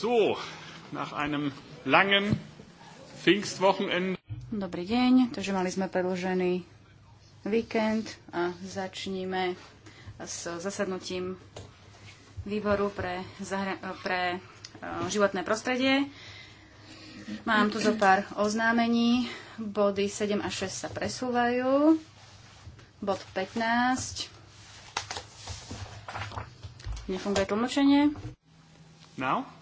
So, nach einem langen Pfingstwochenende. Dobrý deň, takže mali sme predložený víkend a začníme s zasadnutím výboru pre, pre e, životné prostredie. Mám tu zo pár oznámení. Body 7 a 6 sa presúvajú. Bod 15. Nefunguje tlmočenie. Now?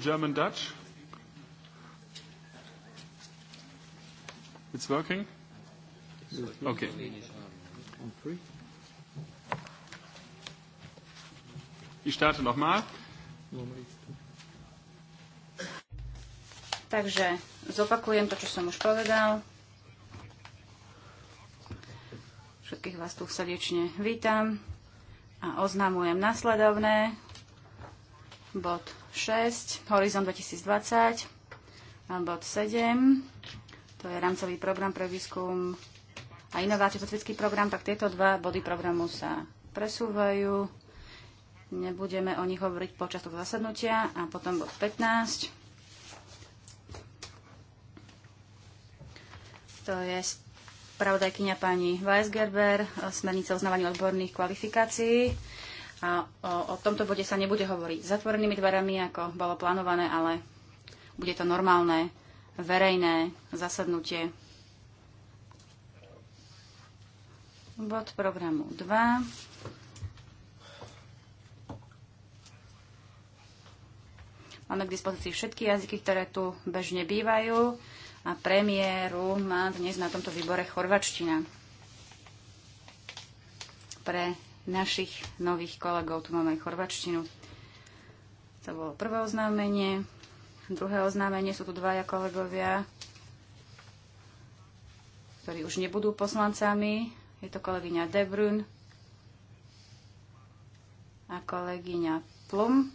German Dutch? It's working? Okay. Ich starte nochmal. Takže zopakujem to, čo som už povedal. Všetkých vás tu srdečne vítam a oznamujem nasledovné. Bod 6, Horizon 2020, bod 7, to je rámcový program pre výskum a inovácie, svetský program, tak tieto dva body programu sa presúvajú. Nebudeme o nich hovoriť počas toho zasadnutia. A potom bod 15. To je pravodajkynia pani Weisgerber, smernica uznávania odborných kvalifikácií. A o, o tomto bode sa nebude hovoriť zatvorenými dverami, ako bolo plánované, ale bude to normálne verejné zasadnutie. Bod programu 2. Máme k dispozícii všetky jazyky, ktoré tu bežne bývajú a premiéru má dnes na tomto výbore chorvačtina. Pre našich nových kolegov. Tu máme aj chorvačtinu. To bolo prvé oznámenie. Druhé oznámenie sú tu dvaja kolegovia, ktorí už nebudú poslancami. Je to kolegyňa Debrun a kolegyňa Plum.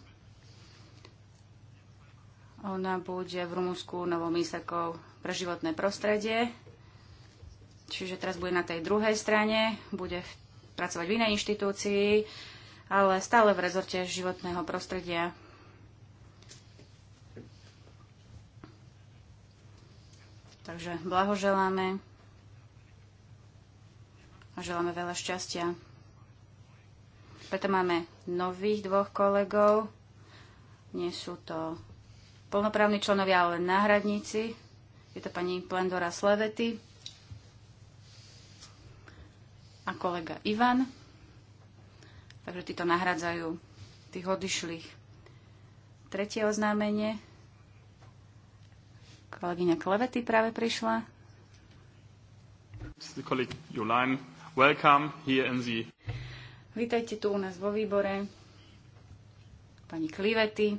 Ona bude v Rumúnsku novou mísakou pre životné prostredie. Čiže teraz bude na tej druhej strane, bude v pracovať v inej inštitúcii, ale stále v rezorte životného prostredia. Takže blahoželáme a želáme veľa šťastia. Preto máme nových dvoch kolegov. Nie sú to plnoprávni členovia, ale náhradníci. Je to pani Plendora Slevety a kolega Ivan. Takže títo nahradzajú tých odišlých. Tretie oznámenie. Kolegyňa Klevety práve prišla. Vítajte tu u nás vo výbore. Pani Klivety.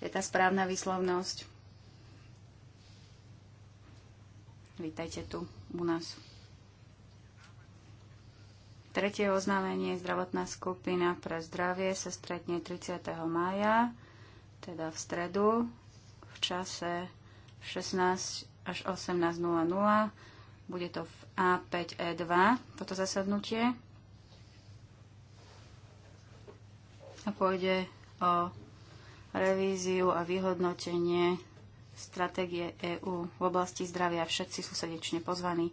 Je tá správna výslovnosť. Vítajte tu u nás. Tretie oznámenie zdravotná skupina pre zdravie sa stretne 30. mája, teda v stredu, v čase 16 až 18.00. Bude to v A5E2, toto zasadnutie. A pôjde o revíziu a vyhodnotenie stratégie EÚ v oblasti zdravia. Všetci sú srdečne pozvaní.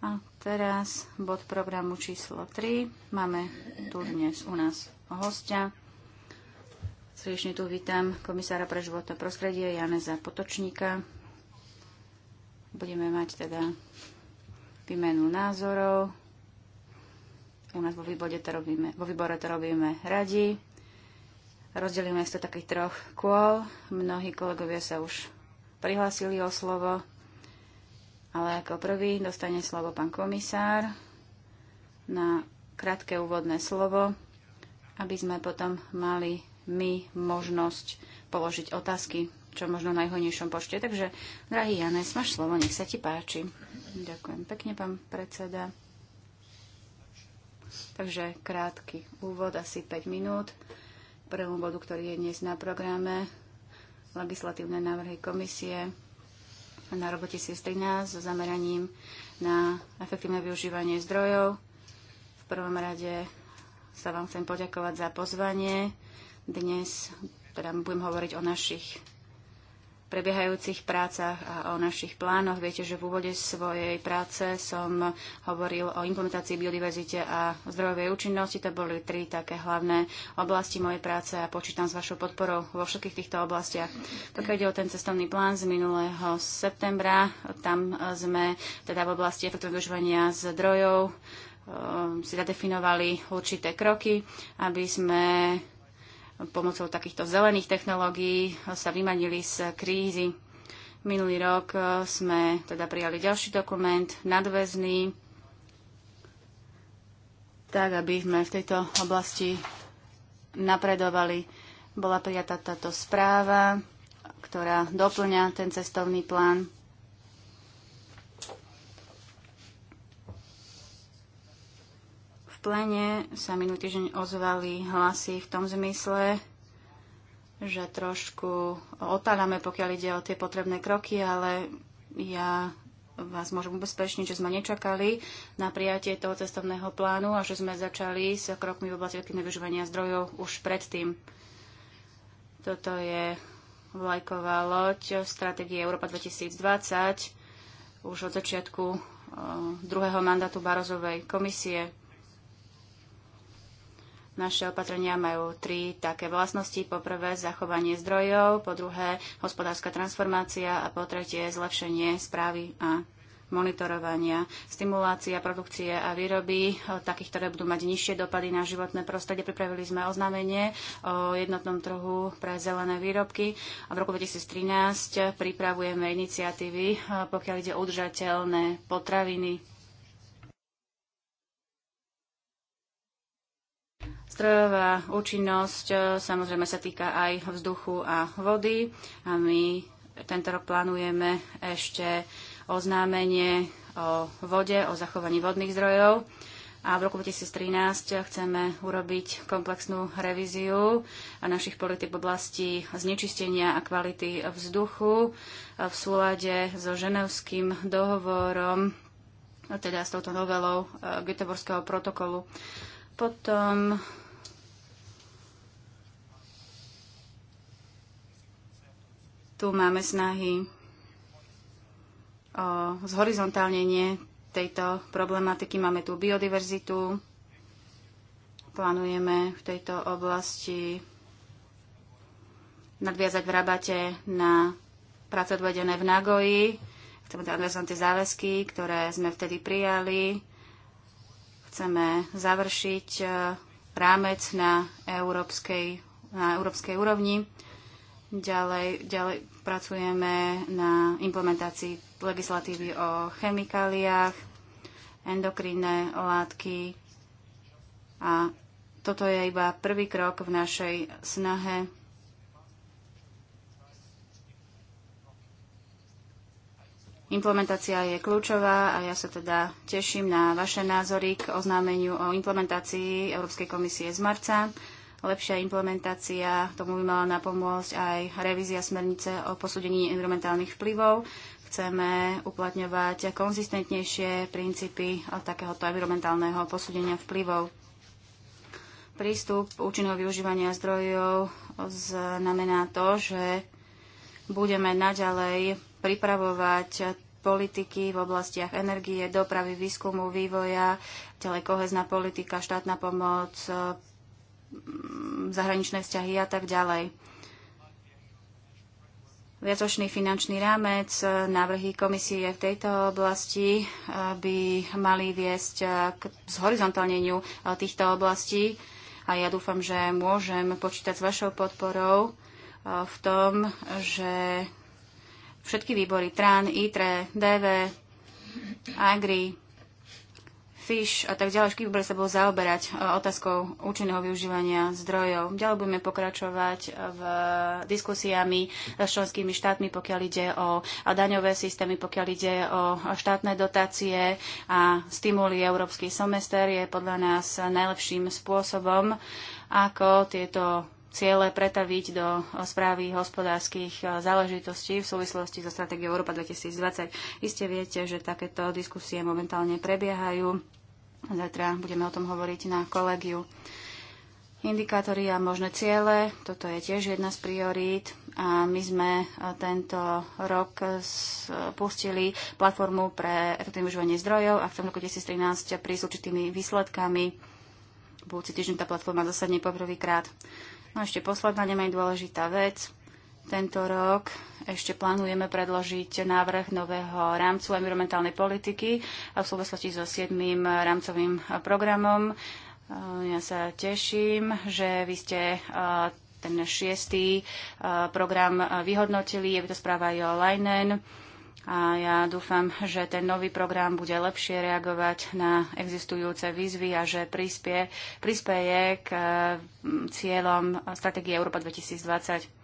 A teraz bod programu číslo 3. Máme tu dnes u nás hostia. Srdečne tu vítam komisára pre životné prostredie Janeza Potočníka. Budeme mať teda výmenu názorov. U nás vo výbore to robíme, vo výbore to robíme radi. Rozdelíme sa takých troch kôl. Mnohí kolegovia sa už prihlásili o slovo. Ale ako prvý dostane slovo pán komisár na krátke úvodné slovo, aby sme potom mali my možnosť položiť otázky, čo možno v najhodnejšom počte. Takže, drahý Janes, máš slovo, nech sa ti páči. Ďakujem pekne, pán predseda. Takže krátky úvod, asi 5 minút. Prvom bodu, ktorý je dnes na programe, legislatívne návrhy komisie na rok 2013 so zameraním na efektívne využívanie zdrojov. V prvom rade sa vám chcem poďakovať za pozvanie. Dnes teda budem hovoriť o našich prebiehajúcich prácach a o našich plánoch. Viete, že v úvode svojej práce som hovoril o implementácii biodiverzite a zdrojovej účinnosti. To boli tri také hlavné oblasti mojej práce a počítam s vašou podporou vo všetkých týchto oblastiach. Pokiaľ ide o ten cestovný plán z minulého septembra, tam sme teda v oblasti efektu využívania zdrojov ehm, si zadefinovali určité kroky, aby sme pomocou takýchto zelených technológií sa vymanili z krízy. Minulý rok e, sme teda prijali ďalší dokument, nadväzný, tak aby sme v tejto oblasti napredovali. Bola prijatá táto správa, ktorá doplňa ten cestovný plán. plene sa minulý týždeň ozvali hlasy v tom zmysle, že trošku otáľame, pokiaľ ide o tie potrebné kroky, ale ja vás môžem ubezpečniť, že sme nečakali na prijatie toho cestovného plánu a že sme začali s krokmi v oblasti nevyžovania využívania zdrojov už predtým. Toto je vlajková loď stratégie Európa 2020 už od začiatku eh, druhého mandátu Barozovej komisie. Naše opatrenia majú tri také vlastnosti. Po prvé, zachovanie zdrojov, po druhé, hospodárska transformácia a po tretie, zlepšenie správy a monitorovania, stimulácia produkcie a výroby, eh, takých, ktoré budú mať nižšie dopady na životné prostredie. Pripravili sme oznámenie o jednotnom trhu pre zelené výrobky a v roku 2013 pripravujeme iniciatívy, eh, pokiaľ ide o udržateľné potraviny nástrojov a účinnosť e, samozrejme sa týka aj vzduchu a vody a my tento rok plánujeme ešte oznámenie o vode, o zachovaní vodných zdrojov a v roku 2013 chceme urobiť komplexnú revíziu našich politik v oblasti znečistenia a kvality vzduchu v súlade so ženevským dohovorom, teda s touto novelou e, Göteborského protokolu. Potom Tu máme snahy o zhorizontálnenie tejto problematiky. Máme tu biodiverzitu. Plánujeme v tejto oblasti nadviazať v rabate na práce odvedené v Nagoji. Chceme nadviazať tie záväzky, ktoré sme vtedy prijali. Chceme završiť e, rámec na európskej, na európskej úrovni. Ďalej, ďalej Pracujeme na implementácii legislatívy o chemikáliách, endokrinné látky a toto je iba prvý krok v našej snahe Implementácia je kľúčová a ja sa teda teším na vaše názory k oznámeniu o implementácii Európskej komisie z marca lepšia implementácia, tomu by mala napomôcť aj revízia smernice o posúdení environmentálnych vplyvov. Chceme uplatňovať konzistentnejšie princípy takéhoto environmentálneho posúdenia vplyvov. Prístup účinného využívania zdrojov znamená to, že budeme naďalej pripravovať politiky v oblastiach energie, dopravy, výskumu, vývoja, ďalej kohezná politika, štátna pomoc, Mm, zahraničné vzťahy a tak ďalej. Viacočný finančný rámec, e, návrhy komisie v tejto oblasti e, by mali viesť e, k zhorizontálneniu týchto oblastí a ja dúfam, že môžem počítať s vašou podporou v tom, že všetky výbory TRAN, ITRE, DV, AGRI Fish a tak ďalej, všetky by sa budú zaoberať e, otázkou účinného využívania zdrojov. Ďalej budeme pokračovať v diskusiami s členskými štátmi, pokiaľ ide o daňové systémy, pokiaľ ide o štátne dotácie a stimuly Európsky semester je podľa nás najlepším spôsobom, ako tieto ciele pretaviť do správy hospodárskych e, záležitostí v súvislosti so stratégiou Európa 2020. Iste viete, že takéto diskusie momentálne prebiehajú Zajtra budeme o tom hovoriť na kolegiu. Indikátory a možné ciele, toto je tiež jedna z priorít. A my sme e, tento rok spustili e, platformu pre efektívne užívanie zdrojov a v tom roku 2013 prísť určitými výsledkami. Budúci týždeň tá platforma zasadne poprvýkrát. No a ešte posledná, nemaj dôležitá vec tento rok ešte plánujeme predložiť návrh nového rámcu environmentálnej politiky v súvislosti so 7. rámcovým programom. Eh, ja sa teším, že vy ste eh, ten šiestý eh, program vyhodnotili. Je to správa aj o Leinen. A ja dúfam, že ten nový program bude lepšie reagovať na existujúce výzvy a že prispie, prispieje k cieľom stratégie Európa 2020.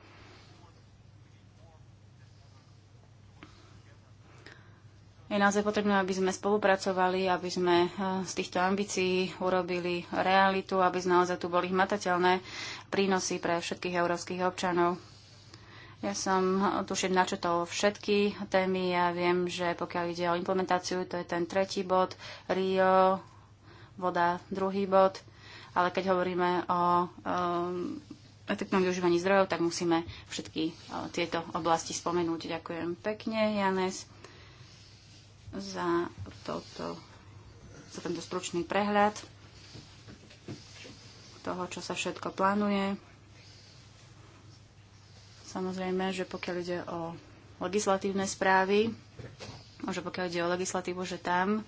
je naozaj potrebné, aby sme spolupracovali, aby sme eh, z týchto ambícií urobili realitu, aby naozaj tu boli hmatateľné prínosy pre všetkých európskych občanov. Ja som eh, tuším načetol všetky témy a ja viem, že pokiaľ ide o implementáciu, to je ten tretí bod, Rio, voda druhý bod, ale keď hovoríme o um, efektnom využívaní zdrojov, tak musíme všetky uh, tieto oblasti spomenúť. Ďakujem pekne, Janes za, toto, za tento stručný prehľad toho, čo sa všetko plánuje. Samozrejme, že pokiaľ ide o legislatívne správy, že pokiaľ ide o legislatívu, že tam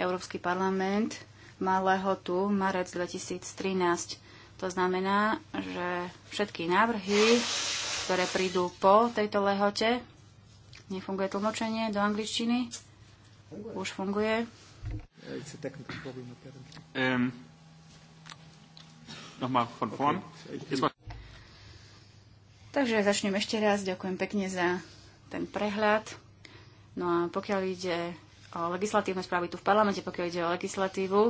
Európsky parlament má lehotu marec 2013. To znamená, že všetky návrhy, ktoré prídu po tejto lehote, nefunguje tlmočenie do angličtiny, už funguje. Um, von Okay. Takže začnem ešte raz. Ďakujem pekne za ten prehľad. No a pokiaľ ide o legislatívne správy tu v parlamente, pokiaľ ide o legislatívu,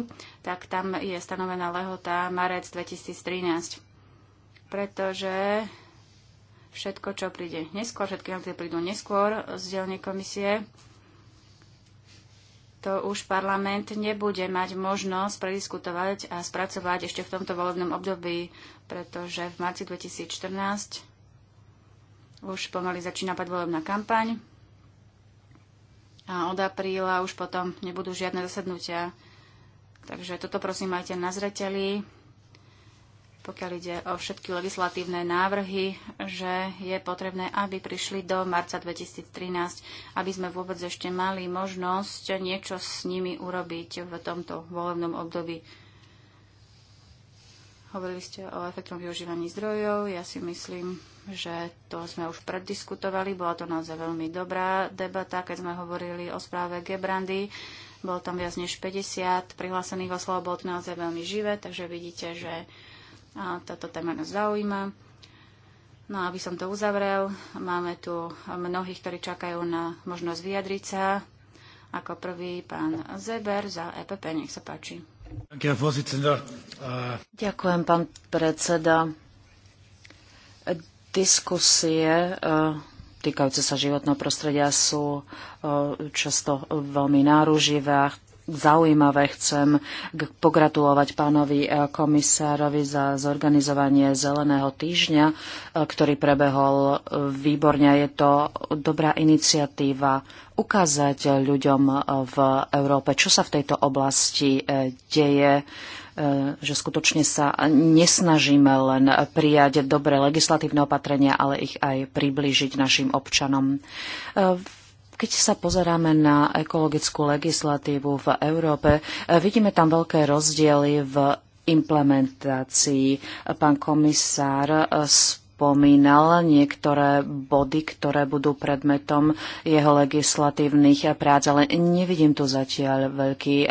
tak tam je stanovená lehota marec 2013. Pretože všetko, čo príde neskôr, všetky akcie prídu neskôr z dielne komisie, to už parlament nebude mať možnosť prediskutovať a spracovať ešte v tomto volebnom období, pretože v marci 2014 už pomaly začína predvolebná kampaň a od apríla už potom nebudú žiadne zasadnutia. Takže toto prosím majte na zreteli pokiaľ ide o všetky legislatívne návrhy, že je potrebné, aby prišli do marca 2013, aby sme vôbec ešte mali možnosť niečo s nimi urobiť v tomto volebnom období. Hovorili ste o efektnom využívaní zdrojov. Ja si myslím, že to sme už prediskutovali. Bola to naozaj veľmi dobrá debata, keď sme hovorili o správe Gebrandy. Bolo tam viac než 50 prihlásených oslov, bolo to naozaj veľmi živé, takže vidíte, že a táto téma nás zaujíma. No aby som to uzavrel, máme tu mnohých, ktorí čakajú na možnosť vyjadriť sa. Ako prvý pán Zeber za EPP, nech sa páči. Äh, Ďakujem, pán predseda. Diskusie äh, týkajúce sa životného prostredia sú äh, často veľmi náruživé a zaujímavé. Chcem pogratulovať pánovi e, komisárovi za zorganizovanie Zeleného týždňa, e, ktorý prebehol e, výborne. Je to dobrá iniciatíva ukázať ľuďom v Európe, čo sa v tejto oblasti deje že skutočne sa nesnažíme len prijať dobré legislatívne opatrenia, ale ich aj priblížiť našim občanom. Keď sa pozeráme na ekologickú legislatívu v Európe, e, vidíme tam veľké rozdiely v implementácii. Pán komisár e, spomínal niektoré body, ktoré budú predmetom jeho legislatívnych prác, ale nevidím tu zatiaľ veľký e,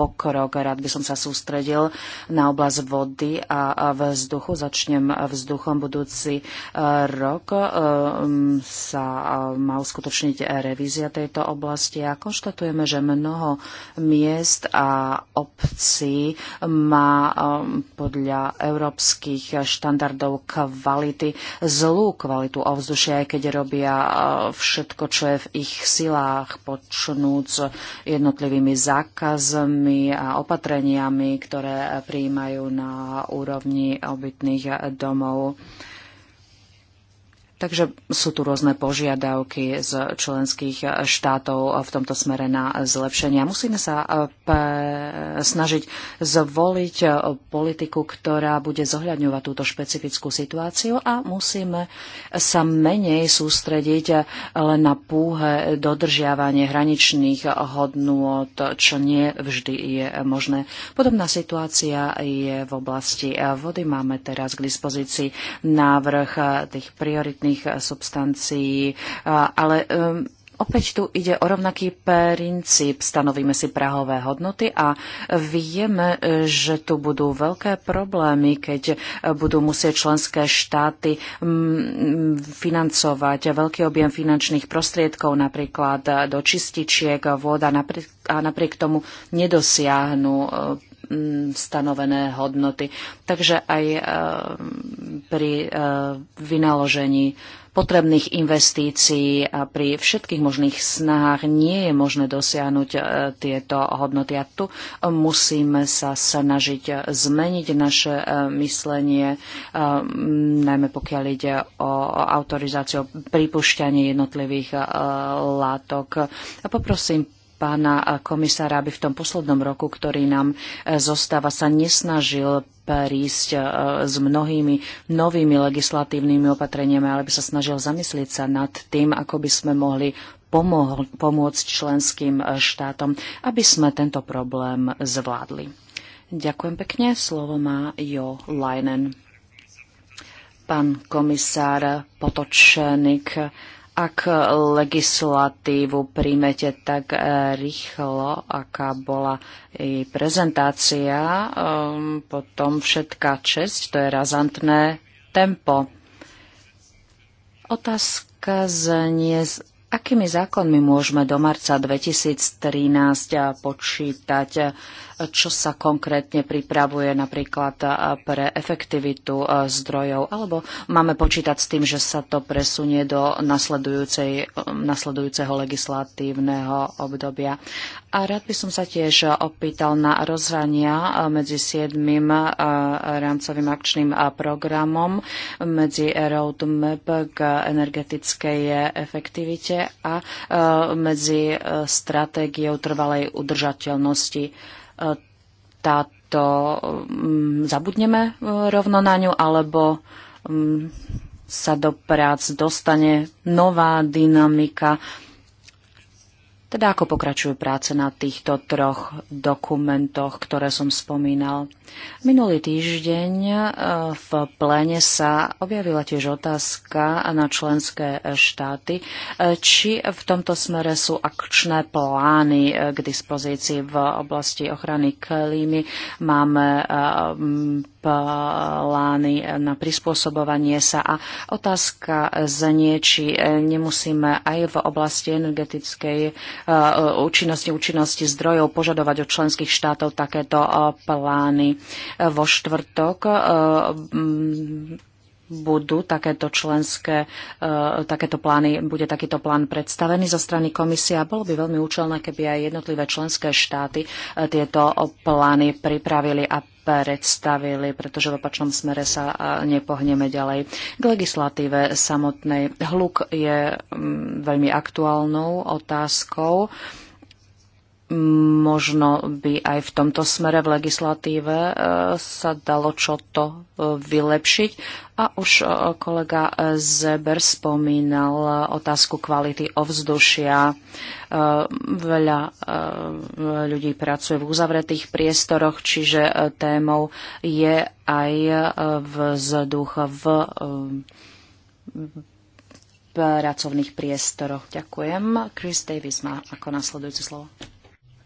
pokrok. Rád by som sa sústredil na oblasť vody a vzduchu. Začnem vzduchom. Budúci e, rok e, sa e, má uskutočniť revízia tejto oblasti a konštatujeme, že mnoho miest a obcí má podľa európskych štandardov kvality zlú kvalitu ovzdušia, aj keď robia všetko, čo je v ich silách, počnúc jednotlivými zákazmi krokmi a opatreniami, ktoré príjmajú na úrovni obytných domov. Takže sú tu rôzne požiadavky z členských štátov v tomto smere na zlepšenia. Musíme sa e, snažiť zvoliť e, politiku, ktorá bude zohľadňovať túto špecifickú situáciu a musíme sa menej sústrediť e, len na púhe dodržiavanie hraničných hodnôt, čo nie vždy je možné. Podobná situácia je v oblasti vody. Máme teraz k dispozícii návrh tých prioritných rôznych eh, substancií. Eh, ale eh, Opäť tu ide o rovnaký princíp. Stanovíme si prahové hodnoty a vieme, že tu budú veľké problémy, keď budú musieť členské štáty mm, mm, financovať veľký objem finančných prostriedkov, napríklad do čističiek voda, a napriek tomu nedosiahnu Mm, stanovené hodnoty. Takže aj eh, pri eh, vynaložení potrebných investícií a pri všetkých možných snahách nie je možné dosiahnuť eh, tieto hodnoty. A tu musíme sa snažiť zmeniť naše myslenie, najmä pokiaľ ide o autorizáciu, pripušťanie jednotlivých látok. A poprosím pána komisára, aby v tom poslednom roku, ktorý nám e, zostáva, sa nesnažil prísť e, s mnohými novými legislatívnymi opatreniami, ale by sa snažil zamyslieť sa nad tým, ako by sme mohli pomohol, pomôcť členským e, štátom, aby sme tento problém zvládli. Ďakujem pekne. Slovo má Jo Leinen. Pán komisár Potočnik, ak legislatívu príjmete tak eh, rýchlo, aká bola i prezentácia, ehm, potom všetká česť, to je razantné tempo. Otázka znie, z akými zákonmi môžeme do marca 2013 počítať? čo sa konkrétne pripravuje napríklad pre efektivitu zdrojov, alebo máme počítať s tým, že sa to presunie do e, nasledujúceho legislatívneho obdobia. A rád by som sa tiež opýtal na rozhrania medzi 7. rámcovým akčným programom, medzi roadmap k energetickej efektivite a medzi e, stratégiou trvalej udržateľnosti táto, mm, zabudneme e, rovno na ňu, alebo mm, sa do prác dostane nová dynamika. Teda ako pokračujú práce na týchto troch dokumentoch, ktoré som spomínal. Minulý týždeň e, v plene sa objavila tiež otázka na členské štáty, e, či v tomto smere sú akčné plány e, k dispozícii v oblasti ochrany klímy. Máme plány na prispôsobovanie sa a otázka znie, či nemusíme aj v oblasti energetickej účinnosti, účinnosti zdrojov požadovať od členských štátov takéto plány. Vo štvrtok e, budú takéto členské, e, takéto plány, bude takýto plán predstavený zo strany komisie a bolo by veľmi účelné, keby aj jednotlivé členské štáty e, tieto plány pripravili a predstavili, pretože v opačnom smere sa nepohneme ďalej. K legislatíve samotnej hluk je veľmi aktuálnou otázkou možno by aj v tomto smere v legislatíve e, sa dalo čo to e, vylepšiť. A už e, kolega Zeber spomínal otázku kvality ovzdušia. Veľa ľudí pracuje v uzavretých priestoroch, čiže témou je aj vzduch v pracovných priestoroch. Ďakujem. Chris Davis má ako nasledujúce slovo.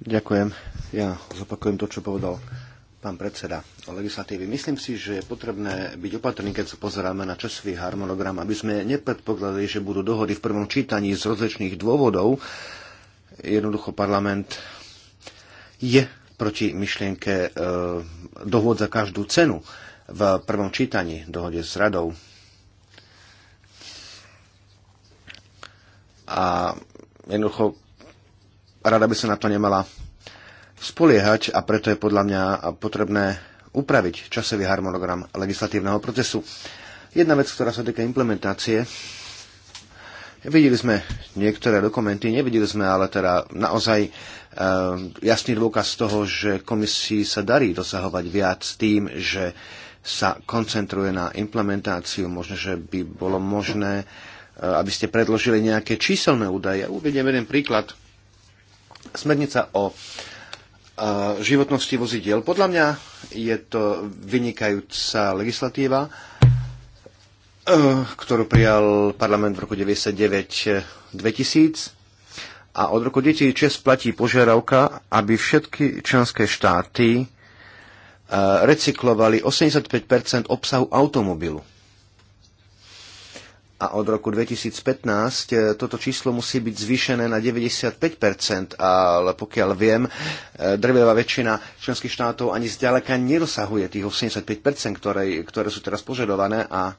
Ďakujem. Ja zopakujem to, čo povedal pán predseda legislatívy. Myslím si, že je potrebné byť opatrný, keď sa pozeráme na časový harmonogram, aby sme nepredpokladali, že budú dohody v prvom čítaní z rozličných dôvodov. Jednoducho parlament je proti myšlienke e, dohod za každú cenu v prvom čítaní dohode s radou. A jednoducho rada by sa na to nemala spoliehať a preto je podľa mňa potrebné upraviť časový harmonogram legislatívneho procesu. Jedna vec, ktorá sa týka implementácie, videli sme niektoré dokumenty, nevideli sme ale teda naozaj e, jasný dôkaz toho, že komisii sa darí dosahovať viac tým, že sa koncentruje na implementáciu. Možno, že by bolo možné, e, aby ste predložili nejaké číselné údaje. Uvediem jeden príklad Smernica o e, životnosti vozidiel. Podľa mňa je to vynikajúca legislatíva, e, ktorú prijal parlament v roku 1999 2000 a od roku 2006 platí požiadavka, aby všetky členské štáty e, recyklovali 85 obsahu automobilu a od roku 2015 e, toto číslo musí byť zvýšené na 95%, ale pokiaľ viem, e, drvivá väčšina členských štátov ani zďaleka nedosahuje tých 85%, ktoré, ktoré sú teraz požadované a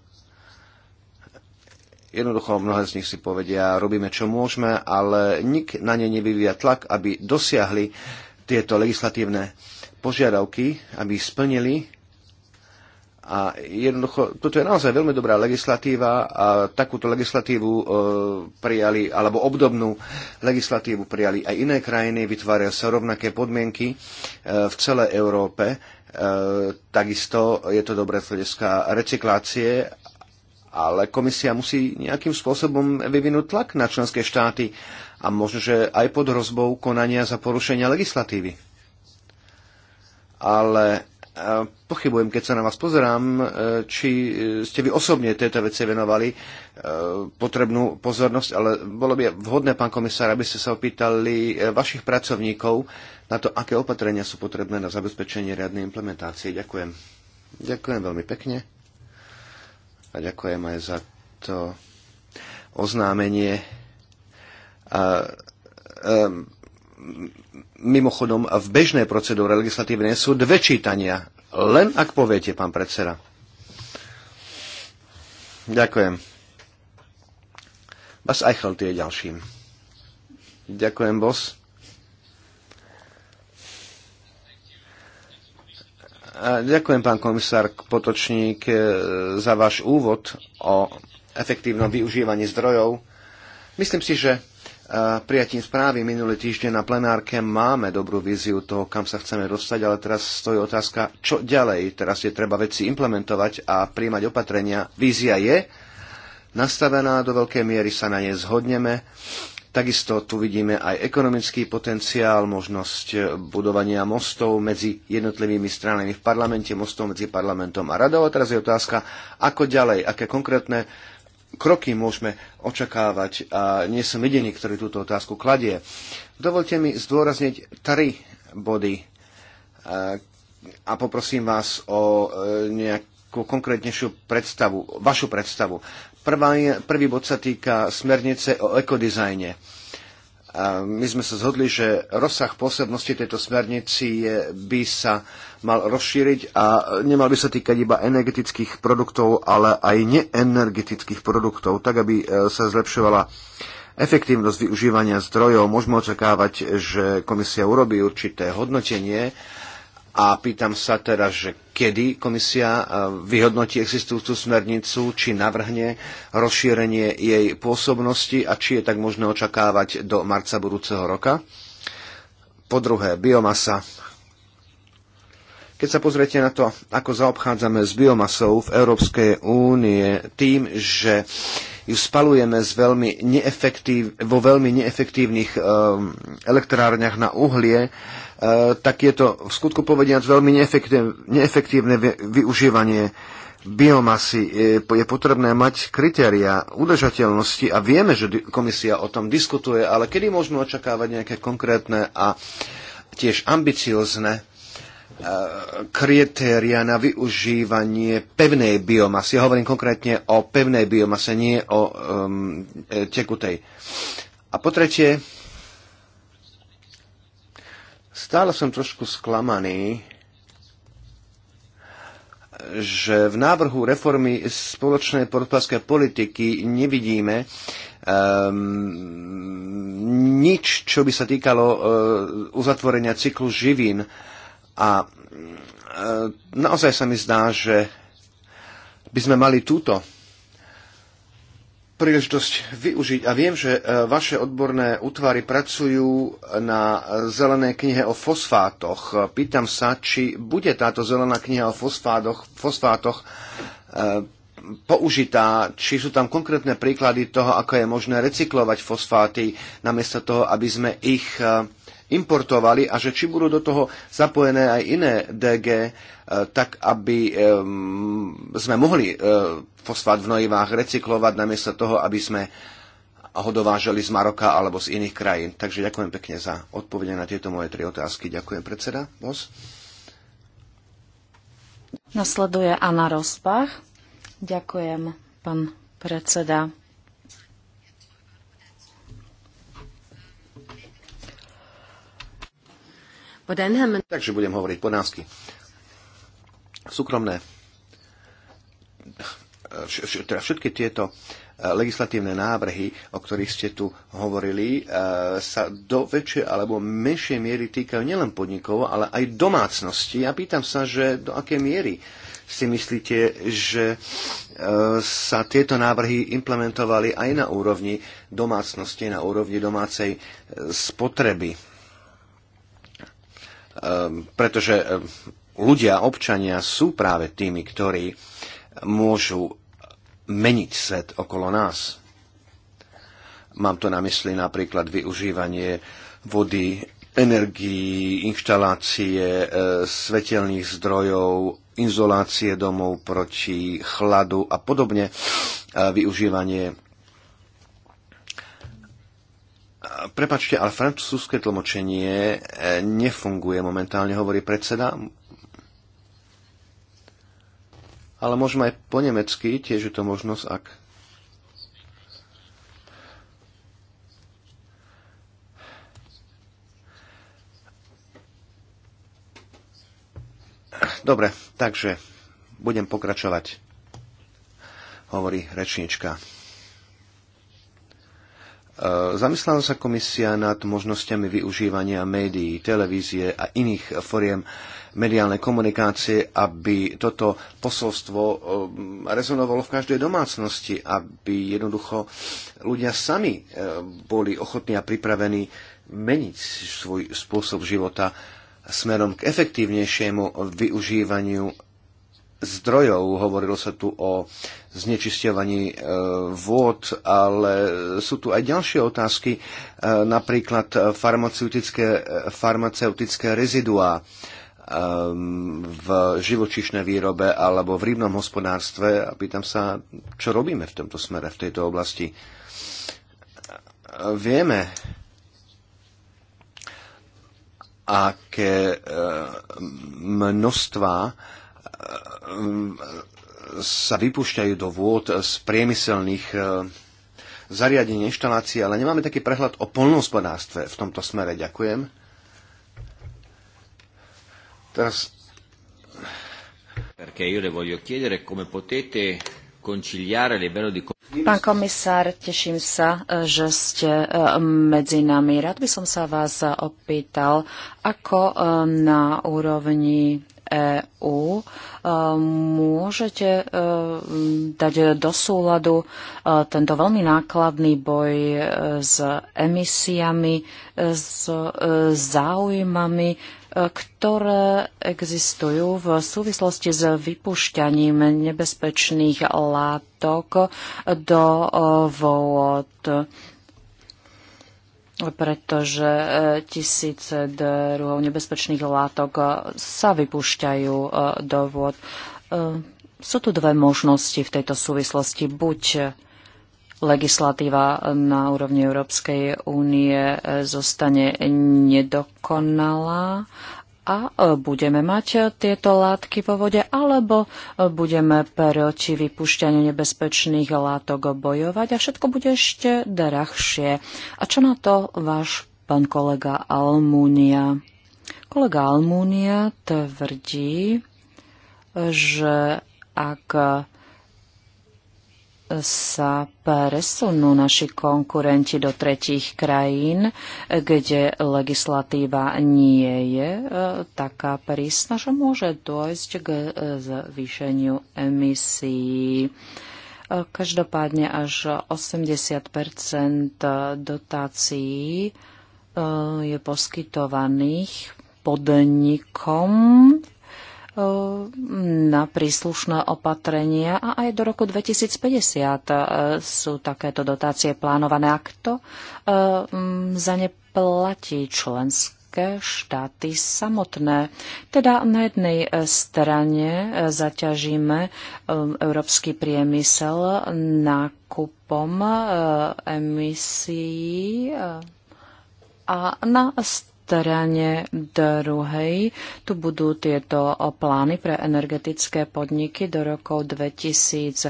jednoducho mnohé z nich si povedia, robíme čo môžeme, ale nik na ne nevyvíja tlak, aby dosiahli tieto legislatívne požiadavky, aby splnili a jednoducho, toto je naozaj veľmi dobrá legislatíva a takúto legislatívu e, prijali, alebo obdobnú legislatívu prijali aj iné krajiny, vytvárajú sa rovnaké podmienky e, v celej Európe. E, takisto je to dobré z hľadiska recyklácie, ale komisia musí nejakým spôsobom vyvinúť tlak na členské štáty a možno, že aj pod hrozbou konania za porušenia legislatívy. Ale pochybujem, keď sa na vás pozerám, e, či e, ste vy osobne tejto veci venovali e, potrebnú pozornosť, ale bolo by vhodné, pán komisár, aby ste sa opýtali vašich pracovníkov na to, aké opatrenia sú potrebné na zabezpečenie riadnej implementácie. Ďakujem. Ďakujem veľmi pekne a ďakujem aj za to oznámenie. A, um, Mimochodom, v bežnej procedúre legislatívnej sú dve čítania. Len ak poviete, pán predseda. Ďakujem. Bas Eichelt je ďalším. Ďakujem, bos. A ďakujem, pán komisár Potočník, e, za váš úvod o efektívnom využívaní zdrojov. Myslím si, že prijatím správy minulý týždeň na plenárke máme dobrú víziu toho, kam sa chceme dostať, ale teraz stojí otázka, čo ďalej. Teraz je treba veci implementovať a príjmať opatrenia. Vízia je nastavená, do veľkej miery sa na nej zhodneme. Takisto tu vidíme aj ekonomický potenciál, možnosť budovania mostov medzi jednotlivými stranami v parlamente, mostov medzi parlamentom a radou. A teraz je otázka, ako ďalej, aké konkrétne kroky môžeme očakávať a nie som jediný, ktorý túto otázku kladie. Dovolte mi zdôrazniť tri body a poprosím vás o e, nejakú konkrétnejšiu predstavu, vašu predstavu. prvý bod sa týka smernice o ekodizajne my sme sa zhodli, že rozsah pôsobnosti tejto smernici by sa mal rozšíriť a nemal by sa týkať iba energetických produktov, ale aj neenergetických produktov, tak aby e, sa zlepšovala efektívnosť využívania zdrojov. Môžeme očakávať, že komisia urobí určité hodnotenie a pýtam sa teraz, že kedy komisia e, vyhodnotí existujúcu smernicu, či navrhne rozšírenie jej pôsobnosti a či je tak možné očakávať do marca budúceho roka. Po druhé, biomasa. Keď sa pozriete na to, ako zaobchádzame s biomasou v Európskej únie tým, že ju spalujeme z veľmi neefektív, vo veľmi neefektívnych um, elektrárniach na uhlie, uh, E, tak je to v skutku povediac veľmi neefektívne využívanie biomasy. E, je potrebné mať kritéria udržateľnosti a vieme, že komisia o tom diskutuje, ale kedy môžeme očakávať nejaké konkrétne a tiež ambiciozne e, kritéria na využívanie pevnej biomasy. Ja hovorím konkrétne o pevnej biomase, nie o um, tekutej. A po tretie, Stále som trošku sklamaný, že v návrhu reformy spoločnej portugalskej politiky nevidíme um, nič, čo by sa týkalo uh, uzatvorenia cyklu živín. A uh, naozaj sa mi zdá, že by sme mali túto príležitosť využiť a viem, že e, vaše odborné útvary pracujú na zelenej knihe o fosfátoch. Pýtam sa, či bude táto zelená kniha o fosfátoch, fosfátoch e, použitá, či sú tam konkrétne príklady toho, ako je možné recyklovať fosfáty, namiesto toho, aby sme ich e, importovali a že či budú do toho zapojené aj iné DG, Eh, tak aby sme mohli eh, fosfát v nojivách recyklovať, namiesto toho, aby sme ho dovážali z Maroka alebo z iných krajín. Takže ďakujem pekne za odpovede na tieto moje tri otázky. Ďakujem, predseda. Bos. Nasleduje Anna Rozbach. Ďakujem, pán predseda. Takže budem hovoriť po násky súkromné teda všetky tieto e, legislatívne návrhy, o ktorých ste tu hovorili, e, sa do väčšej alebo menšej miery týkajú nielen podnikov, ale aj domácnosti. Ja pýtam sa, že do akej miery si myslíte, že e, sa tieto návrhy implementovali aj na úrovni domácnosti, na úrovni domácej spotreby. Pretože ľudia, občania sú práve tými, ktorí môžu meniť svet okolo nás. Mám to na mysli napríklad využívanie vody, energií, inštalácie e, svetelných zdrojov, izolácie domov proti chladu a podobne, e, využívanie Prepačte, ale francúzske tlmočenie e, nefunguje momentálne, hovorí predseda ale môžeme aj po nemecky, tiež je to možnosť, ak Dobre, takže budem pokračovať, hovorí rečnička. E, zamyslela sa komisia nad možnosťami využívania médií, televízie a iných foriem mediálnej komunikácie, aby toto posolstvo eh, rezonovalo v každej domácnosti, aby jednoducho ľudia sami eh, boli ochotní a pripravení meniť svoj spôsob života smerom k efektívnejšiemu využívaniu zdrojov. Hovorilo sa tu o znečisťovaní eh, vôd, ale sú tu aj ďalšie otázky, napríklad farmaceutické, farmaceutické reziduá. Um, v živočíšnej výrobe alebo v rybnom hospodárstve a pýtam sa, čo robíme v tomto smere, v tejto oblasti. Vieme, aké um, množstva um, sa vypúšťajú do vôd z priemyselných uh, zariadení, inštalácií, ale nemáme taký prehľad o polnohospodárstve v tomto smere. Ďakujem. Teraz... Perché io le voglio chiedere come potete conciliare livello di... Pán komisár, teším sa, eh, že ste eh, medzi nami. Rád by som sa vás opýtal, ako eh, na úrovni EÚ môžete dať do súladu tento veľmi nákladný boj s emisiami, s záujmami ktoré existujú v súvislosti s vypušťaním nebezpečných látok do e, vôd pretože e, tisíce druhov nebezpečných látok e, sa vypúšťajú do vôd. Sú tu dve možnosti v tejto súvislosti. Buď legislatíva na úrovni Európskej únie zostane nedokonalá a budeme mať tieto látky vo vode, alebo budeme proti vypušťaniu nebezpečných látok bojovať a všetko bude ešte drahšie. A čo na to váš pán kolega Almúnia? Kolega Almúnia tvrdí, že ak sa presunú naši konkurenti do tretích krajín, kde legislatíva nie je e, taká prísna, že môže dôjsť k zvýšeniu emisí. E, každopádne až 80 dotácií e, je poskytovaných podnikom Ehm, na príslušné opatrenia a aj do roku 2050 e, sú takéto dotácie plánované. A kto ehm, za ne platí členské? štáty samotné. Teda na jednej e, strane e, zaťažíme ehm, európsky priemysel nákupom emisí a na strane strane druhej tu budú tieto plány pre energetické podniky do rokov 2020.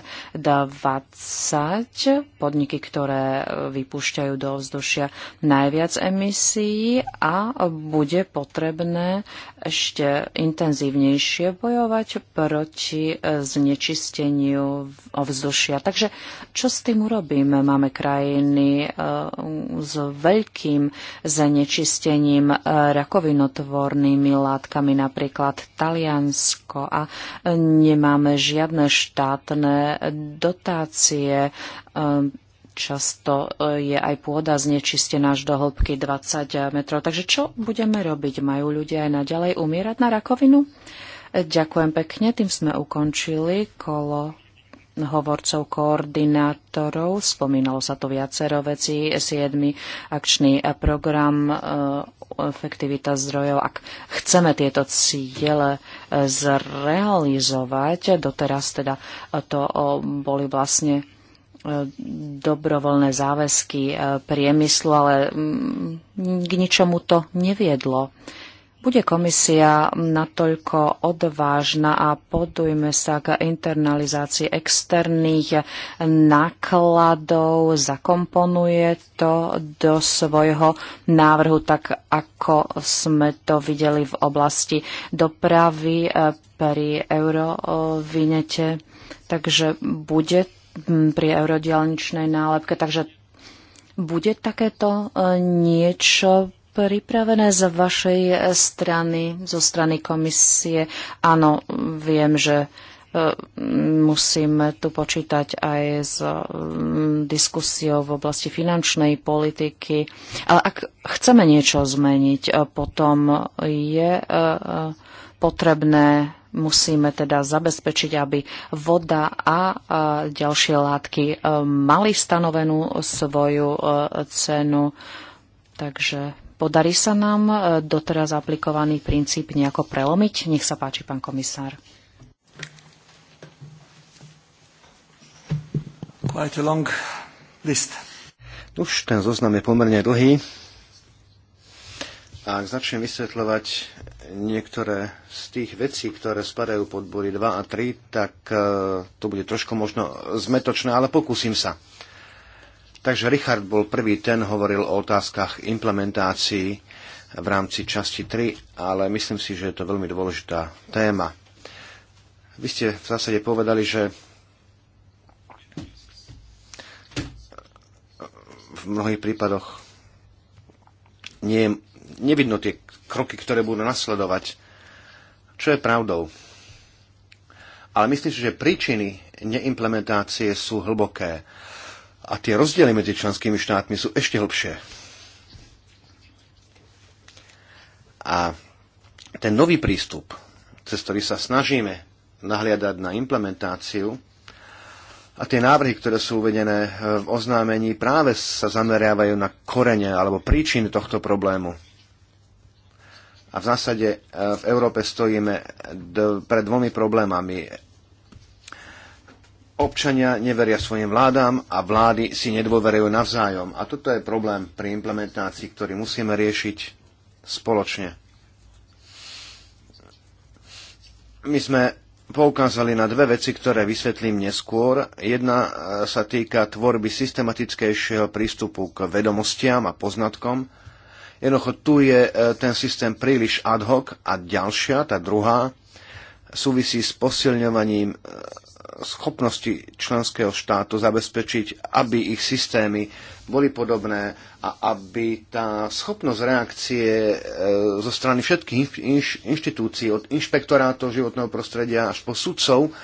Podniky, ktoré vypúšťajú do vzdušia najviac emisí a bude potrebné ešte intenzívnejšie bojovať proti e, znečisteniu ovzdušia. Takže čo s tým urobíme? Máme krajiny e, s veľkým znečistením e, rakovinotvornými látkami, napríklad Taliansko a nemáme žiadne štátne dotácie často e, je aj pôda znečistená až do hĺbky 20 metrov. Takže čo budeme robiť? Majú ľudia aj naďalej umierať na rakovinu? E, ďakujem pekne, tým sme ukončili kolo hovorcov koordinátorov. Spomínalo sa tu viacero vecí. 7. akčný program e, efektivita zdrojov. Ak chceme tieto ciele zrealizovať, doteraz teda to boli vlastne dobrovoľné záväzky e, priemyslu, ale mm, k ničomu to neviedlo. Bude komisia natoľko odvážna a podujme sa k internalizácii externých nákladov, zakomponuje to do svojho návrhu, tak ako sme to videli v oblasti dopravy e, pri eurovinete. Takže bude pri eurodialničnej nálepke. Takže bude takéto e, niečo pripravené z vašej e, strany, zo strany komisie? Áno, viem, že e, musíme tu počítať aj s diskusiou v oblasti finančnej politiky. Ale ak chceme niečo zmeniť, potom je potrebné Musíme teda zabezpečiť, aby voda a ďalšie látky e, mali stanovenú svoju e, cenu. Takže podarí sa nám e, doteraz aplikovaný princíp nejako prelomiť? Nech sa páči, pán komisár. Quite a long list. Už ten zoznam je pomerne dlhý. A ak začnem vysvetľovať niektoré z tých vecí, ktoré spadajú pod body 2 a 3, tak e, to bude trošku možno zmetočné, ale pokúsim sa. Takže Richard bol prvý, ten hovoril o otázkach implementácií v rámci časti 3, ale myslím si, že je to veľmi dôležitá téma. Vy ste v zásade povedali, že v mnohých prípadoch nie je nevidno tie kroky, ktoré budú nasledovať, čo je pravdou. Ale myslím si, že príčiny neimplementácie sú hlboké a tie rozdiely medzi členskými štátmi sú ešte hlbšie. A ten nový prístup, cez ktorý sa snažíme nahliadať na implementáciu, a tie návrhy, ktoré sú uvedené v oznámení, práve sa zameriavajú na korene alebo príčiny tohto problému. A v zásade e, v Európe stojíme pred dvomi problémami. Občania neveria svojim vládám a vlády si nedôverujú navzájom. A toto je problém pri implementácii, ktorý musíme riešiť spoločne. My sme poukázali na dve veci, ktoré vysvetlím neskôr. Jedna e, sa týka tvorby systematickejšieho prístupu k vedomostiam a poznatkom Jednoducho tu je e, ten systém príliš ad hoc a ďalšia, tá druhá, súvisí s posilňovaním e, schopnosti členského štátu zabezpečiť, aby ich systémy boli podobné a aby tá schopnosť reakcie e, zo strany všetkých inštitúcií, od inšpektorátov životného prostredia až po sudcov,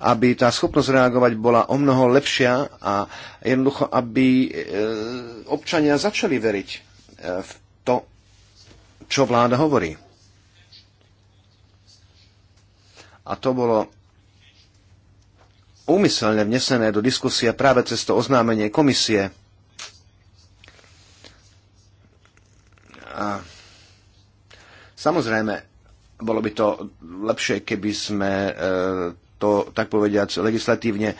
aby tá schopnosť reagovať bola o mnoho lepšia a jednoducho, aby občania začali veriť v to, čo vláda hovorí. A to bolo úmyselne vnesené do diskusie práve cez to oznámenie komisie. A samozrejme, bolo by to lepšie, keby sme e, to, tak povediac, legislatívne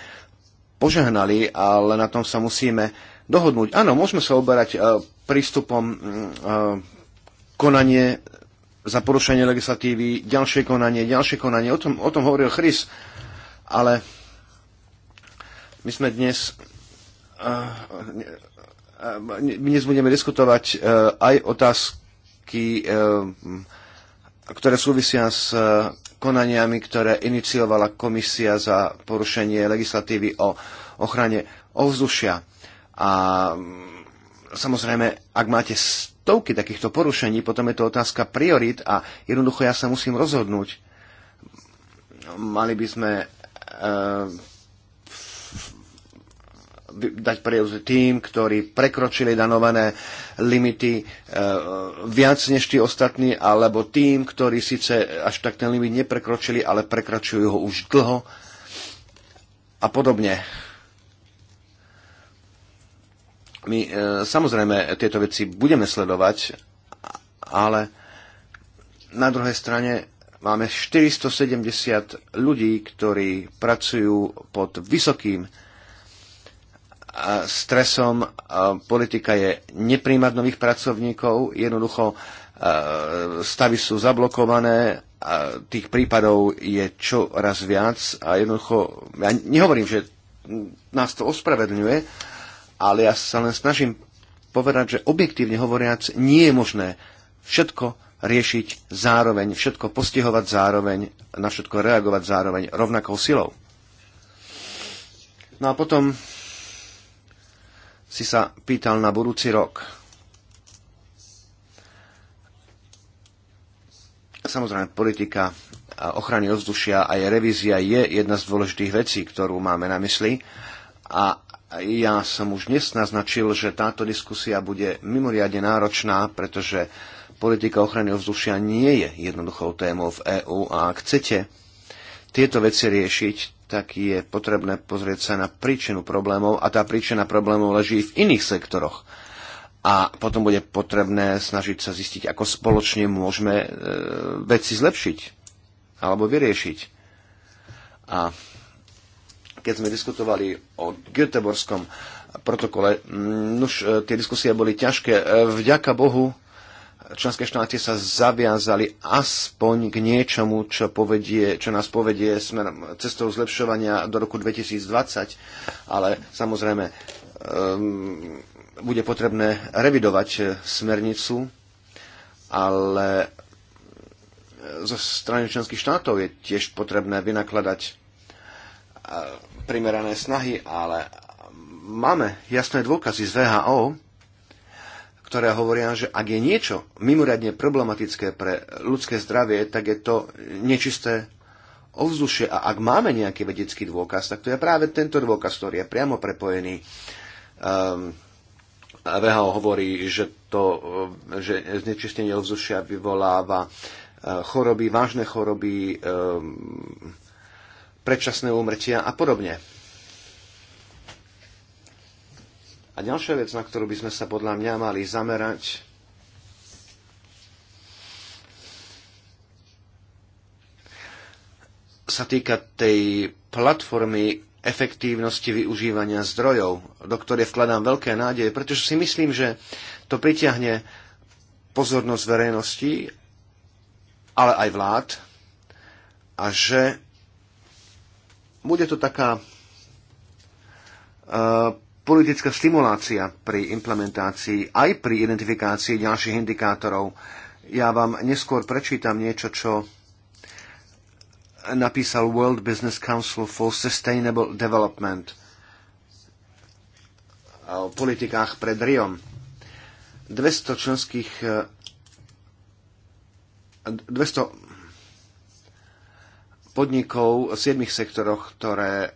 požehnali, ale na tom sa musíme dohodnúť. Áno, môžeme sa oberať e, prístupom mm, eh, konanie za porušenie legislatívy, ďalšie konanie, ďalšie konanie. O tom, o tom hovoril Chris, ale my sme dnes eh, eh, dnes budeme diskutovať aj otázky, ktoré súvisia s konaniami, ktoré iniciovala komisia za porušenie legislatívy o ochrane ovzdušia. A mm, Samozrejme, ak máte stovky takýchto porušení, potom je to otázka priorit a jednoducho ja sa musím rozhodnúť. Mali by sme e, dať prejúze tým, ktorí prekročili danované limity e, viac než tí ostatní, alebo tým, ktorí síce až tak ten limit neprekročili, ale prekračujú ho už dlho a podobne my e, samozrejme tieto veci budeme sledovať, ale na druhej strane máme 470 ľudí, ktorí pracujú pod vysokým e, stresom. E, politika je nepríjmať nových pracovníkov, jednoducho e, stavy sú zablokované, a tých prípadov je čoraz viac a jednoducho, ja nehovorím, že nás to ospravedlňuje, ale ja sa len snažím povedať, že objektívne hovoriac nie je možné všetko riešiť zároveň, všetko postihovať zároveň, na všetko reagovať zároveň rovnakou silou. No a potom si sa pýtal na budúci rok. Samozrejme, politika ochrany ovzdušia a jej revízia je jedna z dôležitých vecí, ktorú máme na mysli. A ja som už dnes naznačil, že táto diskusia bude mimoriadne náročná, pretože politika ochrany ovzdušia nie je jednoduchou témou v EÚ a ak chcete tieto veci riešiť, tak je potrebné pozrieť sa na príčinu problémov a tá príčina problémov leží v iných sektoroch. A potom bude potrebné snažiť sa zistiť, ako spoločne môžeme e, veci zlepšiť alebo vyriešiť. A keď sme diskutovali o Göteborskom protokole, nuž, e, tie diskusie boli ťažké. E, vďaka Bohu členské štáty sa zaviazali aspoň k niečomu, čo, povedie, čo nás povedie smerom, cestou zlepšovania do roku 2020, ale samozrejme um, bude potrebné revidovať smernicu, ale zo strany členských štátov je tiež potrebné vynakladať primerané snahy, ale máme jasné dôkazy z VHO, ktoré hovoria, že ak je niečo mimoriadne problematické pre ľudské zdravie, tak je to nečisté ovzdušie. A ak máme nejaký vedecký dôkaz, tak to je práve tento dôkaz, ktorý je priamo prepojený. Um, ehm, VHO hovorí, že, to, že znečistenie ovzdušia vyvoláva eh, choroby, vážne choroby, um, predčasné úmrtia a podobne. A ďalšia vec, na ktorú by sme sa podľa mňa mali zamerať, sa týka tej platformy efektívnosti využívania zdrojov, do ktorej vkladám veľké nádeje, pretože si myslím, že to pritiahne pozornosť verejnosti, ale aj vlád a že bude to taká e, politická stimulácia pri implementácii, aj pri identifikácii ďalších indikátorov. Ja vám neskôr prečítam niečo, čo napísal World Business Council for Sustainable Development o politikách pred Riom. 200 členských 200 e, podnikov v siedmých sektoroch, ktoré e,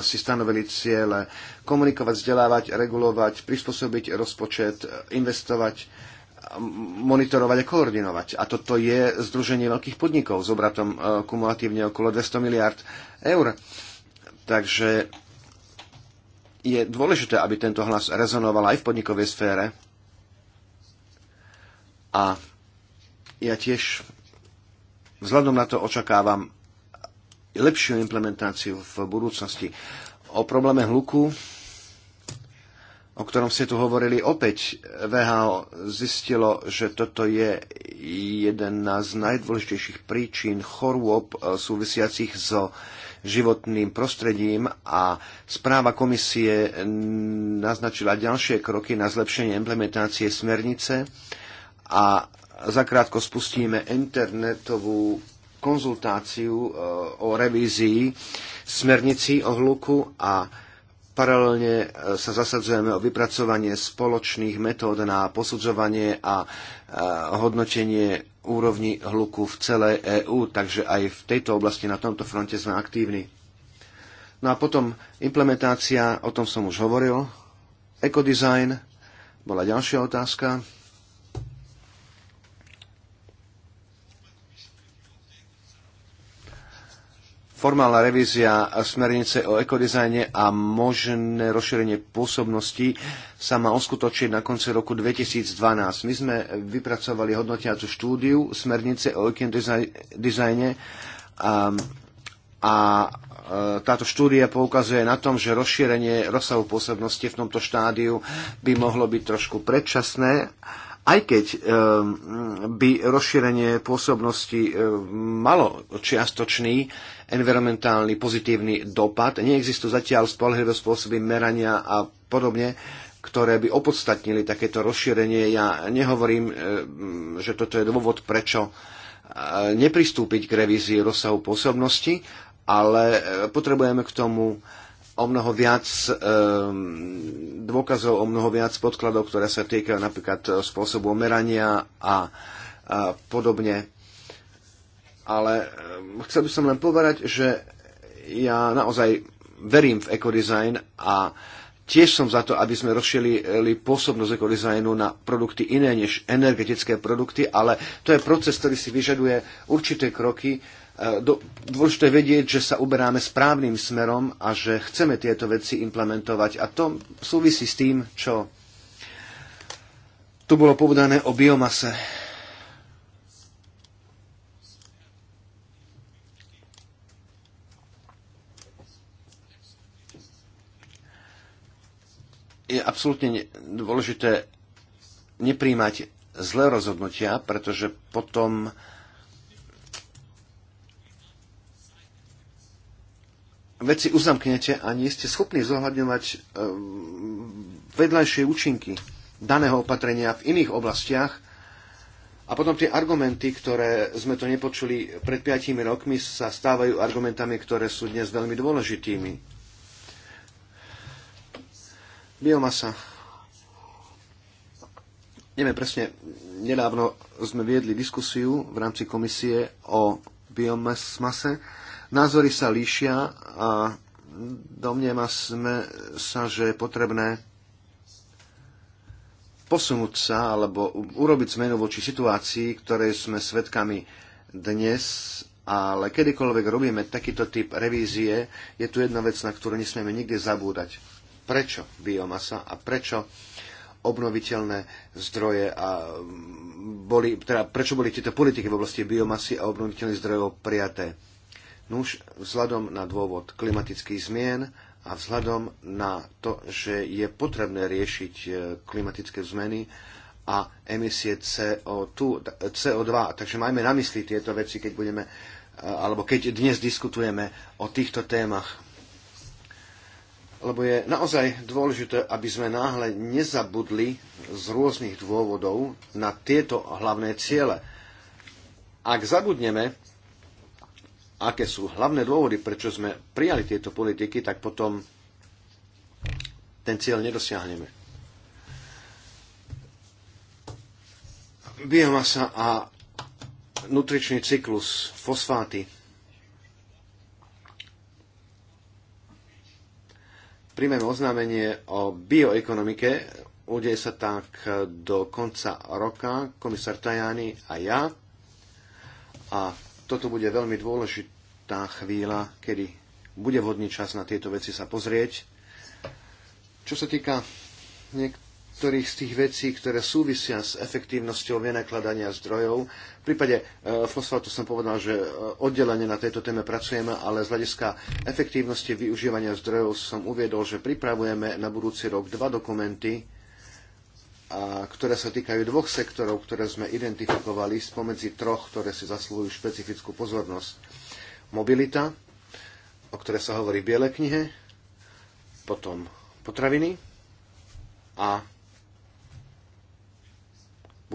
si stanovili ciele komunikovať, vzdelávať, regulovať, prispôsobiť rozpočet, investovať, monitorovať a koordinovať. A toto je Združenie veľkých podnikov s obratom e, kumulatívne okolo 200 miliard eur. Takže je dôležité, aby tento hlas rezonoval aj v podnikovej sfére. A ja tiež Vzhľadom na to očakávam lepšiu implementáciu v budúcnosti. O probléme hluku, o ktorom ste tu hovorili, opäť VHO zistilo, že toto je jeden z najdôležitejších príčin chorôb e, súvisiacich so životným prostredím a správa komisie naznačila ďalšie kroky na zlepšenie implementácie smernice a zakrátko spustíme internetovú konzultáciu e, o revízii smernici o hluku a paralelne e, sa zasadzujeme o vypracovanie spoločných metód na posudzovanie a e, hodnotenie úrovni hluku v celej EÚ, takže aj v tejto oblasti na tomto fronte sme aktívni. No a potom implementácia, o tom som už hovoril. Ekodizajn bola ďalšia otázka. formálna revízia smernice o ekodizajne a možné rozšírenie pôsobnosti sa má oskutočiť na konci roku 2012. My sme vypracovali hodnotiacu štúdiu smernice o ekodizajne a, a e, táto štúdia poukazuje na tom, že rozšírenie rozsahu pôsobnosti v tomto štádiu by mohlo byť trošku predčasné aj keď e, by rozšírenie pôsobnosti e, malo čiastočný environmentálny pozitívny dopad. Neexistujú zatiaľ spolehlivé spôsoby merania a podobne, ktoré by opodstatnili takéto rozšírenie. Ja nehovorím, e, že toto je dôvod, prečo e, nepristúpiť k revízii rozsahu pôsobnosti, ale e, potrebujeme k tomu o mnoho viac dôkazov, o mnoho viac podkladov, ktoré sa týkajú napríklad spôsobu merania a podobne ale ehm, chcel by som len povedať, že ja naozaj verím v ekodizajn a tiež som za to, aby sme rozšírili pôsobnosť ekodizajnu na produkty iné než energetické produkty, ale to je proces, ktorý si vyžaduje určité kroky. Ehm, dôležité vedieť, že sa uberáme správnym smerom a že chceme tieto veci implementovať. A to súvisí s tým, čo tu bolo povedané o biomase je absolútne dôležité nepríjmať zlé rozhodnutia, pretože potom veci uzamknete a nie ste schopní zohľadňovať e, vedľajšie účinky daného opatrenia v iných oblastiach. A potom tie argumenty, ktoré sme to nepočuli pred piatimi rokmi, sa stávajú argumentami, ktoré sú dnes veľmi dôležitými. Biomasa. Neviem presne, nedávno sme viedli diskusiu v rámci komisie o biomase. Názory sa líšia a domnieva sme sa, že je potrebné posunúť sa alebo urobiť zmenu voči situácii, ktorej sme svedkami dnes ale kedykoľvek robíme takýto typ revízie, je tu jedna vec, na ktorú nesmieme nikdy zabúdať prečo biomasa a prečo obnoviteľné zdroje a mm, boli, teda prečo boli tieto politiky v oblasti biomasy a obnoviteľných zdrojov prijaté. Nuž, vzhľadom na dôvod klimatických zmien a vzhľadom na to, že je potrebné riešiť e, klimatické zmeny a emisie CO2, CO2. Takže majme na mysli tieto veci, keď budeme, e, alebo keď dnes diskutujeme o týchto témach lebo je naozaj dôležité, aby sme náhle nezabudli z rôznych dôvodov na tieto hlavné ciele. Ak zabudneme, aké sú hlavné dôvody, prečo sme prijali tieto politiky, tak potom ten cieľ nedosiahneme. Biomasa a nutričný cyklus, fosfáty – príjmem oznámenie o bioekonomike. Udeje sa tak do konca roka komisár Tajani a ja. A toto bude veľmi dôležitá chvíľa, kedy bude vhodný čas na tieto veci sa pozrieť. Čo sa týka niektorých niektorých z tých vecí, ktoré súvisia s efektívnosťou vynakladania zdrojov. V prípade e, fosfátu som povedal, že e, oddelenie na tejto téme pracujeme, ale z hľadiska efektívnosti využívania zdrojov som uviedol, že pripravujeme na budúci rok dva dokumenty, a ktoré sa týkajú dvoch sektorov, ktoré sme identifikovali spomedzi troch, ktoré si zaslúhujú špecifickú pozornosť. Mobilita, o ktoré sa hovorí v Bielej knihe, potom potraviny a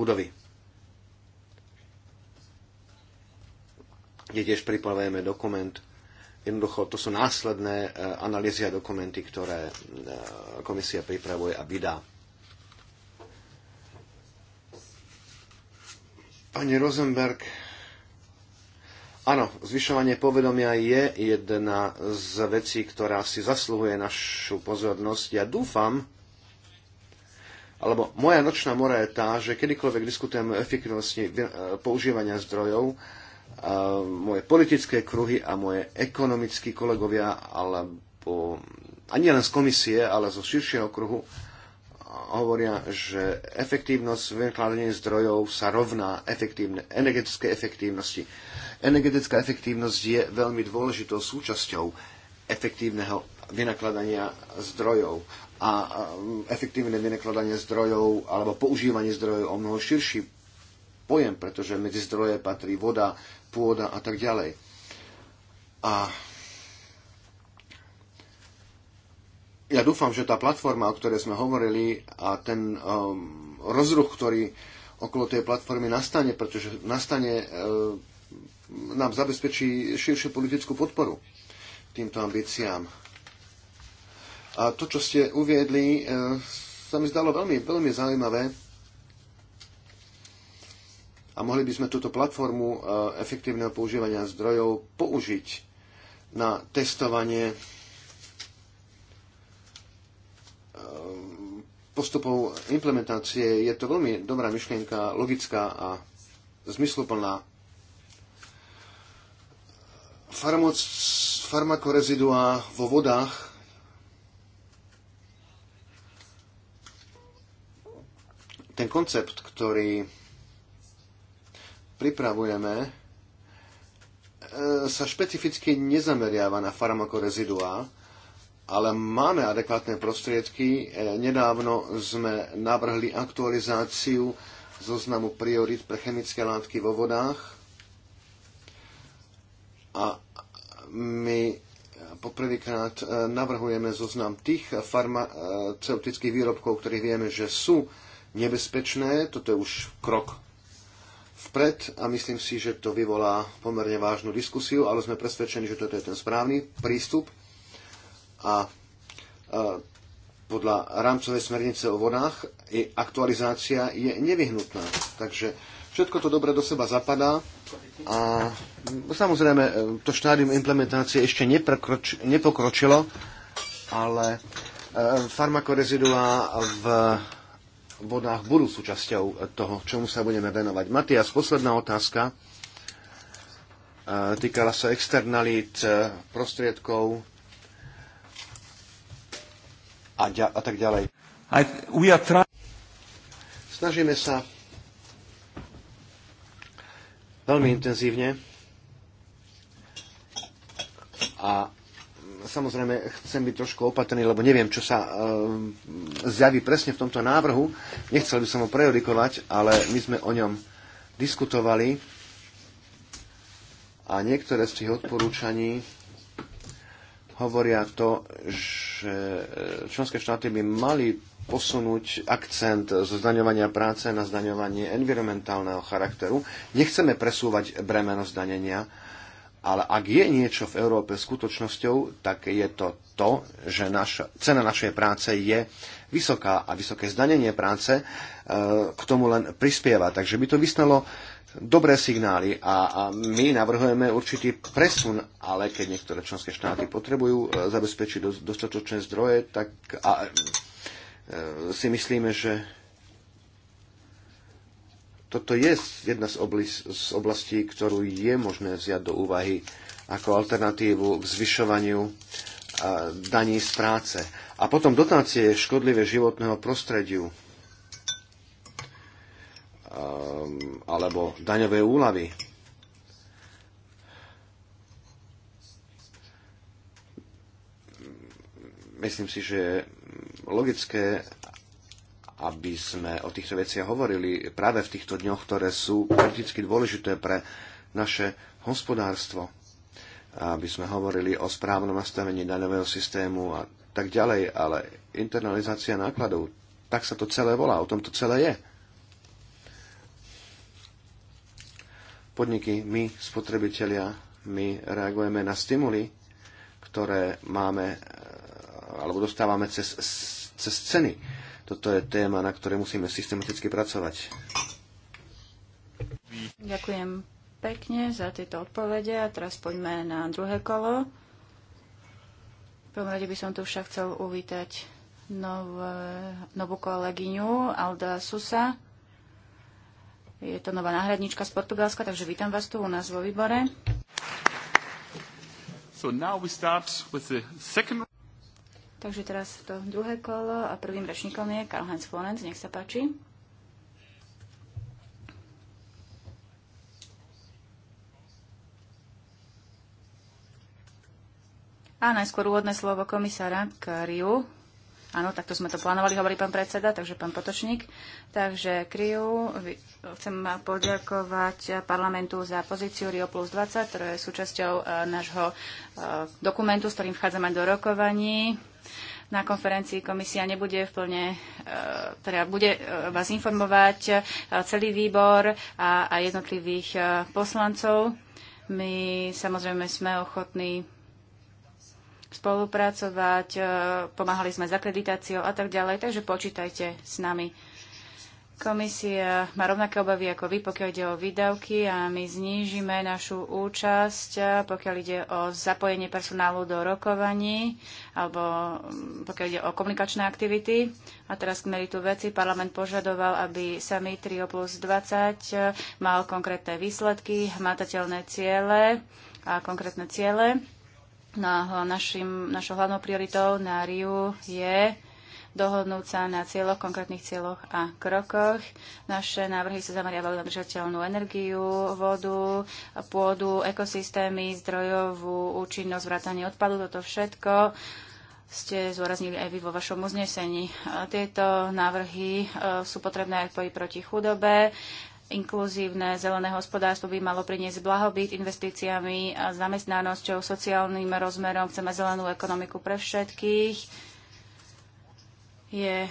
budovy. Kde tiež pripravujeme dokument. Jednoducho, to sú následné e, analýzy a dokumenty, ktoré e, komisia pripravuje a vydá. Pani Rosenberg, áno, zvyšovanie povedomia je jedna z vecí, ktorá si zasluhuje našu pozornosť. Ja dúfam, alebo moja nočná mora je tá, že kedykoľvek diskutujem o efektivnosti e, používania zdrojov, e, moje politické kruhy a moje ekonomickí kolegovia, alebo ani len z komisie, ale zo širšieho kruhu, e, hovoria, že efektívnosť vykladania zdrojov sa rovná efektívne, energetické efektívnosti. Energetická efektívnosť je veľmi dôležitou súčasťou efektívneho vynakladania zdrojov a efektívne vynakladanie zdrojov alebo používanie zdrojov o mnoho širší pojem, pretože medzi zdroje patrí voda, pôda a tak ďalej. A ja dúfam, že tá platforma, o ktorej sme hovorili a ten um, rozruch, ktorý okolo tej platformy nastane, pretože nastane, um, nám zabezpečí širšiu politickú podporu týmto ambíciám a to, čo ste uviedli, eh, sa mi zdalo veľmi, veľmi zaujímavé. A mohli by sme túto platformu eh, efektívneho používania zdrojov použiť na testovanie eh, postupov implementácie. Je to veľmi dobrá myšlienka, logická a zmysluplná. Farmoc, farmakoreziduá vo vodách Ten koncept, ktorý pripravujeme, e, sa špecificky nezameriava na farmakoreziduá, ale máme adekvátne prostriedky. E, nedávno sme navrhli aktualizáciu zoznamu priorit pre chemické látky vo vodách a my poprvýkrát e, navrhujeme zoznam tých farmaceutických výrobkov, ktorých vieme, že sú nebezpečné. Toto je už krok vpred a myslím si, že to vyvolá pomerne vážnu diskusiu, ale sme presvedčení, že toto je ten správny prístup. A, e, podľa rámcovej smernice o vodách i aktualizácia je nevyhnutná. Takže všetko to dobre do seba zapadá a samozrejme e, to štádium implementácie ešte neprekroč, nepokročilo, ale e, farmakoreziduá v vodách budú súčasťou toho, čomu sa budeme venovať. Matias, posledná otázka. E, týkala sa externalít, e, prostriedkov a, ďa- a tak ďalej. Snažíme sa veľmi intenzívne a samozrejme chcem byť trošku opatrný, lebo neviem, čo sa ehm, zjaví presne v tomto návrhu. Nechcel by som ho prejudikovať, ale my sme o ňom diskutovali a niektoré z tých odporúčaní hovoria to, že e, členské štáty by mali posunúť akcent zo zdaňovania práce na zdaňovanie environmentálneho charakteru. Nechceme presúvať bremeno zdanenia ale ak je niečo v Európe skutočnosťou, tak je to to, že naša, cena našej práce je vysoká a vysoké zdanenie práce e, k tomu len prispieva. Takže by to vysnalo dobré signály a, a my navrhujeme určitý presun, ale keď niektoré členské štáty potrebujú e, zabezpečiť dostatočné zdroje, tak a, e, si myslíme, že toto je jedna z, oblis, z oblastí, ktorú je možné vziať do úvahy ako alternatívu k zvyšovaniu daní z práce. A potom dotácie škodlivé životného prostrediu ehm, alebo daňové úlavy. Myslím si, že logické aby sme o týchto veciach hovorili práve v týchto dňoch, ktoré sú kriticky dôležité pre naše hospodárstvo. Aby sme hovorili o správnom nastavení daňového systému a tak ďalej, ale internalizácia nákladov, tak sa to celé volá, o tom to celé je. Podniky, my, spotrebitelia, my reagujeme na stimuly, ktoré máme alebo dostávame cez, cez ceny toto je téma, na ktorej musíme systematicky pracovať. Ďakujem pekne za tieto odpovede a teraz poďme na druhé kolo. V prvom rade by som tu však chcel uvítať nov, novú kolegyňu Alda Susa. Je to nová náhradnička z Portugalska, takže vítam vás tu u nás vo výbore. So now we start with the second... Takže teraz to druhé kolo a prvým rečníkom je Karl-Heinz Florenc. Nech sa páči. A najskôr úvodné slovo komisára Riu. Áno, takto sme to plánovali, hovorí pán predseda, takže pán Potočník. Takže Riu chcem poďakovať parlamentu za pozíciu Rio plus 20, ktorá je súčasťou eh, nášho eh, dokumentu, s ktorým vchádzame do rokovaní na konferencii komisia nebude plne, e, teda bude e, vás informovať e, celý výbor a, a jednotlivých poslancov. My samozrejme sme ochotní spolupracovať, pomáhali sme s akreditáciou a tak ďalej, takže počítajte s nami. Komisia má rovnaké obavy ako vy, pokiaľ ide o výdavky a my znížime našu účasť, pokiaľ ide o zapojenie personálu do rokovaní alebo mm, pokiaľ ide o komunikačné aktivity. A teraz k meritu veci. Parlament požadoval, aby samý 3 plus 20 e, mal konkrétne výsledky, hmatateľné ciele a konkrétne ciele. No a našim, našou hlavnou prioritou na RIU je dohodnúť sa na cieľoch, konkrétnych cieľoch a krokoch. Naše návrhy sa zameriavali na držateľnú energiu, vodu, pôdu, ekosystémy, zdrojovú účinnosť, vrátanie odpadu, toto všetko ste zúraznili aj vy vo vašom uznesení. Tieto návrhy e, sú potrebné aj v boji proti chudobe. Inkluzívne zelené hospodárstvo by malo priniesť blahobyt investíciami, zamestnanosťou, sociálnym rozmerom. Chceme zelenú ekonomiku pre všetkých je e,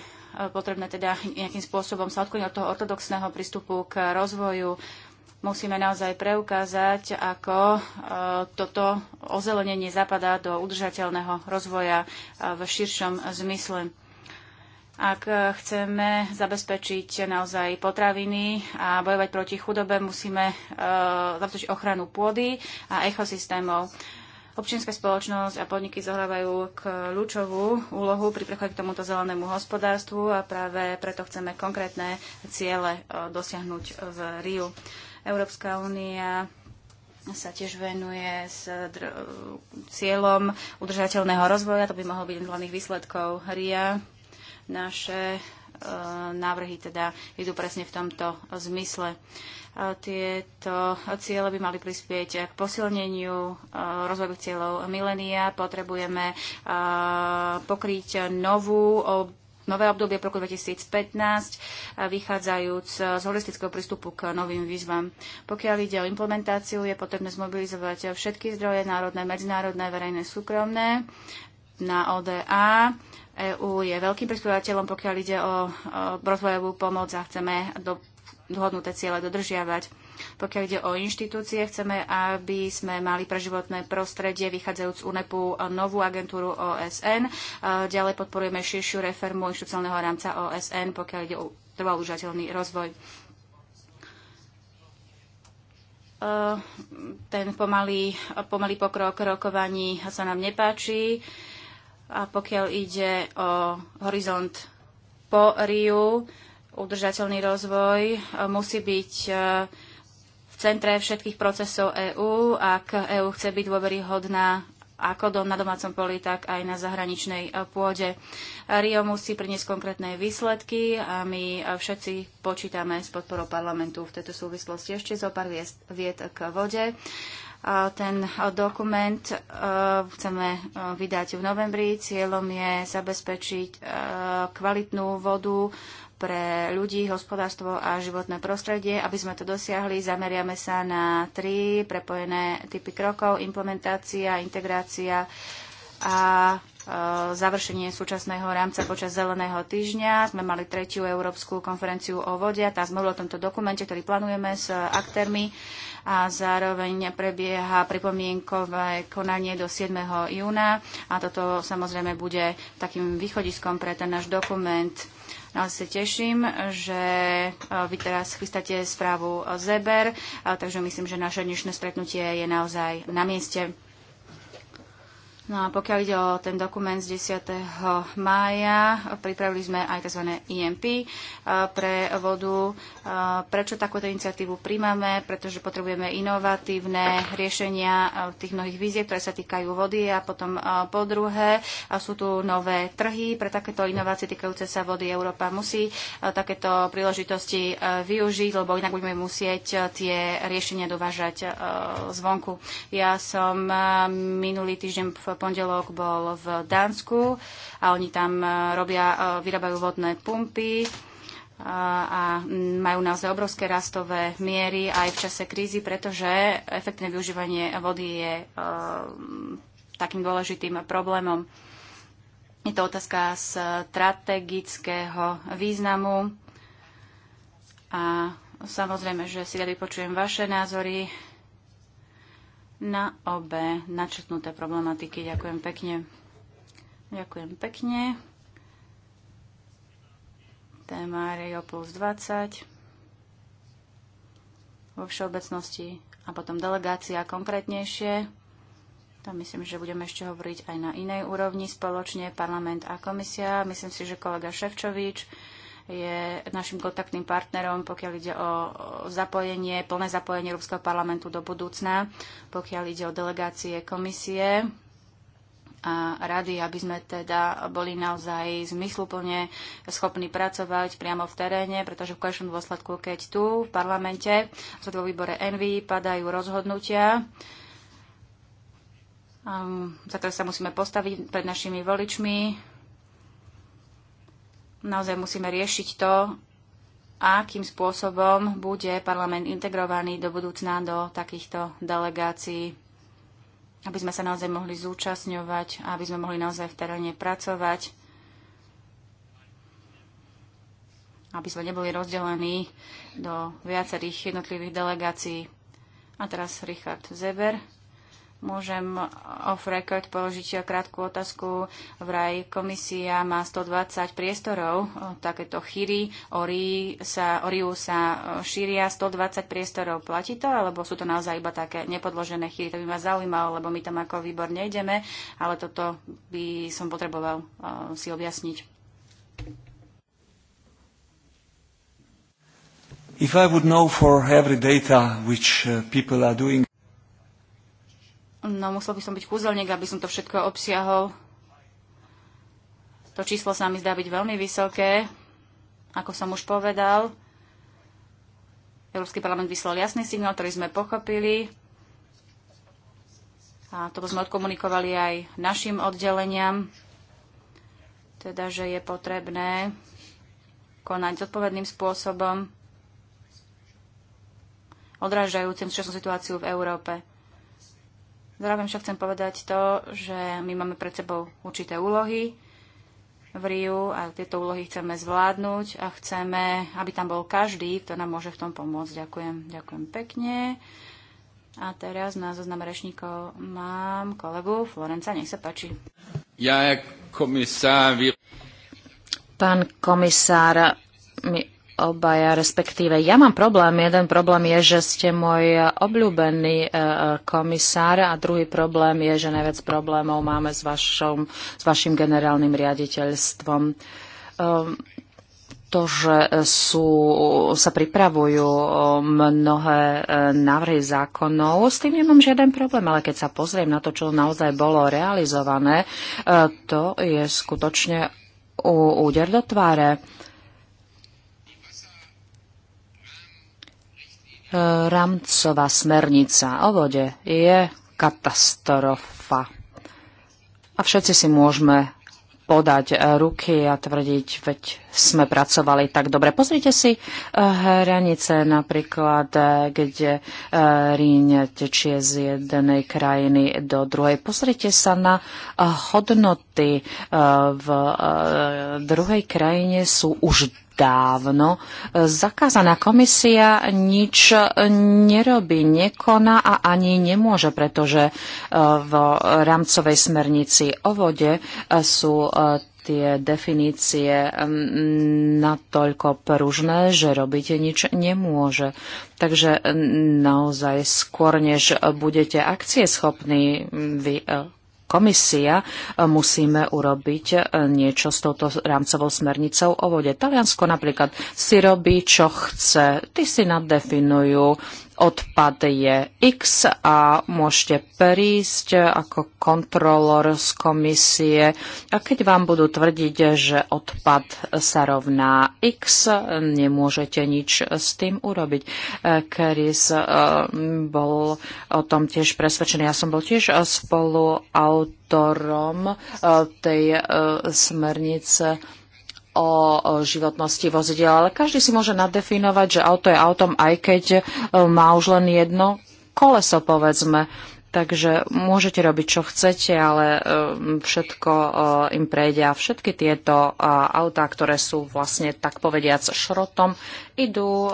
potrebné teda nejakým spôsobom sa odkloniť od toho ortodoxného prístupu k rozvoju. Musíme naozaj preukázať, ako e, toto ozelenenie zapadá do udržateľného rozvoja e, v širšom zmysle. Ak chceme zabezpečiť naozaj potraviny a bojovať proti chudobe, musíme zabezpečiť ochranu pôdy a ekosystémov. Občianská spoločnosť a podniky zohrávajú kľúčovú úlohu pri prechode k tomuto zelenému hospodárstvu a práve preto chceme konkrétne ciele e, dosiahnuť v Riu. Európska únia sa tiež venuje s cieľom udržateľného rozvoja, to by mohlo byť hlavných výsledkov RIA. Naše E, návrhy teda idú presne v tomto zmysle. E, tieto ciele by mali prispieť k posilneniu e, rozvojových cieľov milénia. Potrebujeme pokryť novú nové obdobie v roku 2015, vychádzajúc z holistického prístupu k novým výzvam. Pokiaľ ide o implementáciu, je potrebné zmobilizovať všetky zdroje, národné, medzinárodné, verejné, súkromné na ODA EÚ je veľkým prispievateľom, pokiaľ ide o, rozvojovú pomoc a chceme do, dohodnuté ciele dodržiavať. Pokiaľ ide o inštitúcie, chceme, aby sme mali pre životné prostredie, vychádzajúc z UNEPu, novú agentúru OSN. E, ďalej podporujeme širšiu reformu inštitucionálneho rámca OSN, pokiaľ ide o trvalúžateľný rozvoj e, ten pomalý, pomalý pokrok rokovaní sa nám nepáči. A pokiaľ ide o horizont po Riu, udržateľný rozvoj e, musí byť e, v centre všetkých procesov EÚ, ak EÚ chce byť dôveryhodná ako na domácom poli, tak aj na zahraničnej e, pôde. Rio musí priniesť konkrétne výsledky a my všetci počítame s podporou parlamentu v tejto súvislosti. Ešte zo pár viet k vode. Ten dokument e, chceme e, vydať v novembri. Cieľom je zabezpečiť e, kvalitnú vodu pre ľudí, hospodárstvo a životné prostredie. Aby sme to dosiahli, zameriame sa na tri prepojené typy krokov. Implementácia, integrácia a završenie súčasného rámca počas zeleného týždňa. Sme mali tretiu európsku konferenciu o vode a tá sme o tomto dokumente, ktorý plánujeme s aktérmi a zároveň prebieha pripomienkové konanie do 7. júna a toto samozrejme bude takým východiskom pre ten náš dokument. Naozaj no, sa teším, že e, vy teraz chystáte správu Zeber, e, takže myslím, že naše dnešné stretnutie je naozaj na mieste. No a pokiaľ ide o ten dokument z 10. mája, pripravili sme aj tzv. EMP e, pre vodu. E, prečo takúto iniciatívu príjmame? Pretože potrebujeme inovatívne riešenia e, tých mnohých vízie, ktoré sa týkajú vody a potom po druhé sú tu nové trhy. Pre takéto inovácie týkajúce sa vody Európa musí takéto príležitosti využiť, lebo inak budeme musieť tie riešenia dovážať zvonku. Ja som minulý týždeň v pondelok bol v Dánsku a oni tam e, robia, e, vyrábajú vodné pumpy e, a majú naozaj obrovské rastové miery aj v čase krízy, pretože efektné využívanie vody je takým dôležitým problémom. Je to otázka strategického významu a samozrejme, že si rada vypočujem vaše názory na obe načrtnuté problematiky. Ďakujem pekne. Ďakujem pekne. Téma Rio plus 20 vo všeobecnosti a potom delegácia konkrétnejšie. Tam myslím, že budeme ešte hovoriť aj na inej úrovni spoločne, parlament a komisia. Myslím si, že kolega Ševčovič je našim kontaktným partnerom, pokiaľ ide o zapojenie, plné zapojenie Európskeho parlamentu do budúcna, pokiaľ ide o delegácie komisie a rady, aby sme teda boli naozaj zmysluplne schopní pracovať priamo v teréne, pretože v konečnom dôsledku, keď tu v parlamente, sa vo výbore Envy padajú rozhodnutia, um, za ktoré sa musíme postaviť pred našimi voličmi, naozaj musíme riešiť to, akým spôsobom bude parlament integrovaný do budúcna do takýchto delegácií, aby sme sa naozaj mohli zúčastňovať a aby sme mohli naozaj v teréne pracovať, aby sme neboli rozdelení do viacerých jednotlivých delegácií. A teraz Richard Zeber. Môžem off record položiť krátku otázku. Vraj komisia má 120 priestorov, takéto chyry, orí sa, oriu sa šíria 120 priestorov. Platí to, alebo sú to naozaj iba také nepodložené chyry? To by ma zaujímalo, lebo my tam ako výbor nejdeme, ale toto by som potreboval si objasniť. If I would know for every data which uh, people are doing No musel by som byť kúzelník, aby som to všetko obsiahol. To číslo sa mi zdá byť veľmi vysoké. Ako som už povedal, Európsky parlament vyslal jasný signál, ktorý sme pochopili. A to sme odkomunikovali aj našim oddeleniam, teda, že je potrebné konať zodpovedným spôsobom, odrážajúcim súčasnú situáciu v Európe. Zároveň však chcem povedať to, že my máme pred sebou určité úlohy v Riu a tieto úlohy chceme zvládnuť a chceme, aby tam bol každý, kto nám môže v tom pomôcť. Ďakujem, ďakujem pekne. A teraz na zoznam rečníkov mám kolegu Florenca, nech sa páči. Ja, komisár... Pán komisár, my obaja, respektíve ja mám problém. Jeden problém je, že ste môj obľúbený e, e, komisár a druhý problém je, že najviac problémov máme s, vašom, s vašim generálnym riaditeľstvom. Ehm, to, že e, sú, sa pripravujú mnohé návrhy zákonov, s tým nemám žiaden problém, ale keď sa pozriem na to, čo naozaj bolo realizované, to je skutočne úder do tváre. Ramcová smernica o vode je katastrofa. A všetci si môžeme podať ruky a tvrdiť, veď sme pracovali tak dobre. Pozrite si eh, hranice napríklad, eh, kde eh, Ríň tečie z jednej krajiny do druhej. Pozrite sa na hodnoty v druhej krajine sú už dávno zakázaná. Komisia nič nerobí, nekoná a ani nemôže, pretože e, v rámcovej smernici o vode e, sú e, tie definície natoľko pružné, že robiť nič nemôže. Takže naozaj skôr, než budete akcieschopní vy komisia, e, musíme urobiť e, niečo s touto rámcovou smernicou o vode. Taliansko napríklad si robí, čo chce. Ty si nadefinujú odpad je X a môžete prísť ako kontrolor z komisie a keď vám budú tvrdiť, že odpad sa rovná X, nemôžete nič s tým urobiť. Keris e, bol o tom tiež presvedčený. Ja som bol tiež spoluautorom e, tej e, smernice o životnosti vozidel, ale každý si môže nadefinovať, že auto je autom, aj keď e, má už len jedno koleso, povedzme. Takže môžete robiť, čo chcete, ale e, všetko e, im prejde a všetky tieto autá, ktoré sú vlastne tak povediac šrotom, idú eh,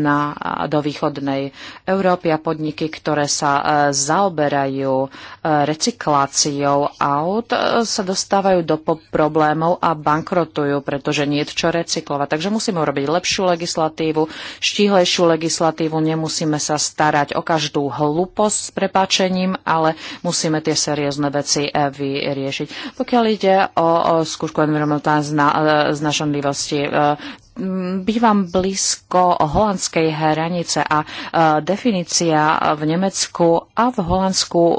na, do východnej Európy a podniky, ktoré sa eh, zaoberajú eh, recykláciou aut, sa dostávajú do problémov a bankrotujú, pretože nie je čo recyklovať. Takže musíme urobiť lepšiu legislatívu, štíhlejšiu legislatívu, nemusíme sa starať o každú hlúposť s prepáčením, ale musíme tie seriózne veci vyriešiť. Pokiaľ ide o, o skúšku environmentálnej zna, znašanlivosti, bývam blízko holandskej hranice a e, definícia v Nemecku a v Holandsku e,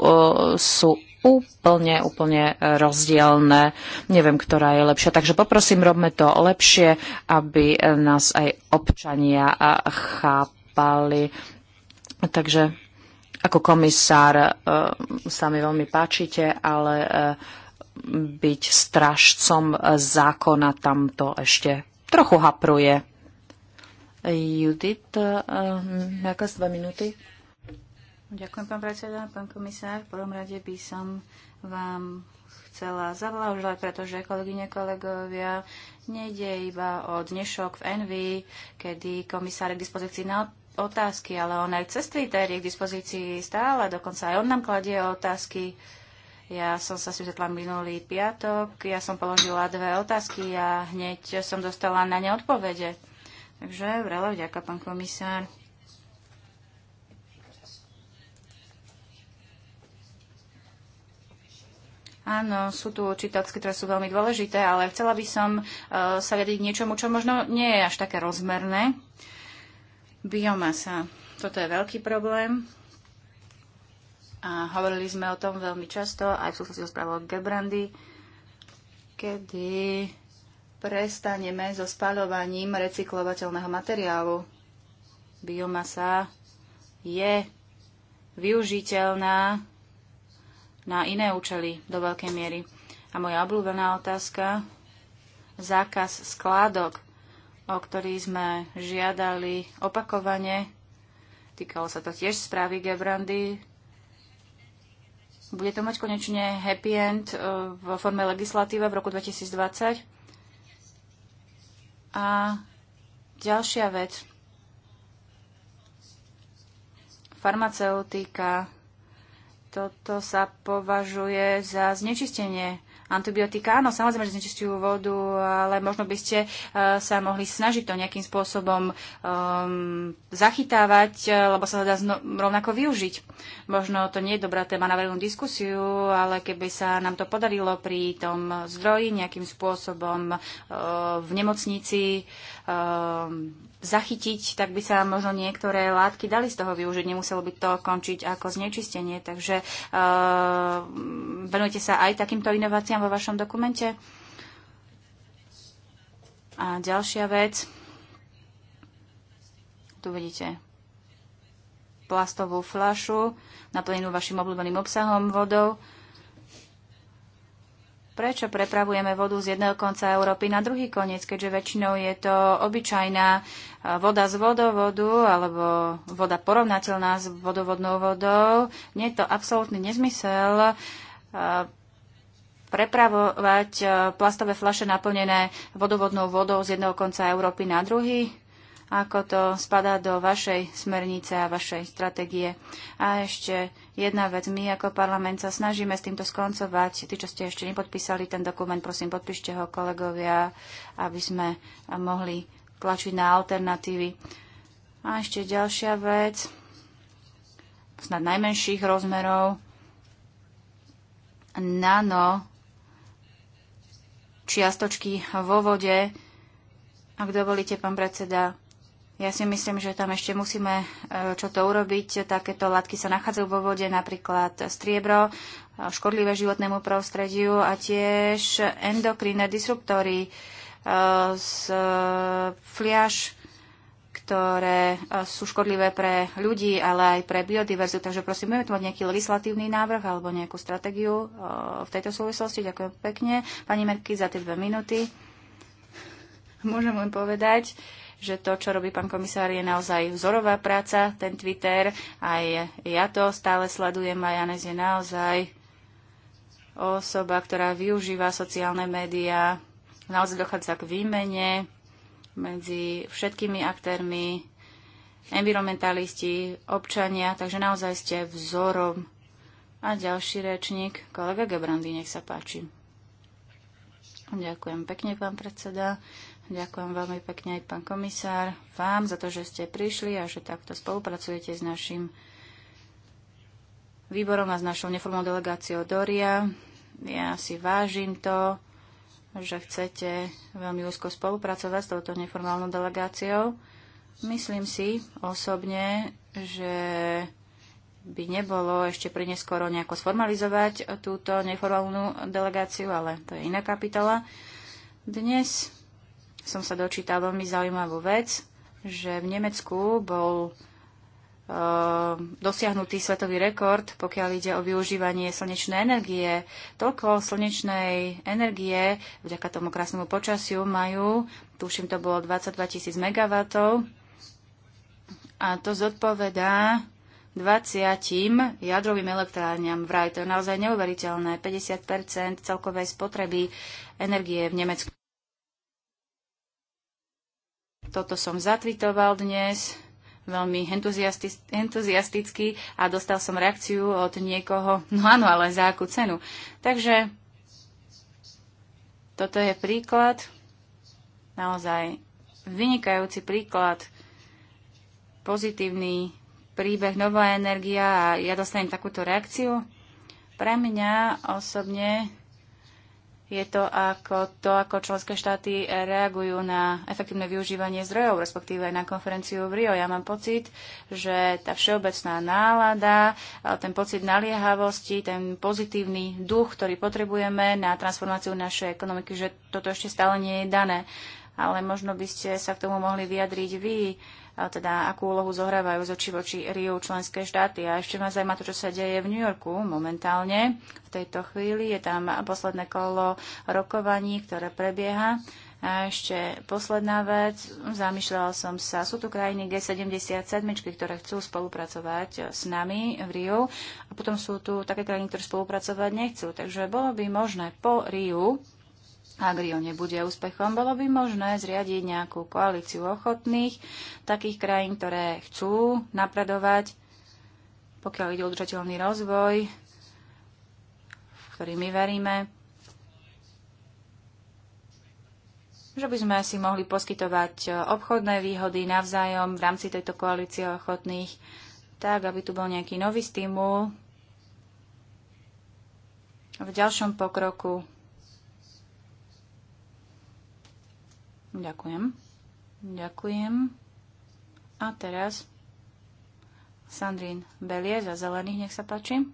sú úplne, úplne rozdielne. Neviem, ktorá je lepšia. Takže poprosím, robme to lepšie, aby nás aj občania e, chápali. Takže ako komisár sa mi veľmi páčite, ale byť stražcom zákona tamto ešte trochu hapruje. Judith, z eh, dva minúty? Ďakujem, pán predseda, pán komisár. V prvom rade by som vám chcela zavlážiť, pretože kolegyne, kolegovia, nejde iba o dnešok v Envy, kedy komisár je k dispozícii na otázky, ale on aj cez Twitter je k dispozícii stále, dokonca aj on nám kladie otázky. Uh, ja som sa stretla minulý piatok, ja som položila dve otázky a hneď som dostala na ne odpovede. Takže veľa vďaka, pán komisár. Áno, sú tu určité otázky, ktoré sú veľmi dôležité, ale chcela by som e, sa vedieť niečomu, čo možno nie je až také rozmerné. Biomasa. Toto je veľký problém. A hovorili sme o tom veľmi často, aj v súvislosti so správou Gebrandy, kedy prestaneme so spaľovaním recyklovateľného materiálu. Biomasa je využiteľná na iné účely do veľkej miery. A moja obľúbená otázka, zákaz skládok, o ktorý sme žiadali opakovane, týkalo sa to tiež správy Gebrandy, bude to mať konečne happy end e, v forme legislatíva v roku 2020? A ďalšia vec. Farmaceutika. Toto sa považuje za znečistenie antibiotika. Áno, samozrejme, že znečistujú vodu, ale možno by ste e, sa mohli snažiť to nejakým spôsobom um, zachytávať, e, lebo sa to dá rovnako využiť. Možno to nie je dobrá téma na verejnú diskusiu, ale keby sa nám to podarilo pri tom zdroji nejakým spôsobom uh, v nemocnici, Ehm, zachytiť, tak by sa možno niektoré látky dali z toho využiť. Nemuselo by to končiť ako znečistenie. Takže ehm, venujete sa aj takýmto inováciám vo vašom dokumente. A ďalšia vec. Tu vidíte plastovú flašu naplnenú vašim obľúbeným obsahom vodou. Prečo prepravujeme vodu z jedného konca Európy na druhý koniec, keďže väčšinou je to obyčajná voda z vodovodu alebo voda porovnateľná s vodovodnou vodou. Nie je to absolútny nezmysel prepravovať plastové flaše naplnené vodovodnou vodou z jedného konca Európy na druhý ako to spadá do vašej smernice a vašej stratégie. A ešte jedna vec. My ako parlament sa snažíme s týmto skoncovať. Tí, čo ste ešte nepodpísali ten dokument, prosím, podpíšte ho kolegovia, aby sme mohli tlačiť na alternatívy. A ešte ďalšia vec, snad najmenších rozmerov, nano čiastočky vo vode. Ak dovolíte, pán predseda, ja si myslím, že tam ešte musíme e, čo to urobiť. Takéto látky sa nachádzajú vo vode, napríklad striebro, e, škodlivé životnému prostrediu a tiež endokrinné disruptory e, z fliaž, ktoré sú škodlivé pre ľudí, ale aj pre biodiverzitu. Takže prosím, budeme tu mať nejaký legislatívny návrh alebo nejakú stratégiu v tejto súvislosti. Ďakujem pekne. Pani Merky, za tie dve minúty. Môžem len povedať, že to, čo robí pán komisár, je naozaj vzorová práca, ten Twitter. Aj ja to stále sledujem a Janez je naozaj osoba, ktorá využíva sociálne médiá. Naozaj dochádza k výmene medzi všetkými aktérmi, environmentalisti, občania, takže naozaj ste vzorom. A ďalší rečník, kolega Gebrandy, nech sa páči. Ďakujem pekne, pán predseda. Ďakujem veľmi pekne aj pán komisár, vám za to, že ste prišli a že takto spolupracujete s našim výborom a s našou neformálnou delegáciou Doria. Ja si vážim to, že chcete veľmi úzko spolupracovať s touto neformálnou delegáciou. Myslím si osobne, že by nebolo ešte neskoro nejako sformalizovať túto neformálnu delegáciu, ale to je iná kapitola. Dnes som sa dočítal veľmi zaujímavú vec, že v Nemecku bol e, dosiahnutý svetový rekord, pokiaľ ide o využívanie slnečnej energie. Toľko slnečnej energie, vďaka tomu krásnemu počasiu, majú, tuším, to bolo 22 tisíc megawatov a to zodpovedá 20 jadrovým elektrárňam vraj. To je naozaj neuveriteľné. 50 celkovej spotreby energie v Nemecku. Toto som zatvitoval dnes veľmi entuziasticky a dostal som reakciu od niekoho, no áno, ale za akú cenu. Takže toto je príklad, naozaj vynikajúci príklad, pozitívny príbeh, nová energia a ja dostanem takúto reakciu. Pre mňa osobne je to ako to, ako členské štáty reagujú na efektívne využívanie zdrojov, respektíve na konferenciu v Rio. Ja mám pocit, že tá všeobecná nálada, ten pocit naliehavosti, ten pozitívny duch, ktorý potrebujeme na transformáciu našej ekonomiky, že toto ešte stále nie je dané ale možno by ste sa k tomu mohli vyjadriť vy, teda akú úlohu zohrávajú z oči voči Riu členské štáty. A ešte ma zaujíma to, čo sa deje v New Yorku momentálne. V tejto chvíli je tam posledné kolo rokovaní, ktoré prebieha. A ešte posledná vec, zamýšľala som sa, sú tu krajiny G77, ktoré chcú spolupracovať s nami v Riu a potom sú tu také krajiny, ktoré spolupracovať nechcú. Takže bolo by možné po Riu ak Rio nebude úspechom, bolo by možné zriadiť nejakú koalíciu ochotných, takých krajín, ktoré chcú napredovať, pokiaľ ide udržateľný rozvoj, v ktorý my veríme, že by sme si mohli poskytovať obchodné výhody navzájom v rámci tejto koalície ochotných, tak aby tu bol nejaký nový stimul v ďalšom pokroku Ďakujem. Ďakujem. A teraz Sandrín Belie za zelených, nech sa páči.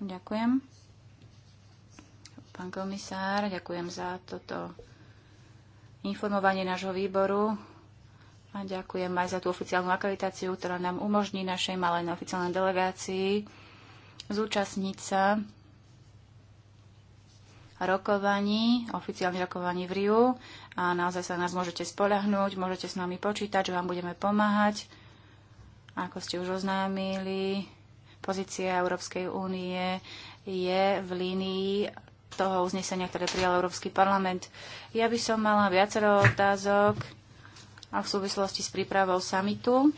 Ďakujem. Pán komisár, ďakujem za toto informovanie nášho výboru a ďakujem aj za tú oficiálnu akreditáciu, ktorá nám umožní našej malej oficiálnej delegácii zúčastniť sa rokovaní, oficiálne rokovaní v Riu a naozaj sa nás môžete spolahnúť, môžete s nami počítať, že vám budeme pomáhať. Ako ste už oznámili, pozícia Európskej únie je v línii toho uznesenia, ktoré prijal Európsky parlament. Ja by som mala viacero otázok a v súvislosti s prípravou samitu,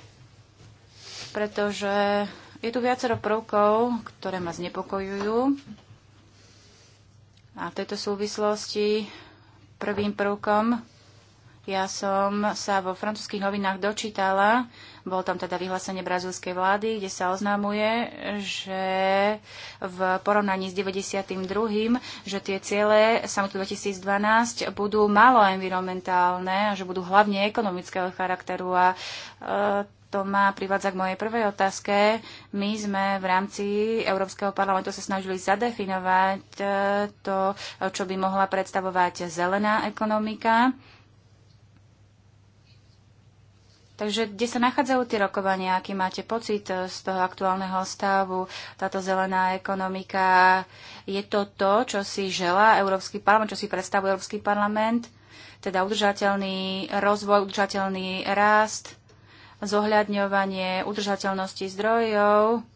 pretože je tu viacero prvkov, ktoré ma znepokojujú. A v tejto súvislosti prvým prvkom. Ja som sa vo francúzských novinách dočítala, bolo tam teda vyhlásenie brazílskej vlády, kde sa oznamuje, že v porovnaní s 92., že tie ciele samotu 2012 budú malo environmentálne a že budú hlavne ekonomického charakteru a e, to ma privádza k mojej prvej otázke. My sme v rámci Európskeho parlamentu sa snažili zadefinovať e, to, čo by mohla predstavovať zelená ekonomika. Takže kde sa nachádzajú tie rokovania? Aký máte pocit z toho aktuálneho stavu? Táto zelená ekonomika, je to to, čo si želá Európsky parlament, čo si predstavuje Európsky parlament? Teda udržateľný rozvoj, udržateľný rast, zohľadňovanie udržateľnosti zdrojov,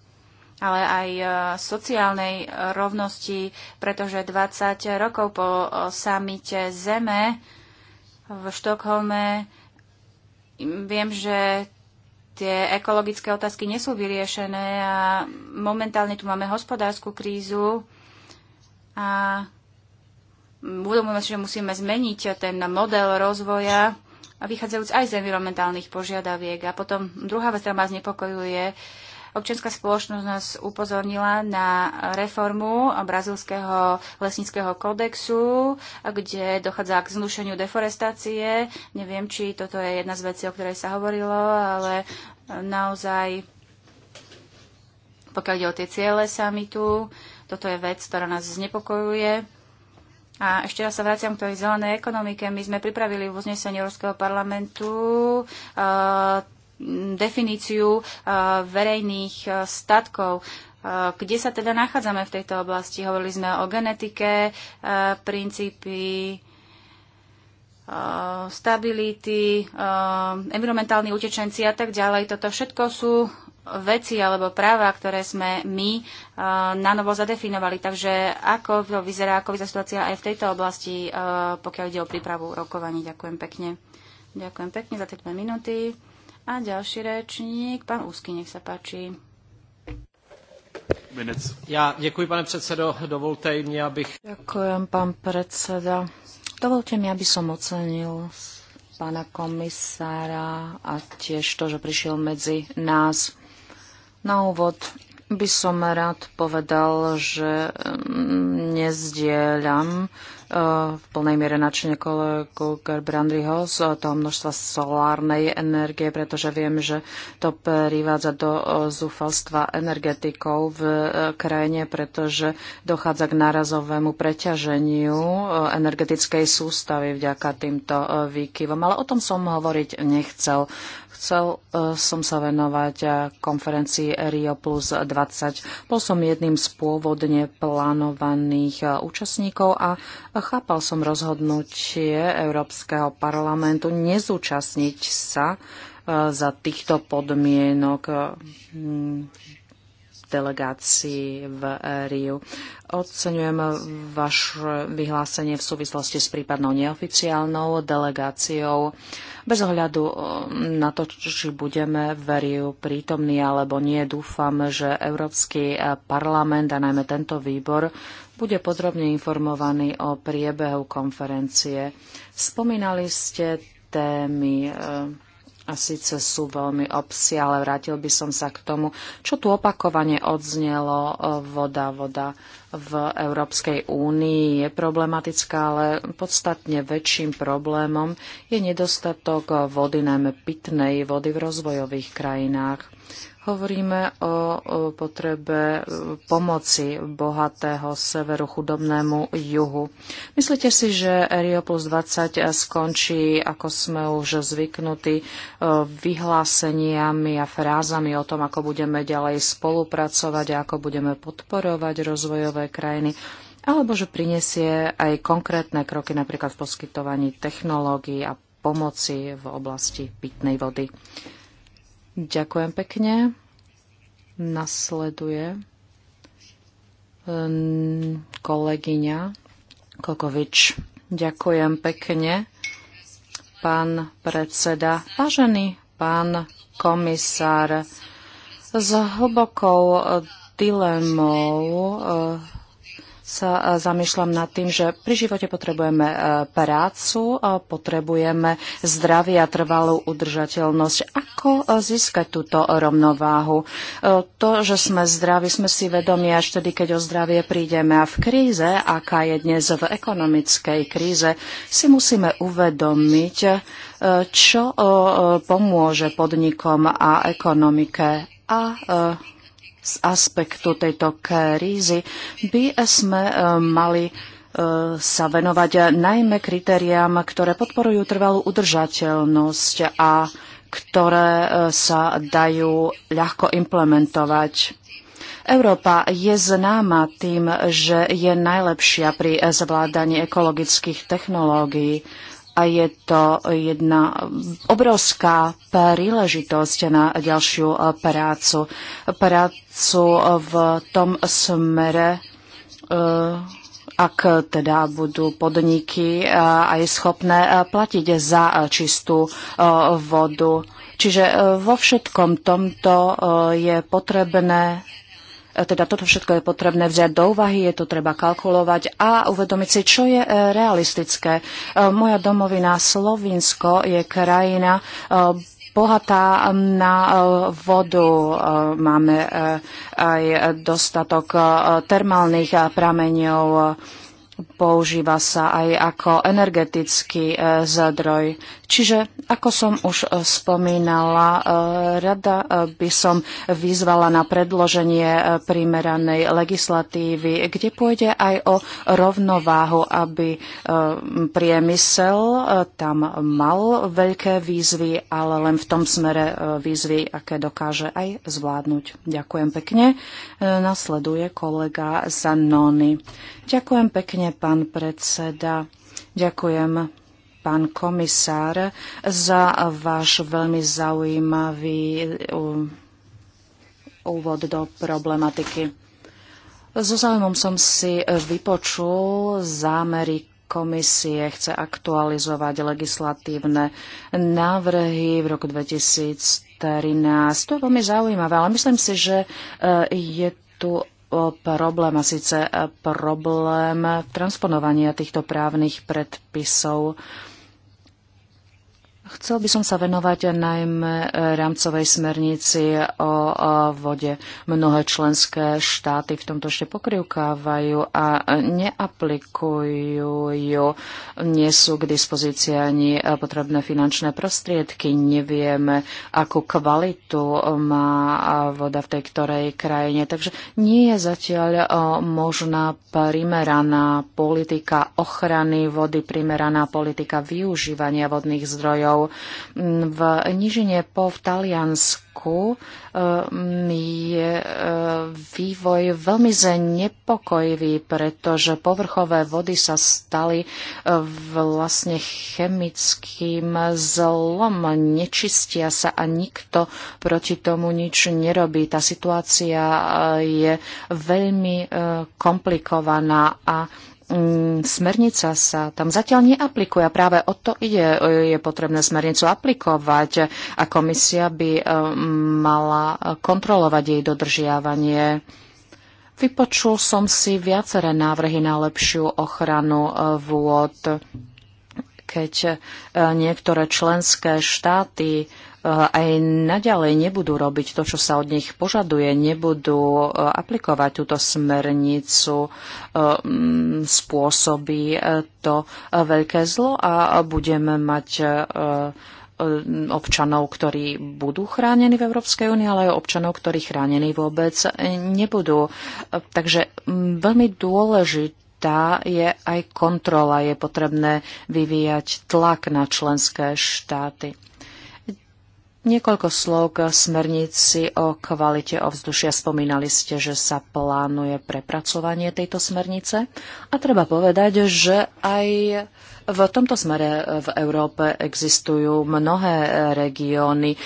ale aj e, sociálnej e, rovnosti, pretože 20 rokov po e, samite Zeme v Štokholme viem, že tie ekologické otázky nie sú vyriešené a momentálne tu máme hospodárskú krízu a uvedomujeme si, že musíme zmeniť ten model rozvoja a vychádzajúc aj z environmentálnych požiadaviek. A potom druhá vec, ktorá ma znepokojuje, Občianská spoločnosť nás upozornila na reformu brazilského lesníckého kodexu, kde dochádza k znušeniu deforestácie. Neviem, či toto je jedna z vecí, o ktorej sa hovorilo, ale naozaj, pokiaľ ide o tie ciele samitu, toto je vec, ktorá nás znepokojuje. A ešte raz sa vraciam k tej zelenej ekonomike. My sme pripravili v uznesení Európskeho parlamentu uh, definíciu uh, verejných uh, statkov. Kde sa teda nachádzame v tejto oblasti? Hovorili sme o genetike, princípy stability, environmentálni utečenci a tak ďalej. Toto všetko sú veci alebo práva, ktoré sme my eh, na novo zadefinovali. Takže ako to vyzerá, ako vyzerá situácia aj v tejto oblasti, eh, pokiaľ ide o prípravu rokovaní. Ďakujem pekne. Ďakujem pekne za tie dve minúty. A ďalší rečník, pán Úsky, nech sa páči. Ja ďakujem, pane predsedo. Dovolte mi, abych... Ďakujem, pán predseda. Dovolte mi, aby som ocenil pána komisára a tiež to, že prišiel medzi nás. Na úvod by som rád povedal, že mm, nezdieľam e, v plnej miere načne kolegu Gerbrandriho z toho množstva solárnej energie, pretože viem, že to privádza do e, zúfalstva energetikov v e, krajine, pretože dochádza k nárazovému preťaženiu energetickej sústavy vďaka týmto výkyvom. Ale o tom som hovoriť nechcel. Chcel e, som sa venovať e, konferencii Rio plus 20. Bol som jedným z pôvodne plánovaných e, účastníkov a chápal som rozhodnutie Európskeho parlamentu nezúčastniť sa za týchto podmienok delegácii v Riu. Oceňujem vaše vyhlásenie v súvislosti s prípadnou neoficiálnou delegáciou. Bez ohľadu um, na to, či budeme v Riu prítomní alebo nie, dúfam, že Európsky eh, parlament a najmä tento výbor bude podrobne informovaný o priebehu konferencie. Spomínali ste témy eh, a síce sú veľmi ale Vrátil by som sa k tomu, čo tu opakovane odznelo e, voda, voda v Európskej únii je problematická, ale podstatne väčším problémom je nedostatok vody, najmä pitnej vody v rozvojových krajinách. Hovoríme o potrebe e, pomoci bohatého severu chudobnému juhu. Myslíte si, že Rio plus 20 skončí, ako sme už zvyknutí, e, vyhláseniami a frázami o tom, ako budeme ďalej spolupracovať a ako budeme podporovať rozvojové krajiny? Alebo že prinesie aj konkrétne kroky napríklad v poskytovaní technológií a pomoci v oblasti pitnej vody. Ďakujem pekne. Nasleduje ehm, kolegyňa Kokovič. Ďakujem pekne, pán predseda. Vážený pán komisár, s hlbokou dilemou ehm, sa e, zamýšľam nad tým, že pri živote potrebujeme e, prácu, potrebujeme zdravie a trvalú udržateľnosť. Ako e, získať túto rovnováhu? To, že sme zdraví, sme si vedomi až tedy, keď o zdravie prídeme. A v kríze, aká je dnes v ekonomickej kríze, si musíme uvedomiť, čo pomôže podnikom a ekonomike a z aspektu tejto krízy by sme e, mali e, sa venovať najmä kritériám, ktoré podporujú trvalú udržateľnosť a ktoré e, sa dajú ľahko implementovať. Európa je známa tým, že je najlepšia pri zvládaní ekologických technológií a je to jedna obrovská príležitosť na ďalšiu eh, prácu. Prácu v tom smere, eh, ak teda budú podniky eh, aj schopné platiť za čistú vodu. Čiže vo všetkom tomto je potrebné E, teda toto všetko je potrebné vziať do úvahy, je to treba kalkulovať a uvedomiť si, čo je e, realistické. E, moja domovina Slovinsko je krajina bohatá na vodu. Máme aj dostatok termálnych prameňov používa sa aj ako energetický e, zdroj. Čiže, ako som už e, spomínala, e, rada by som vyzvala na predloženie primeranej legislatívy, kde pôjde aj o rovnováhu, aby priemysel tam mal veľké výzvy, ale len v tom smere výzvy, aké dokáže aj zvládnuť. Ďakujem pekne. Nasleduje kolega Zanoni. Ďakujem pekne pekne, pán predseda. Ďakujem, pán komisár, za váš veľmi zaujímavý úvod do problematiky. So zaujímom som si vypočul zámery komisie chce aktualizovať legislatívne návrhy v roku 2013. To je veľmi zaujímavé, ale myslím si, že e, je tu problém a síce problém transponovania týchto právnych predpisov. Chcel by som sa venovať najmä e, rámcovej smernici o vode. Mnohé členské štáty v tomto ešte pokrivkávajú a neaplikujú ju. Nie sú k dispozícii ani e, potrebné finančné prostriedky. Nevieme, akú kvalitu e, má voda v tej ktorej krajine. Takže nie je zatiaľ možná primeraná politika ochrany vody, primeraná politika využívania vodných zdrojov Slovákov. Mm, v nížine po v Taliansku je eh, eh, vývoj veľmi znepokojivý, pretože povrchové vody sa stali eh, vlastne chemickým zlom. Nečistia sa a nikto proti tomu nič nerobí. Tá situácia je veľmi komplikovaná a Mm, smernica sa tam zatiaľ neaplikuje a práve o to ide. E, je potrebné smernicu aplikovať a komisia by e, mala kontrolovať jej dodržiavanie. Vypočul som si viaceré návrhy na lepšiu ochranu e, vôd, keď niektoré členské štáty Eh, aj naďalej nebudú robiť to, čo sa od nich požaduje, nebudú eh, aplikovať túto smernicu, eh, mm, spôsobí to veľké zlo a budeme mať občanov, ktorí budú chránení v Európskej únii, ale aj občanov, ktorí chránení vôbec nebudú. Takže mm, veľmi dôležité tá je aj kontrola. Je potrebné vyvíjať tlak na členské štáty. Niekoľko slov k smernici o kvalite ovzdušia. Spomínali ste, že sa plánuje prepracovanie tejto smernice. A treba povedať, že aj v tomto smere v Európe existujú mnohé regióny, e,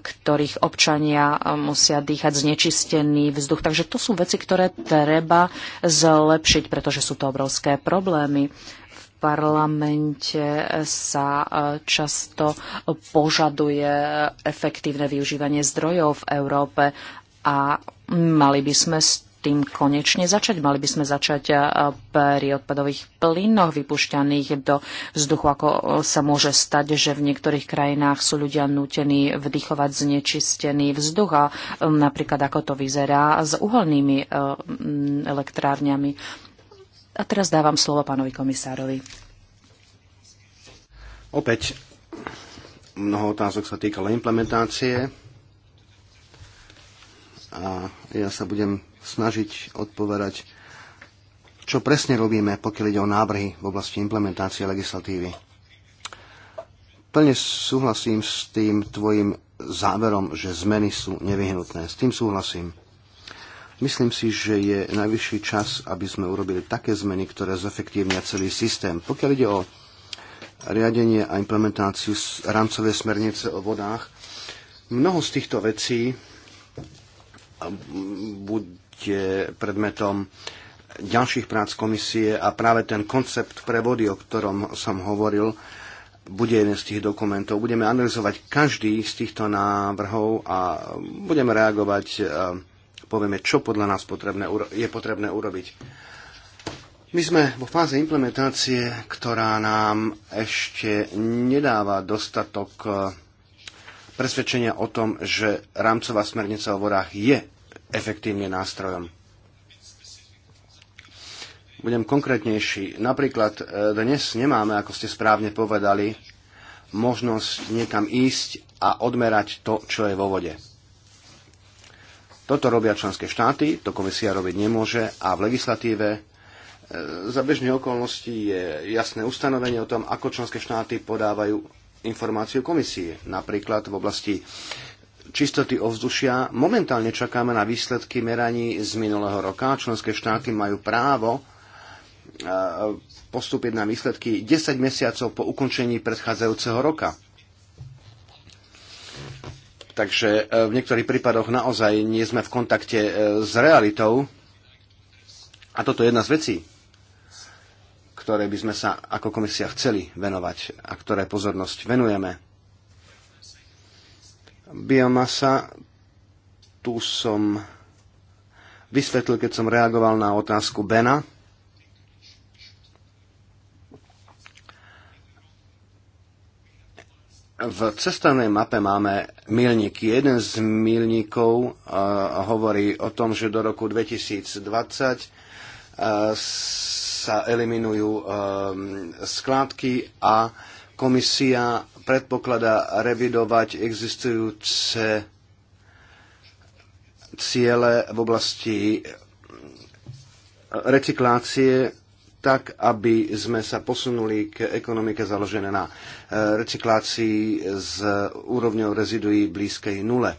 ktorých občania musia dýchať znečistený vzduch. Takže to sú veci, ktoré treba zlepšiť, pretože sú to obrovské problémy parlamente sa e, často požaduje efektívne využívanie zdrojov v Európe a mali by sme s tým konečne začať. Mali by sme začať e, pri odpadových plynoch vypušťaných do vzduchu, ako e, sa môže stať, že v niektorých krajinách sú ľudia nútení vdychovať znečistený vzduch a napríklad ako to vyzerá s uholnými elektrárňami. A teraz dávam slovo pánovi komisárovi. Opäť mnoho otázok sa týkalo implementácie a ja sa budem snažiť odpovedať, čo presne robíme, pokiaľ ide o návrhy v oblasti implementácie legislatívy. Plne súhlasím s tým tvojim záverom, že zmeny sú nevyhnutné. S tým súhlasím. Myslím si, že je najvyšší čas, aby sme urobili také zmeny, ktoré zefektívnia celý systém. Pokiaľ ide o riadenie a implementáciu rámcovej smernice o vodách, mnoho z týchto vecí bude predmetom ďalších prác komisie a práve ten koncept pre vody, o ktorom som hovoril, bude jeden z tých dokumentov. Budeme analyzovať každý z týchto návrhov a budeme reagovať eh, povieme, čo podľa nás potrebné, je potrebné urobiť. My sme vo fáze implementácie, ktorá nám ešte nedáva dostatok e, presvedčenia o tom, že rámcová smernica o vodách je efektívne nástrojom. Budem konkrétnejší. Napríklad e, dnes nemáme, ako ste správne povedali, možnosť niekam ísť a odmerať to, čo je vo vode. Toto robia členské štáty, to komisia robiť nemôže a v legislatíve e, za bežné okolnosti je jasné ustanovenie o tom, ako členské štáty podávajú informáciu komisie. Napríklad v oblasti čistoty ovzdušia momentálne čakáme na výsledky meraní z minulého roka. Členské štáty majú právo e, postúpiť na výsledky 10 mesiacov po ukončení predchádzajúceho roka. Takže e, v niektorých prípadoch naozaj nie sme v kontakte e, s realitou. A toto je jedna z vecí, ktoré by sme sa ako komisia chceli venovať a ktoré pozornosť venujeme. Biomasa, tu som vysvetlil, keď som reagoval na otázku Bena. V cestovnej mape máme milníky. Jeden z milníkov eh, hovorí o tom, že do roku 2020 eh, sa eliminujú eh, skládky a komisia predpokladá revidovať existujúce ciele v oblasti recyklácie tak, aby sme sa posunuli k ekonomike založené na e, recyklácii s úrovňou reziduí blízkej nule.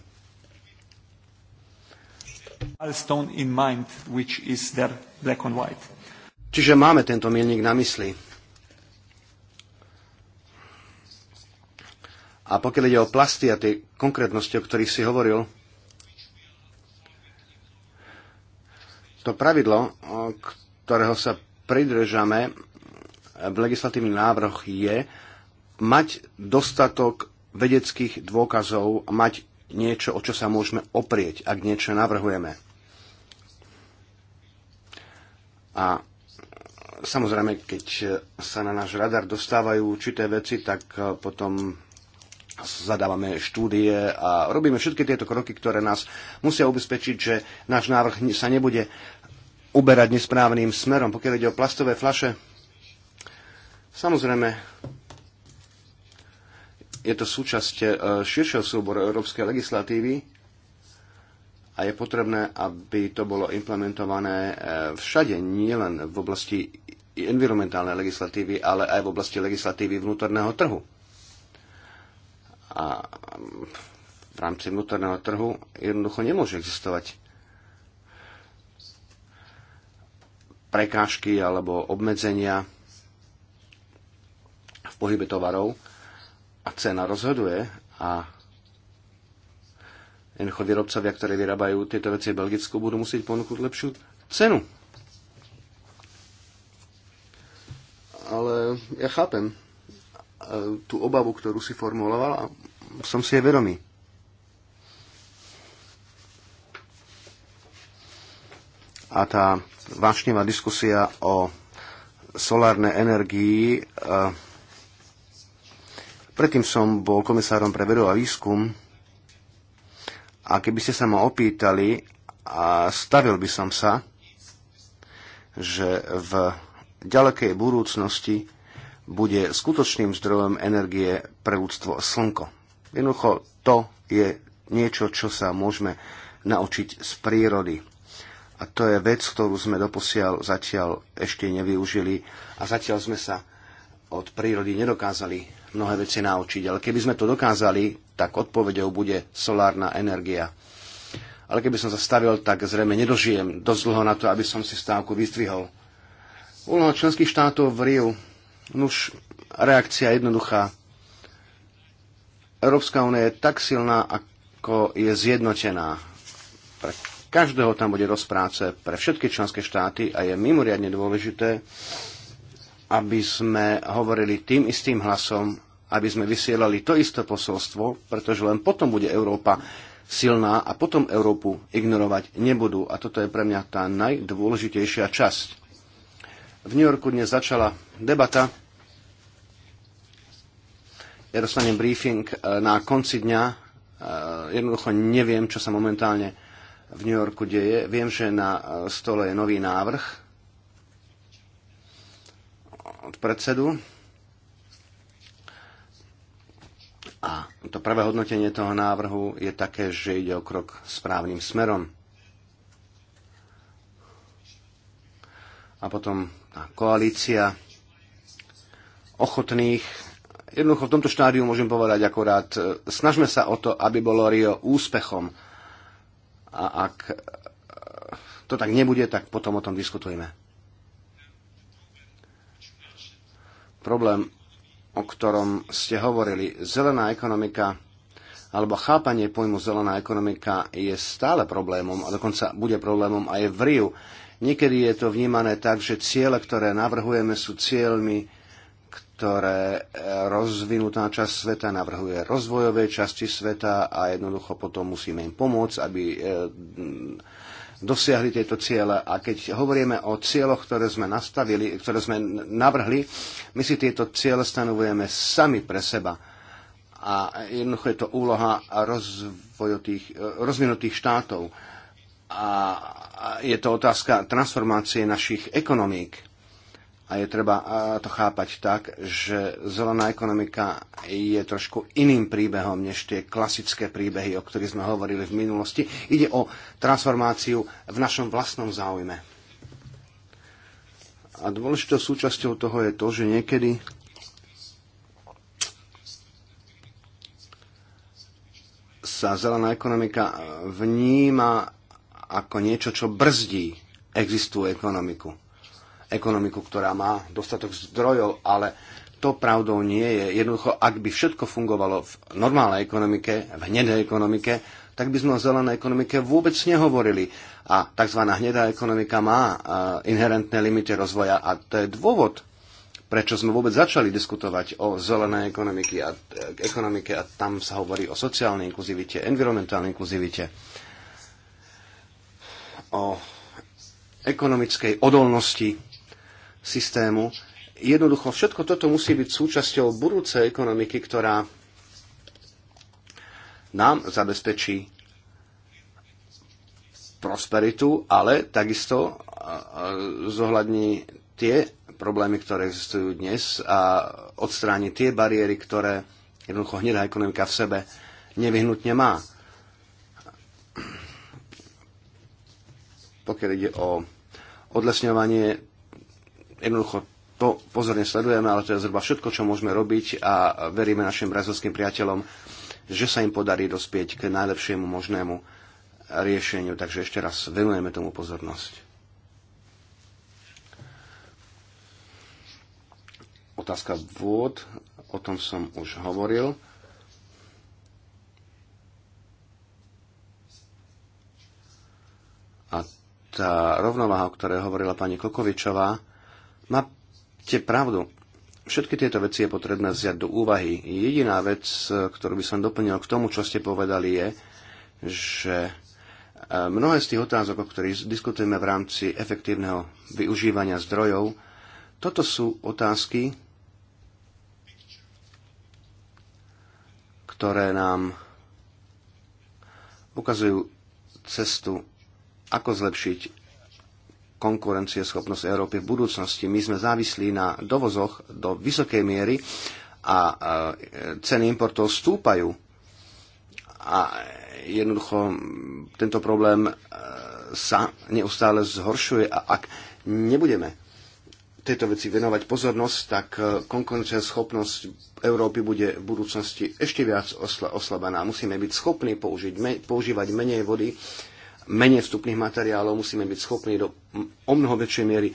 Čiže máme tento milník na mysli. A pokiaľ ide o plasty a tie konkrétnosti, o ktorých si hovoril, to pravidlo, ktorého sa pridržame v legislatívny návrh je mať dostatok vedeckých dôkazov, mať niečo, o čo sa môžeme oprieť, ak niečo navrhujeme. A samozrejme, keď sa na náš radar dostávajú určité veci, tak eh, potom zadávame štúdie a robíme všetky tieto kroky, ktoré nás musia ubezpečiť, že náš návrh sa nebude uberať nesprávnym smerom. Pokiaľ ide o plastové flaše, samozrejme, je to súčasť e, širšieho súboru európskej legislatívy a je potrebné, aby to bolo implementované e, všade, nielen v oblasti environmentálnej legislatívy, ale aj v oblasti legislatívy vnútorného trhu. A mm, v rámci vnútorného trhu jednoducho nemôže existovať prekážky alebo obmedzenia v pohybe tovarov a cena rozhoduje a jednoducho výrobcovia, ktorí vyrábajú tieto veci v Belgicku, budú musieť ponúknuť lepšiu cenu. Ale ja chápem e, tú obavu, ktorú si formuloval a som si jej vedomý. a tá vášnivá diskusia o solárnej energii. E, predtým som bol komisárom pre vedu a výskum a keby ste sa ma opýtali, a stavil by som sa, že v ďalekej budúcnosti bude skutočným zdrojom energie pre ľudstvo slnko. Jednoducho to je niečo, čo sa môžeme naučiť z prírody a to je vec, ktorú sme doposiaľ zatiaľ ešte nevyužili a zatiaľ sme sa od prírody nedokázali mnohé veci naučiť. Ale keby sme to dokázali, tak odpovedou bude solárna energia. Ale keby som zastavil, tak zrejme nedožijem dosť dlho na to, aby som si stávku vystvihol. Úloha členských štátov v Riu. Nuž, reakcia jednoduchá. Európska únia je tak silná, ako je zjednotená. Pre Každého tam bude rozpráce pre všetky členské štáty a je mimoriadne dôležité, aby sme hovorili tým istým hlasom, aby sme vysielali to isté posolstvo, pretože len potom bude Európa silná a potom Európu ignorovať nebudú. A toto je pre mňa tá najdôležitejšia časť. V New Yorku dnes začala debata. Ja dostanem briefing eh, na konci dňa. Eh, jednoducho neviem, čo sa momentálne v New Yorku deje. Viem, že na e, stole je nový návrh od predsedu a to prvé hodnotenie toho návrhu je také, že ide o krok správnym smerom. A potom tá koalícia ochotných. Jednoducho v tomto štádiu môžem povedať akorát, e, snažme sa o to, aby bolo Rio úspechom a ak e, to tak nebude, tak potom o tom diskutujeme. Problém, o ktorom ste hovorili, zelená ekonomika alebo chápanie pojmu zelená ekonomika je stále problémom a dokonca bude problémom aj v Riu. Niekedy je to vnímané tak, že ciele, ktoré navrhujeme, sú cieľmi ktoré e, rozvinutá časť sveta navrhuje rozvojové časti sveta a jednoducho potom musíme im pomôcť, aby e, dosiahli tieto ciele. A keď hovoríme o cieľoch, ktoré sme nastavili, ktoré sme navrhli, my si tieto ciele stanovujeme sami pre seba. A jednoducho je to úloha e, rozvinutých štátov. A je to otázka transformácie našich ekonomík a je treba to chápať tak, že zelená ekonomika je trošku iným príbehom než tie klasické príbehy, o ktorých sme hovorili v minulosti. Ide o transformáciu v našom vlastnom záujme. A dôležitou súčasťou toho je to, že niekedy sa zelená ekonomika vníma ako niečo, čo brzdí existujú ekonomiku ekonomiku, ktorá má dostatok zdrojov, ale to pravdou nie je. Jednoducho, ak by všetko fungovalo v normálnej ekonomike, v hnedej ekonomike, tak by sme o zelenej ekonomike vôbec nehovorili. A tzv. hnedá ekonomika má e, inherentné limity rozvoja a to je dôvod, prečo sme vôbec začali diskutovať o zelenej ekonomiky a, e, ekonomike a tam sa hovorí o sociálnej inkluzivite, environmentálnej inkluzivite, o ekonomickej odolnosti systému. Jednoducho všetko toto musí byť súčasťou budúcej ekonomiky, ktorá nám zabezpečí prosperitu, ale takisto zohľadní tie problémy, ktoré existujú dnes a odstráni tie bariéry, ktoré jednoducho hnedá ekonomika v sebe nevyhnutne má. Pokiaľ ide o odlesňovanie, jednoducho to pozorne sledujeme, ale to je zhruba všetko, čo môžeme robiť a veríme našim brazilským priateľom, že sa im podarí dospieť k najlepšiemu možnému riešeniu. Takže ešte raz venujeme tomu pozornosť. Otázka vôd, o tom som už hovoril. A tá rovnováha, o ktorej hovorila pani Kokovičová, Máte pravdu. Všetky tieto veci je potrebné vziať do úvahy. Jediná vec, e, ktorú by som doplnil k tomu, čo ste povedali, je, že e, mnohé z tých otázok, o ktorých diskutujeme v rámci efektívneho využívania zdrojov, toto sú otázky, ktoré nám ukazujú cestu, ako zlepšiť konkurencieschopnosť Európy v budúcnosti. My sme závislí na dovozoch do vysokej miery a ceny importov stúpajú. A jednoducho tento problém e, sa neustále zhoršuje a ak nebudeme tejto veci venovať pozornosť, tak e, konkurenčná schopnosť Európy bude v budúcnosti ešte viac oslabaná. Musíme byť schopní použiť, me, používať menej vody, menej vstupných materiálov, musíme byť schopní do o mnoho väčšej miery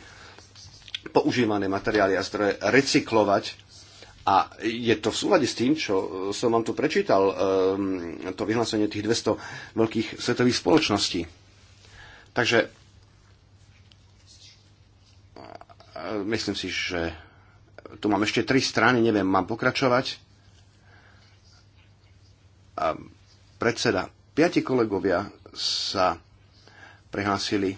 používané materiály a zdroje recyklovať. A je to v súlade s tým, čo e, som vám tu prečítal, e, to vyhlásenie tých 200 veľkých svetových spoločností. Takže e, myslím si, že tu mám ešte tri strany, neviem, mám pokračovať. A predseda, piati kolegovia sa prihlásili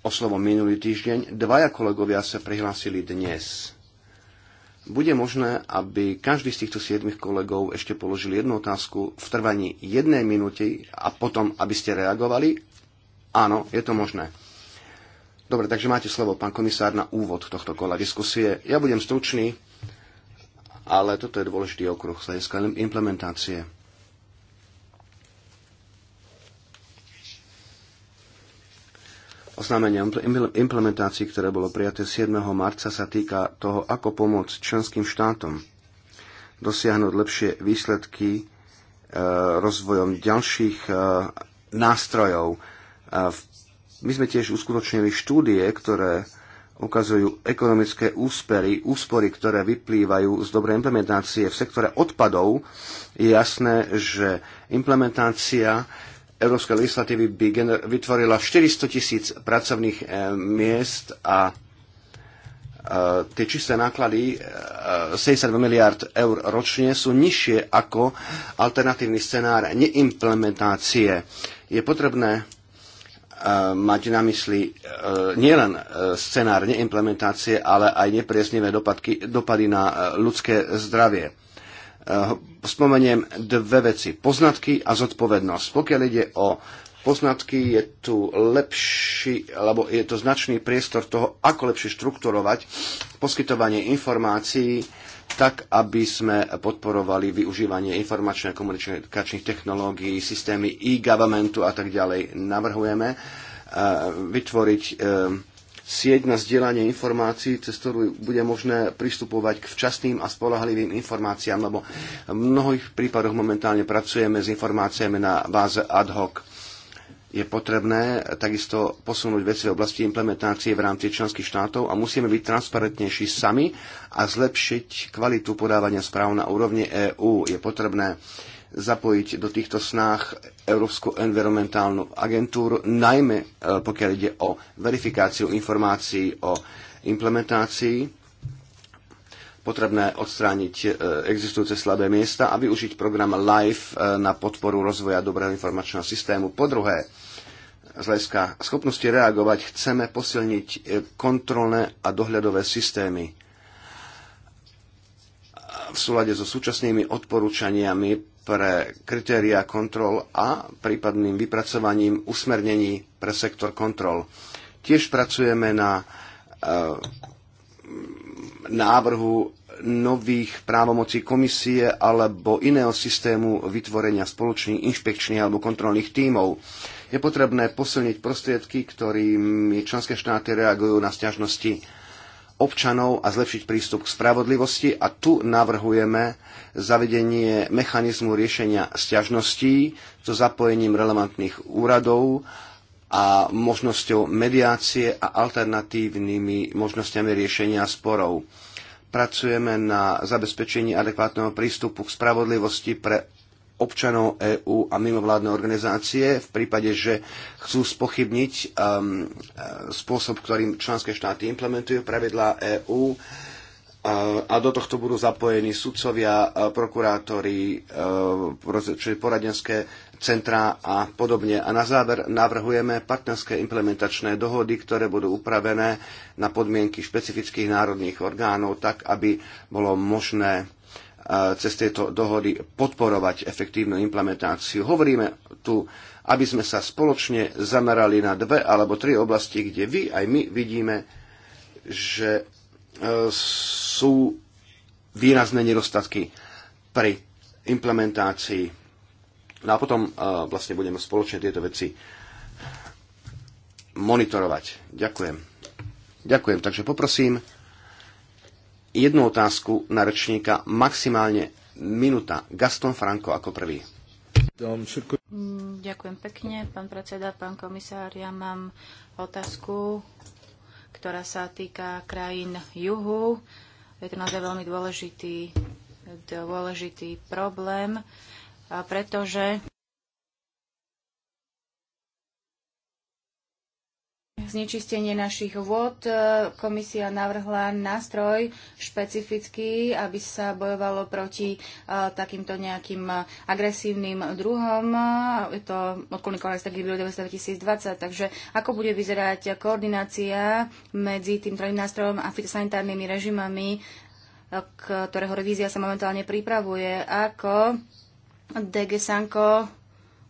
o slovo minulý týždeň, dvaja kolegovia sa prihlásili dnes. Bude možné, aby každý z týchto siedmich kolegov ešte položil jednu otázku v trvaní jednej minúty a potom, aby ste reagovali? Áno, je to možné. Dobre, takže máte slovo, pán komisár, na úvod tohto kola diskusie. Ja budem stručný, ale toto je dôležitý okruh z hľadiska implementácie Oznámenie implementácií, ktoré bolo prijaté 7. marca, sa týka toho, ako pomôcť členským štátom dosiahnuť lepšie výsledky e, rozvojom ďalších e, nástrojov. E, my sme tiež uskutočnili štúdie, ktoré ukazujú ekonomické úspery, úspory, ktoré vyplývajú z dobrej implementácie v sektore odpadov. Je jasné, že implementácia európskej legislatívy by vytvorila 400 tisíc pracovných eh, miest a eh, tie čisté náklady 72 eh, miliard eur ročne sú nižšie ako alternatívny scenár neimplementácie. Je potrebné mať na mysli nielen scenár neimplementácie, ale aj nepriesnivé dopadky, dopady na ľudské zdravie Eh, spomeniem dve veci. Poznatky a zodpovednosť. Pokiaľ ide o poznatky, je tu lepší, alebo je to značný priestor toho, ako lepšie štrukturovať poskytovanie informácií, tak, aby sme podporovali využívanie informačných a komunikačných technológií, systémy e-governmentu a tak ďalej. Navrhujeme eh, vytvoriť eh, sieť na zdieľanie informácií, cez ktorú bude možné pristupovať k včasným a spolahlivým informáciám, lebo v mnohých prípadoch momentálne pracujeme s informáciami na báze ad hoc. Je potrebné takisto posunúť veci v oblasti implementácie v rámci členských štátov a musíme byť transparentnejší sami a zlepšiť kvalitu podávania správ na úrovni EÚ. Je potrebné uh, zapojiť do týchto snách Európsku environmentálnu agentúru, najmä e, pokiaľ ide o verifikáciu informácií o implementácii. Potrebné odstrániť e, existujúce slabé miesta a využiť program LIFE e, na podporu rozvoja dobrého informačného systému. Po druhé, z hľadiska schopnosti reagovať chceme posilniť kontrolné a dohľadové systémy v súlade so súčasnými odporúčaniami pre kritéria kontrol a prípadným vypracovaním usmernení pre sektor kontrol. Tiež pracujeme na eh, návrhu nových právomocí komisie alebo iného systému vytvorenia spoločných inšpekčných alebo kontrolných tímov. Je potrebné posilniť prostriedky, ktorými členské štáty reagujú na sťažnosti občanov a zlepšiť prístup k spravodlivosti a tu navrhujeme zavedenie mechanizmu riešenia sťažností so zapojením relevantných úradov a možnosťou mediácie a alternatívnymi možnosťami riešenia sporov. Pracujeme na zabezpečení adekvátneho prístupu k spravodlivosti pre občanov EÚ a mimovládne organizácie v prípade, že chcú spochybniť um, e, spôsob, ktorým členské štáty implementujú pravidlá EÚ uh, a do tohto budú zapojení sudcovia, uh, prokurátori, uh, čiže poradenské centrá a podobne. A na záver navrhujeme partnerské implementačné dohody, ktoré budú upravené na podmienky špecifických národných orgánov, tak aby bolo možné cez tieto dohody podporovať efektívnu implementáciu. Hovoríme tu, aby sme sa spoločne zamerali na dve alebo tri oblasti, kde vy aj my vidíme, že e, sú výrazné nedostatky pri implementácii. No a potom e, vlastne budeme spoločne tieto veci monitorovať. Ďakujem. Ďakujem. Takže poprosím jednu otázku na rečníka, maximálne minúta. Gaston Franko ako prvý. Ďakujem pekne, pán predseda, pán komisár. Ja mám otázku, ktorá sa týka krajín juhu. Je to naozaj veľmi dôležitý, dôležitý problém, pretože znečistenie našich vôd. E, Komisia navrhla nástroj špecifický, aby sa bojovalo proti e, takýmto nejakým e, agresívnym druhom. Je to odkolný z taký 2020, takže ako bude vyzerať koordinácia medzi tým trojným nástrojom a fitosanitárnymi režimami, ktorého revízia sa momentálne pripravuje, ako DG Sanko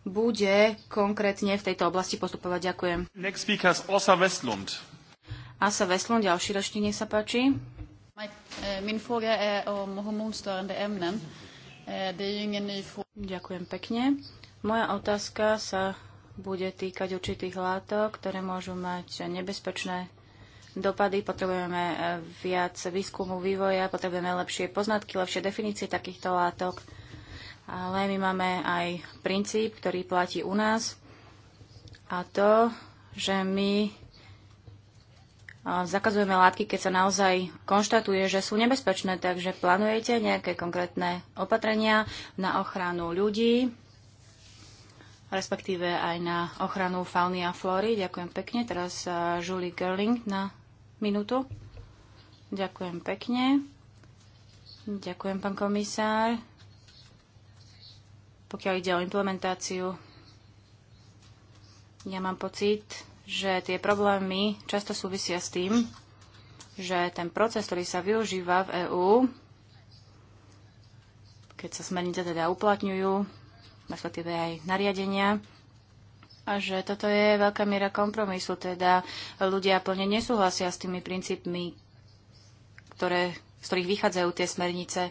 bude konkrétne v tejto oblasti postupovať. Ďakujem. Next speaker is Osa Westlund. Asa Westlund, ďalší ročník, nech sa páči. Eh, min fråga je o hormonstörande ämnen. Eh, det är ju ingen ny Ďakujem pekne. Moja otázka sa bude týkať určitých látok, ktoré môžu mať nebezpečné dopady. Potrebujeme eh, viac výskumu, vývoja, potrebujeme lepšie poznatky, lepšie definície takýchto látok ale my máme aj princíp, ktorý platí u nás a to, že my zakazujeme látky, keď sa naozaj konštatuje, že sú nebezpečné, takže plánujete nejaké konkrétne opatrenia na ochranu ľudí, respektíve aj na ochranu fauny a flóry. Ďakujem pekne. Teraz Julie Gerling na minútu. Ďakujem pekne. Ďakujem, pán komisár. Pokiaľ ide o implementáciu, ja mám pocit, že tie problémy často súvisia s tým, že ten proces, ktorý sa využíva v EÚ, keď sa smernice teda uplatňujú, respektíve aj nariadenia, a že toto je veľká miera kompromisu, teda ľudia plne nesúhlasia s tými princípmi, ktoré, z ktorých vychádzajú tie smernice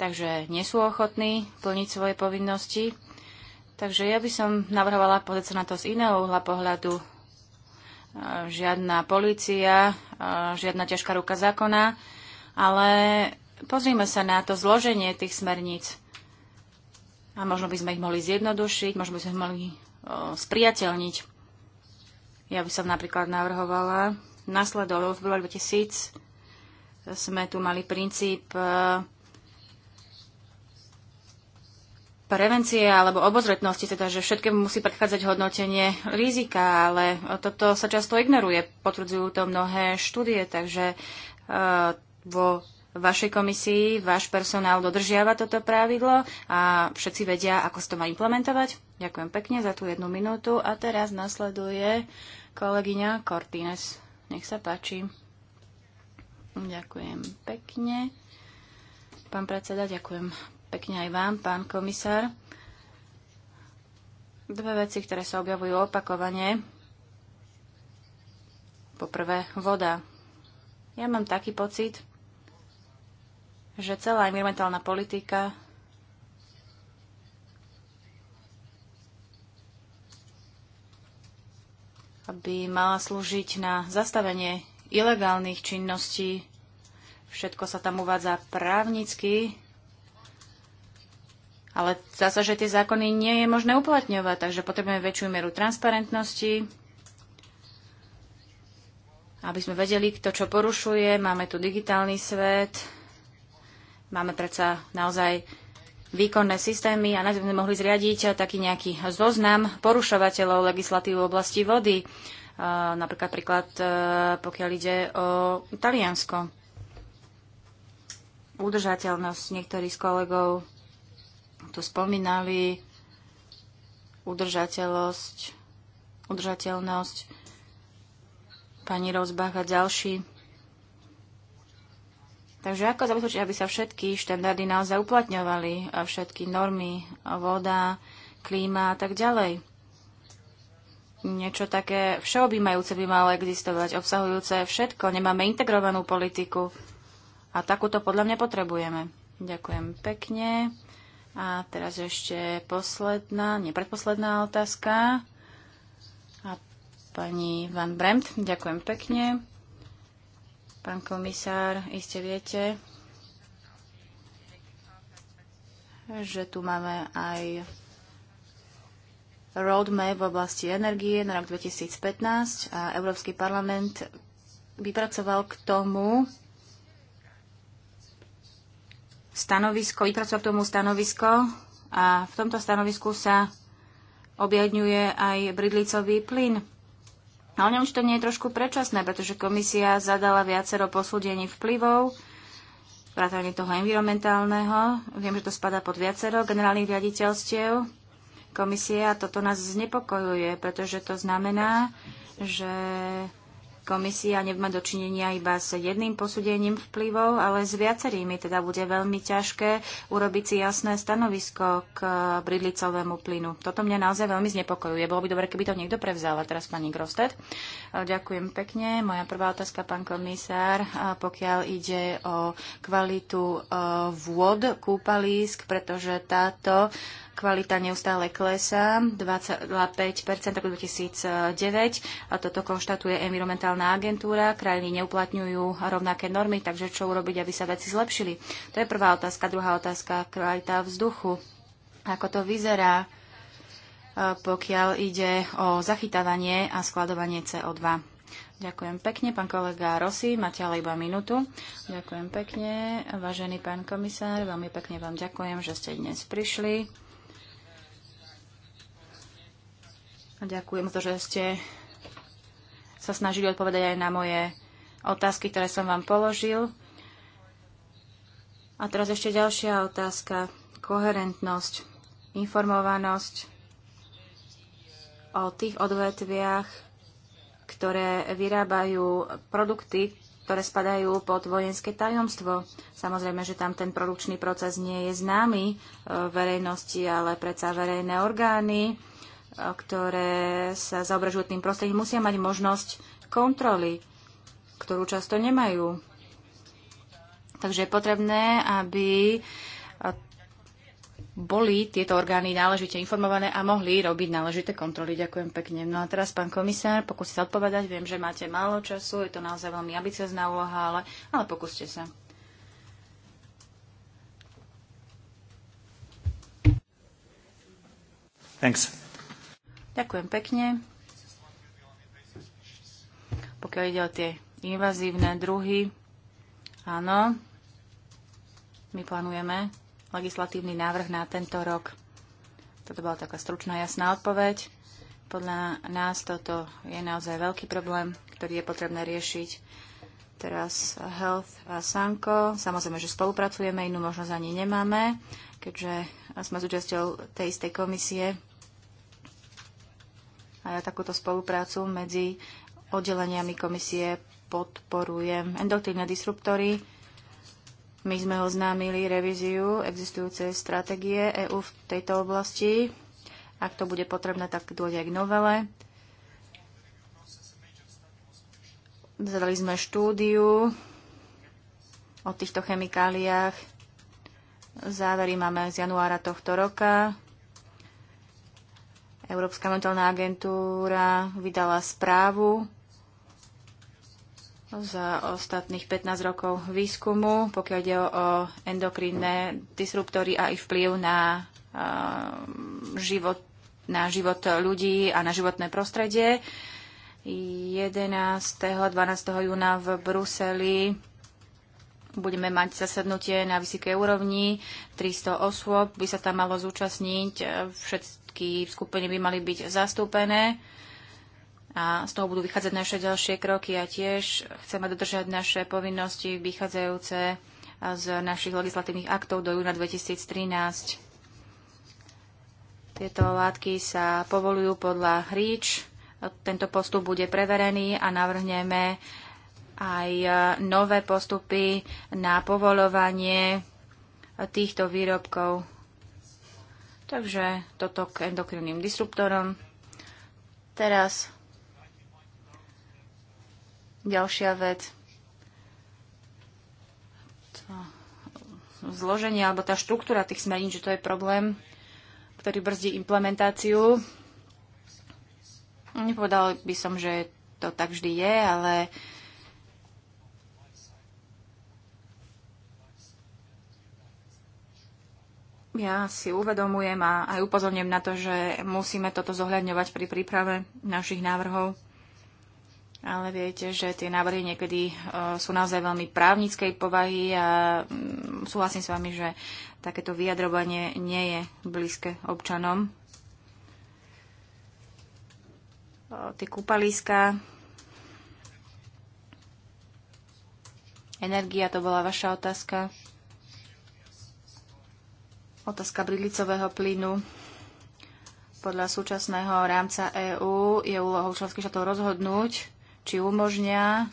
takže nie sú ochotní plniť svoje povinnosti. Takže ja by som navrhovala pozrieť sa na to z iného uhla pohľadu. E, žiadna polícia, e, žiadna ťažká ruka zákona, ale pozrime sa na to zloženie tých smerníc. A možno by sme ich mohli zjednodušiť, možno by sme ich mohli e, spriateľniť. Ja by som napríklad navrhovala nasledovalo v 2000 sme tu mali princíp prevencie alebo obozretnosti, teda že všetkému musí predchádzať hodnotenie rizika, ale toto sa často ignoruje. Potvrdzujú to mnohé štúdie, takže e, vo vašej komisii váš personál dodržiava toto pravidlo a všetci vedia, ako sa to má implementovať. Ďakujem pekne za tú jednu minútu a teraz nasleduje kolegyňa Cortines. Nech sa páči. Ďakujem pekne. Pán predseda, ďakujem pekne aj vám, pán komisár. Dve veci, ktoré sa objavujú opakovane. Poprvé, voda. Ja mám taký pocit, že celá environmentálna politika aby mala slúžiť na zastavenie ilegálnych činností. Všetko sa tam uvádza právnicky, ale zase, že tie zákony nie je možné uplatňovať, takže potrebujeme väčšiu mieru transparentnosti, aby sme vedeli, kto čo porušuje. Máme tu digitálny svet, máme predsa naozaj výkonné systémy a nás by sme mohli zriadiť taký nejaký zoznam porušovateľov legislatívy v oblasti vody. E, napríklad príklad, e, pokiaľ ide o Taliansko. Udržateľnosť niektorých z kolegov tu spomínali, udržateľnosť, udržateľnosť, pani Rozbach a ďalší. Takže ako zabezpečiť, aby sa všetky štandardy naozaj uplatňovali, a všetky normy, voda, klíma a tak ďalej. Niečo také všeobjímajúce by malo existovať, obsahujúce všetko. Nemáme integrovanú politiku a takúto podľa mňa potrebujeme. Ďakujem pekne. A teraz ešte posledná, nepredposledná otázka. A pani Van Bremt, ďakujem pekne. Pán komisár, iste viete, že tu máme aj roadmap v oblasti energie na rok 2015 a Európsky parlament vypracoval k tomu stanovisko, vypracoval k tomu stanovisko a v tomto stanovisku sa objadňuje aj bridlicový plyn. No, ale neviem, či to nie je trošku predčasné, pretože komisia zadala viacero posúdení vplyvov, vrátane toho environmentálneho. Viem, že to spada pod viacero generálnych riaditeľstiev komisie, a Toto nás znepokojuje, pretože to znamená, že komisia nemá dočinenia iba s jedným posúdením vplyvov, ale s viacerými. Teda bude veľmi ťažké urobiť si jasné stanovisko k bridlicovému plynu. Toto mňa naozaj veľmi znepokojuje. Bolo by dobre, keby to niekto prevzal. A teraz pani Grosted. Ďakujem pekne. Moja prvá otázka, pán komisár, pokiaľ ide o kvalitu e, vôd kúpalísk, pretože táto Kvalita neustále klesá, 25% tak 2009 a toto konštatuje environmentálna agentúra. Krajiny neuplatňujú rovnaké normy, takže čo urobiť, aby sa veci zlepšili? To je prvá otázka. Druhá otázka, kvalita vzduchu. Ako to vyzerá, e, pokiaľ ide o zachytávanie a skladovanie CO2? Ďakujem pekne, pán kolega Rosy, máte ale iba minútu. Ďakujem pekne, vážený pán komisár, veľmi pekne vám ďakujem, že ste dnes prišli. Ďakujem za to, že ste sa snažili odpovedať aj na moje otázky, ktoré som vám položil. A teraz ešte ďalšia otázka. Koherentnosť, informovanosť o tých odvetviach, ktoré vyrábajú produkty, ktoré spadajú pod vojenské tajomstvo. Samozrejme, že tam ten produkčný proces nie je známy e, verejnosti, ale predsa verejné orgány ktoré sa zaobražujú tým prostredím, musia mať možnosť kontroly, ktorú často nemajú. Takže je potrebné, aby boli tieto orgány náležite informované a mohli robiť náležité kontroly. Ďakujem pekne. No a teraz, pán komisár, pokúste sa odpovedať. Viem, že máte málo času, je to naozaj veľmi ambiciozná úloha, ale, ale pokúste sa. Thanks. Ďakujem pekne. Pokiaľ ide o tie invazívne druhy, áno, my plánujeme legislatívny návrh na tento rok. Toto bola taká stručná, jasná odpoveď. Podľa nás toto je naozaj veľký problém, ktorý je potrebné riešiť. Teraz Health a Sanko. Samozrejme, že spolupracujeme, inú možnosť ani nemáme, keďže sme súčasťou tej istej komisie. A ja takúto spoluprácu medzi oddeleniami komisie podporujem. Endotívne disruptory. My sme oznámili revíziu existujúcej stratégie EÚ v tejto oblasti. Ak to bude potrebné, tak dôjde aj k novele. Zadali sme štúdiu o týchto chemikáliách. Závery máme z januára tohto roka. Európska mentálna agentúra vydala správu za ostatných 15 rokov výskumu, pokiaľ ide o endokrinné disruptory a ich vplyv na um, život, na život ľudí a na životné prostredie. 11. 12. júna v Bruseli budeme mať zasadnutie na vysokej úrovni. 300 osôb by sa tam malo zúčastniť. Všetci Všetky skupiny by mali byť zastúpené a z toho budú vychádzať naše ďalšie kroky a tiež chceme dodržať naše povinnosti vychádzajúce z našich legislatívnych aktov do júna 2013. Tieto látky sa povolujú podľa hríč. Tento postup bude preverený a navrhneme aj nové postupy na povolovanie týchto výrobkov Takže toto k endokrinným disruptorom. Teraz ďalšia vec. To zloženie alebo tá štruktúra tých smerníc, že to je problém, ktorý brzdí implementáciu. Nepovedal by som, že to tak vždy je, ale uh, Ja si uvedomujem a aj upozorňujem na to, že musíme toto zohľadňovať pri príprave našich návrhov. Ale viete, že tie návrhy niekedy e, sú naozaj veľmi právnickej povahy a mm, súhlasím s vami, že takéto vyjadrovanie nie je blízke občanom. E, tie kúpaliska, energia, to bola vaša otázka. Otázka bridlicového plynu podľa súčasného rámca EÚ je úlohou členských štátov rozhodnúť, či umožňa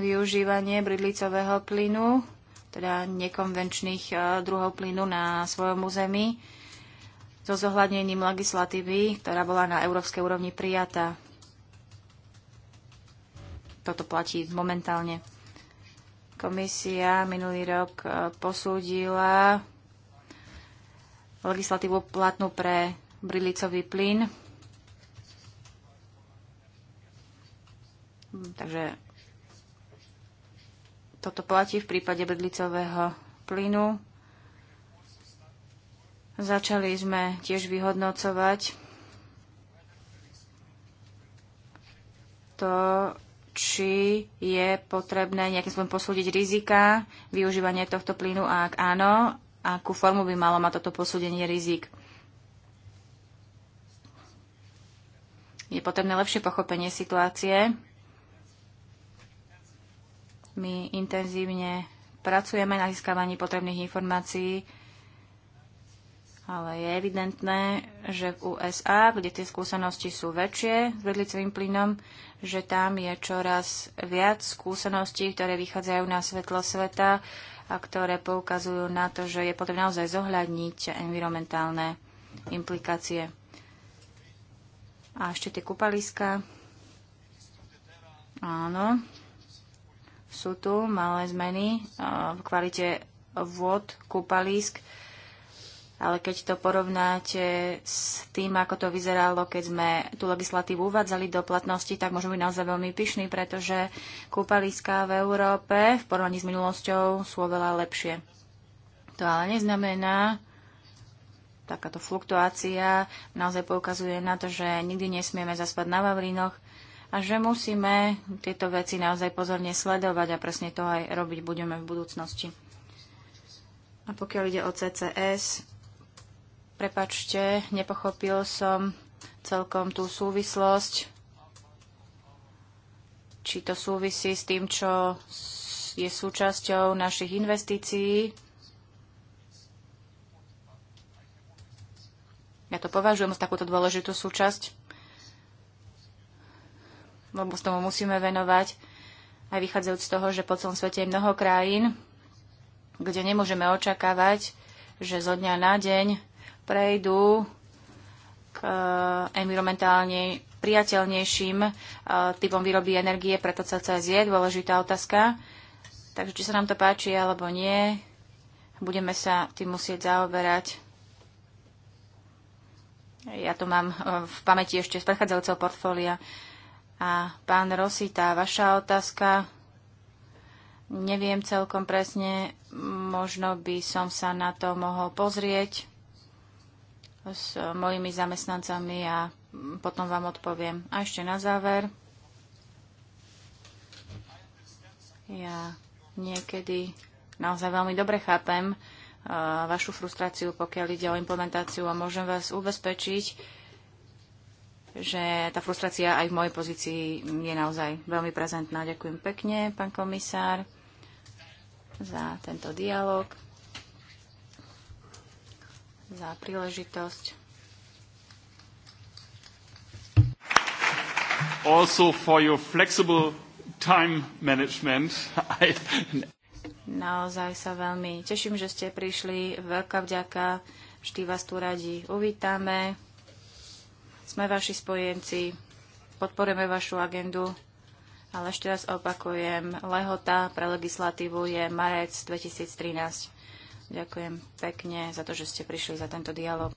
využívanie bridlicového plynu, teda nekonvenčných e, druhov plynu na svojom území, so zohľadnením legislatívy, ktorá bola na európskej úrovni prijatá. Toto platí momentálne. Komisia minulý rok e, posúdila legislatívu platnú pre brilicový plyn. Takže toto platí v prípade bridlicového plynu. Začali sme tiež vyhodnocovať to, či je potrebné nejakým spôsobom posúdiť rizika využívania tohto plynu a ak áno, akú formu by malo mať toto posúdenie rizik. Je potrebné lepšie pochopenie situácie. My intenzívne pracujeme na získavaní potrebných informácií, ale je evidentné, že v USA, kde tie skúsenosti sú väčšie s vedlicovým plynom, že tam je čoraz viac skúseností, ktoré vychádzajú na svetlo sveta ktoré poukazujú na to, že je potrebné naozaj zohľadniť environmentálne implikácie. A ešte tie kúpaliska. Áno, sú tu malé zmeny v kvalite vôd, kúpalisk ale keď to porovnáte s tým, ako to vyzeralo, keď sme tú legislatívu uvádzali do platnosti, tak môžeme byť naozaj veľmi pyšní, pretože kúpaliska v Európe v porovnaní s minulosťou sú oveľa lepšie. To ale neznamená, takáto fluktuácia naozaj poukazuje na to, že nikdy nesmieme zaspať na Vavrinoch a že musíme tieto veci naozaj pozorne sledovať a presne to aj robiť budeme v budúcnosti. A pokiaľ ide o CCS, Prepačte, nepochopil som celkom tú súvislosť, či to súvisí s tým, čo je súčasťou našich investícií. Ja to považujem za takúto dôležitú súčasť, lebo s tomu musíme venovať, aj vychádzajúc z toho, že po celom svete je mnoho krajín, kde nemôžeme očakávať, že zo dňa na deň prejdú k e, environmentálne priateľnejším e, typom výroby energie, preto CCS je dôležitá otázka. Takže či sa nám to páči alebo nie, budeme sa tým musieť zaoberať. Ja to mám e, v pamäti ešte z predchádzajúceho portfólia. A pán Rossi, tá vaša otázka, neviem celkom presne, možno by som sa na to mohol pozrieť s mojimi zamestnancami a potom vám odpoviem. A ešte na záver. Ja niekedy naozaj veľmi dobre chápem uh, vašu frustráciu, pokiaľ ide o implementáciu a môžem vás ubezpečiť, že tá frustrácia aj v mojej pozícii je naozaj veľmi prezentná. Ďakujem pekne, pán komisár, za tento dialog za príležitosť. Also for your flexible time management. I... Naozaj sa veľmi teším, že ste prišli. Veľká vďaka. Vždy vás tu radi uvítame. Sme vaši spojenci. Podporujeme vašu agendu. Ale ešte raz opakujem, lehota pre legislatívu je marec 2013. Ďakujem pekne za to, že ste prišli za tento dialog.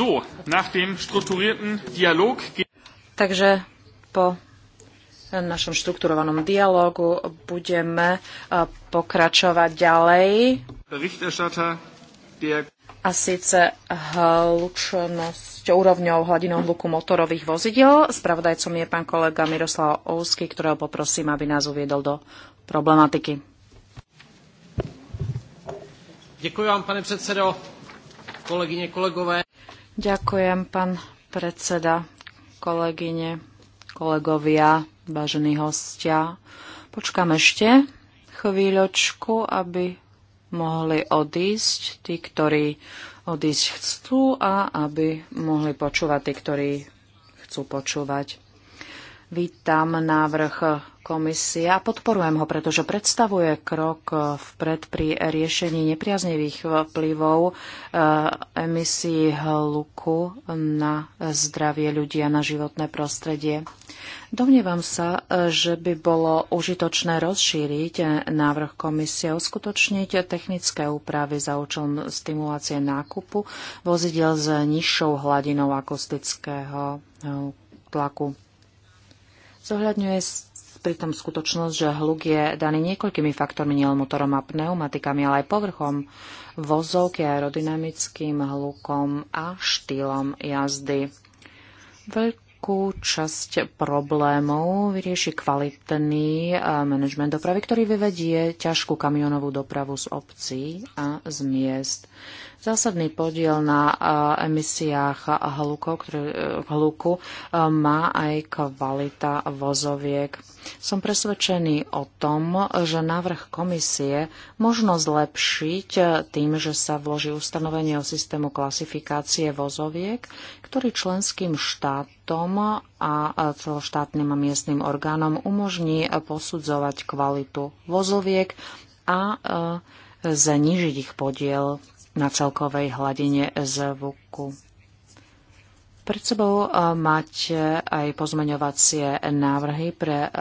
So, nach dem strukturierten Dialog... Takže po našom štrukturovanom dialogu budeme e, pokračovať ďalej. A síce hlučnosť, úrovňou hladinou hluku motorových vozidel. Spravodajcom je pán kolega Miroslav Ousky, ktorého poprosím, aby nás uviedol do problematiky. Ďakujem vám, pane predsedo, kolegyne, kolegové. Ďakujem, pán predseda, kolegyne, kolegovia, vážení hostia. Počkám ešte chvíľočku, aby mohli odísť tí, ktorí odísť chcú a aby mohli počúvať tí, ktorí chcú počúvať. Vítam návrh komisie a podporujem ho, pretože predstavuje krok vpred pri riešení nepriaznivých vplyvov eh, emisí hluku na zdravie ľudí a na životné prostredie. Domnievam sa, eh, že by bolo užitočné rozšíriť eh, návrh komisie, uskutočniť technické úpravy za účelom stimulácie nákupu vozidel s nižšou hladinou akustického tlaku. Zohľadňuje pritom skutočnosť, že hluk je daný niekoľkými faktormi, nielen motorom a pneumatikami, ale aj povrchom vozovky, aerodynamickým hlukom a štýlom jazdy. Veľkú časť problémov vyrieši kvalitný eh, manažment dopravy, ktorý vyvedie ťažkú kamionovú dopravu z obcí a z miest. Zásadný podiel na emisiách hlukov, ktoré, e, hluku e, má aj kvalita vozoviek. Som presvedčený o tom, že návrh komisie možno zlepšiť e, tým, že sa vloží ustanovenie o systému klasifikácie vozoviek, ktorý členským štátom a celoštátnym a miestnym orgánom umožní posudzovať kvalitu vozoviek a znižiť ich podiel na celkovej hladine zvuku. Pred sebou eh, máte aj pozmeňovacie návrhy pre eh,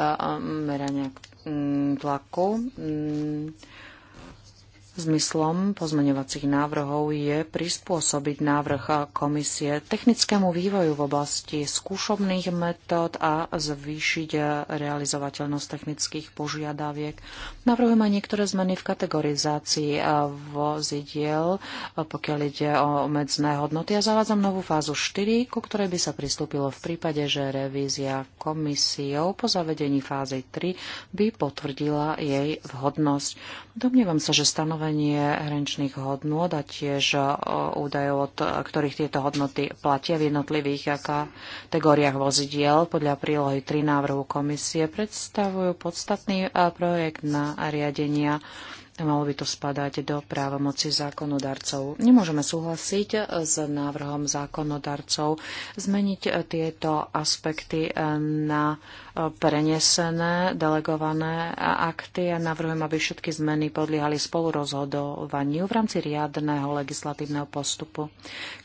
meranie tlaku. Mm. Zmyslom pozmeňovacích návrhov je prispôsobiť návrh komisie technickému vývoju v oblasti skúšobných metód a zvýšiť realizovateľnosť technických požiadaviek. Navrhujem aj niektoré zmeny v kategorizácii vozidiel, pokiaľ ide o medzné hodnoty. Ja zavádzam novú fázu 4, ku ktorej by sa pristúpilo v prípade, že revízia komisiou po zavedení fázy 3 by potvrdila jej vhodnosť. Domnievam sa, že stanovenie stanovenie hraničných hodnôt a tiež e, údajov, od ktorých tieto hodnoty platia v jednotlivých e, kategóriách vozidiel podľa prílohy 3 návrhu komisie predstavujú podstatný e, projekt na riadenia Malo by to spadať do právomoci zákonodarcov. Nemôžeme súhlasiť s návrhom zákonodarcov zmeniť tieto aspekty na prenesené delegované akty a navrhujem, aby všetky zmeny podliehali spolurozhodovaniu v rámci riadného legislatívneho postupu.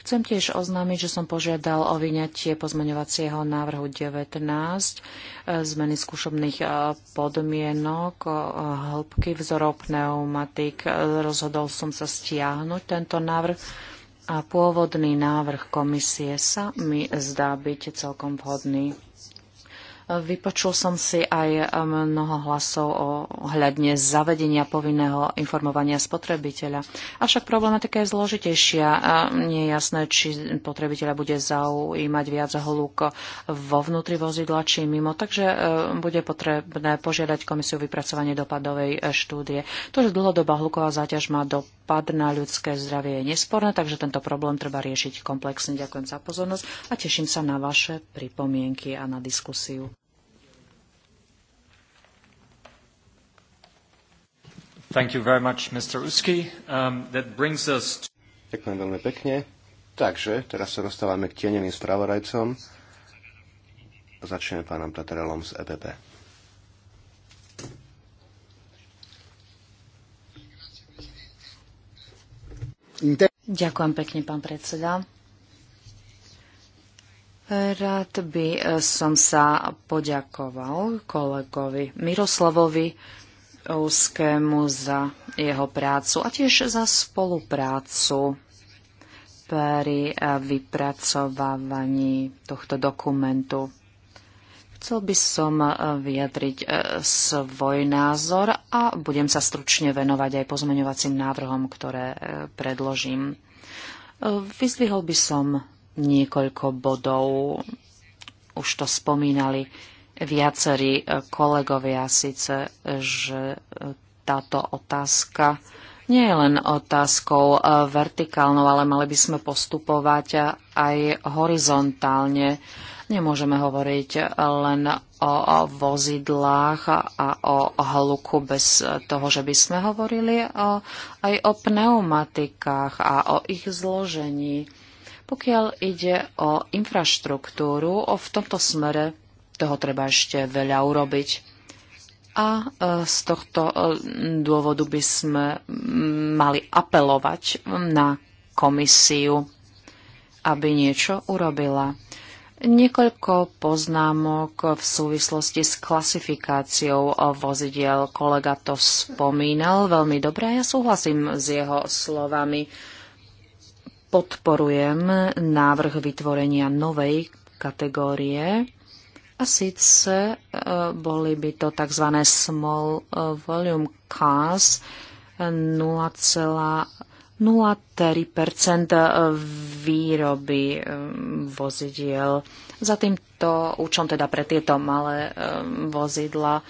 Chcem tiež oznámiť, že som požiadal o vyňatie pozmeňovacieho návrhu 19 e, zmeny skúšobných e, podmienok e, hĺbky vzorov pneumatik. Rozhodol som sa stiahnuť tento návrh a pôvodný návrh komisie sa mi zdá byť celkom vhodný. Vypočul som si aj eh, mnoho hlasov o hľadne zavedenia povinného informovania spotrebiteľa. Avšak problematika je zložitejšia. Nie je jasné, či spotrebiteľa bude zaujímať viac holúk vo vnútri vozidla, či mimo. Takže eh, bude potrebné požiadať komisiu vypracovanie dopadovej eh, štúdie. To, že dlhodobá hluková záťaž má dopad dopad na ľudské zdravie je nesporné, takže tento problém treba riešiť komplexne. Ďakujem za pozornosť a teším sa na vaše pripomienky a na diskusiu. Thank you very much, Mr. Um, that brings us to... Ďakujem veľmi pekne. Takže, teraz sa dostávame k tieneným spravodajcom. Začneme pánom Tatarelom z EPP. Ďakujem pekne, pán predseda. Rád by e, som sa poďakoval kolegovi Miroslavovi Úskému za jeho prácu a tiež za spoluprácu pri e, vypracovávaní tohto dokumentu. Chcel by som e, vyjadriť e, svoj názor a budem sa stručne venovať aj pozmeňovacím návrhom, ktoré e, predložím. Vyzdvihol by som niekoľko bodov. Už to spomínali viacerí kolegovia síce, že táto otázka nie je len otázkou vertikálnou, ale mali by sme postupovať aj horizontálne Nemôžeme hovoriť len o vozidlách a o hluku bez toho, že by sme hovorili o, aj o pneumatikách a o ich zložení. Pokiaľ ide o infraštruktúru, o v tomto smere toho treba ešte veľa urobiť. A e, z tohto e, dôvodu by sme mm, mali apelovať na komisiu, aby niečo urobila. Niekoľko poznámok v súvislosti s klasifikáciou vozidiel. Kolega to spomínal veľmi dobre a ja súhlasím s jeho slovami. Podporujem návrh vytvorenia novej kategórie a síce e, boli by to tzv. small volume cars 0,5 0,3 e, výroby e, vozidiel. Za týmto účom, teda pre tieto malé e, vozidla,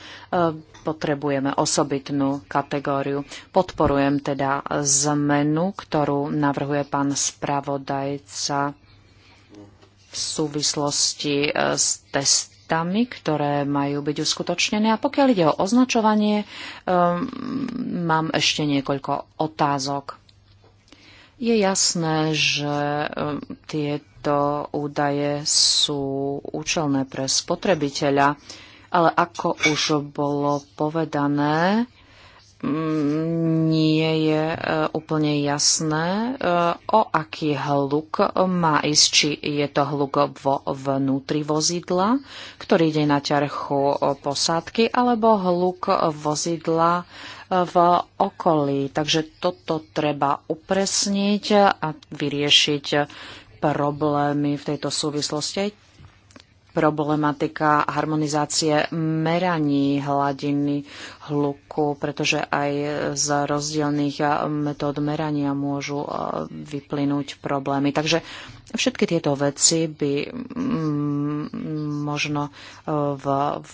potrebujeme osobitnú kategóriu. Podporujem teda zmenu, ktorú navrhuje pán spravodajca v súvislosti s testom testami, ktoré majú byť uskutočnené. A pokiaľ ide o označovanie, um, mám ešte niekoľko otázok. Je jasné, že um, tieto údaje sú účelné pre spotrebiteľa, ale ako už bolo povedané, mm, nie je uh, úplne jasné, uh, o aký hluk má ísť, či je to hluk vo vnútri vozidla, ktorý ide na ťarchu uh, posádky, alebo hluk vozidla, v okolí. Takže toto treba upresniť a vyriešiť problémy v tejto súvislosti. Problematika harmonizácie meraní hladiny hluku, pretože aj z rozdielných metód merania môžu e, vyplynúť problémy. Takže všetky tieto veci by mm, možno e, v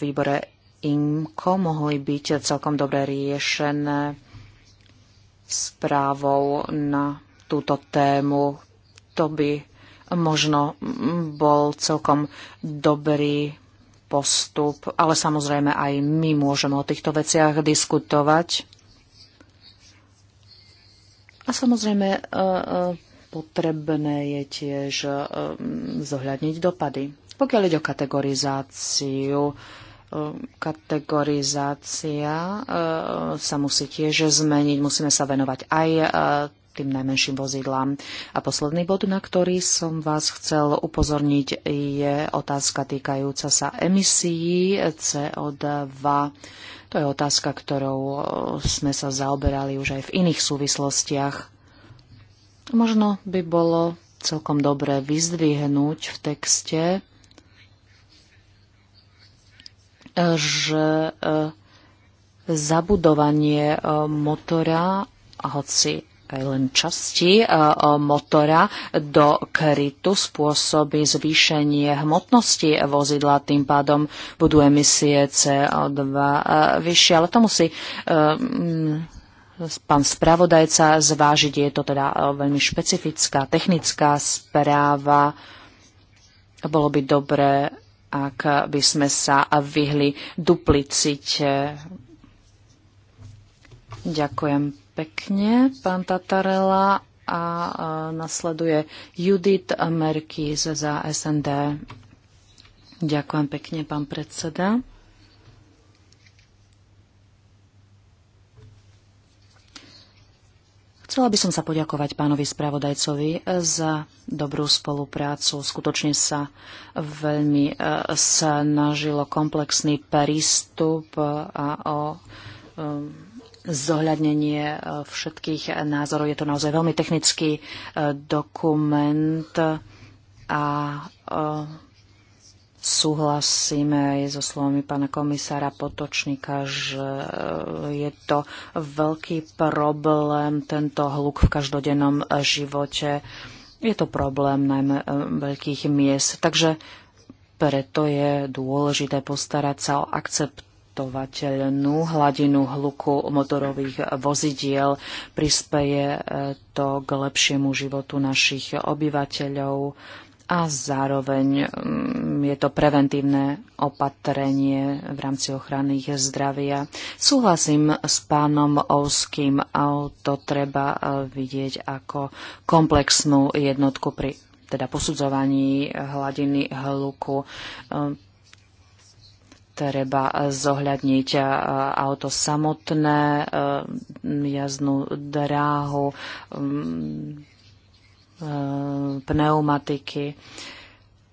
výbore IMCO mohli byť celkom dobre riešené správou na túto tému. To by možno bol celkom dobrý postup, ale samozrejme aj my môžeme o týchto veciach diskutovať. A samozrejme e, e, potrebné je tiež e, zohľadniť dopady. Pokiaľ ide o kategorizáciu, kategorizácia eh, sa musí tiež zmeniť. Musíme sa venovať aj eh, tým najmenším vozidlám. A posledný bod, na ktorý som vás chcel upozorniť, je otázka týkajúca sa emisií CO2. To je otázka, ktorou eh, sme sa zaoberali už aj v iných súvislostiach. Možno by bolo celkom dobre vyzdvihnúť v texte že e, zabudovanie e, motora, hoci aj len časti e, motora do krytu spôsobí zvýšenie hmotnosti vozidla, tým pádom budú emisie CO2 vyššie, ale to musí pán spravodajca zvážiť. Je to teda veľmi špecifická technická správa. Bolo by dobré ak by sme sa vyhli duplicite. Ďakujem pekne, pán Tatarela. A nasleduje Judith Merkis za SND. Ďakujem pekne, pán predseda. Chcela by som sa poďakovať pánovi spravodajcovi e, za dobrú spoluprácu. Skutočne sa veľmi e, snažilo komplexný prístup e, a o zohľadnenie všetkých názorov. Je to naozaj veľmi technický dokument a súhlasíme aj so slovami pána komisára Potočníka, že je to veľký problém, tento hluk v každodennom živote. Je to problém najmä eh, veľkých miest. Takže preto je dôležité postarať sa o akcept akceptovateľnú hladinu hluku motorových vozidiel. Prispeje eh, to k lepšiemu životu našich obyvateľov a zároveň mm, je to preventívne opatrenie v rámci ochrany ich zdravia. Súhlasím s pánom Ouským, to treba e, vidieť ako komplexnú jednotku pri teda posudzovaní hladiny hluku e, treba zohľadniť e, auto samotné, jaznú dráhu, E, pneumatiky.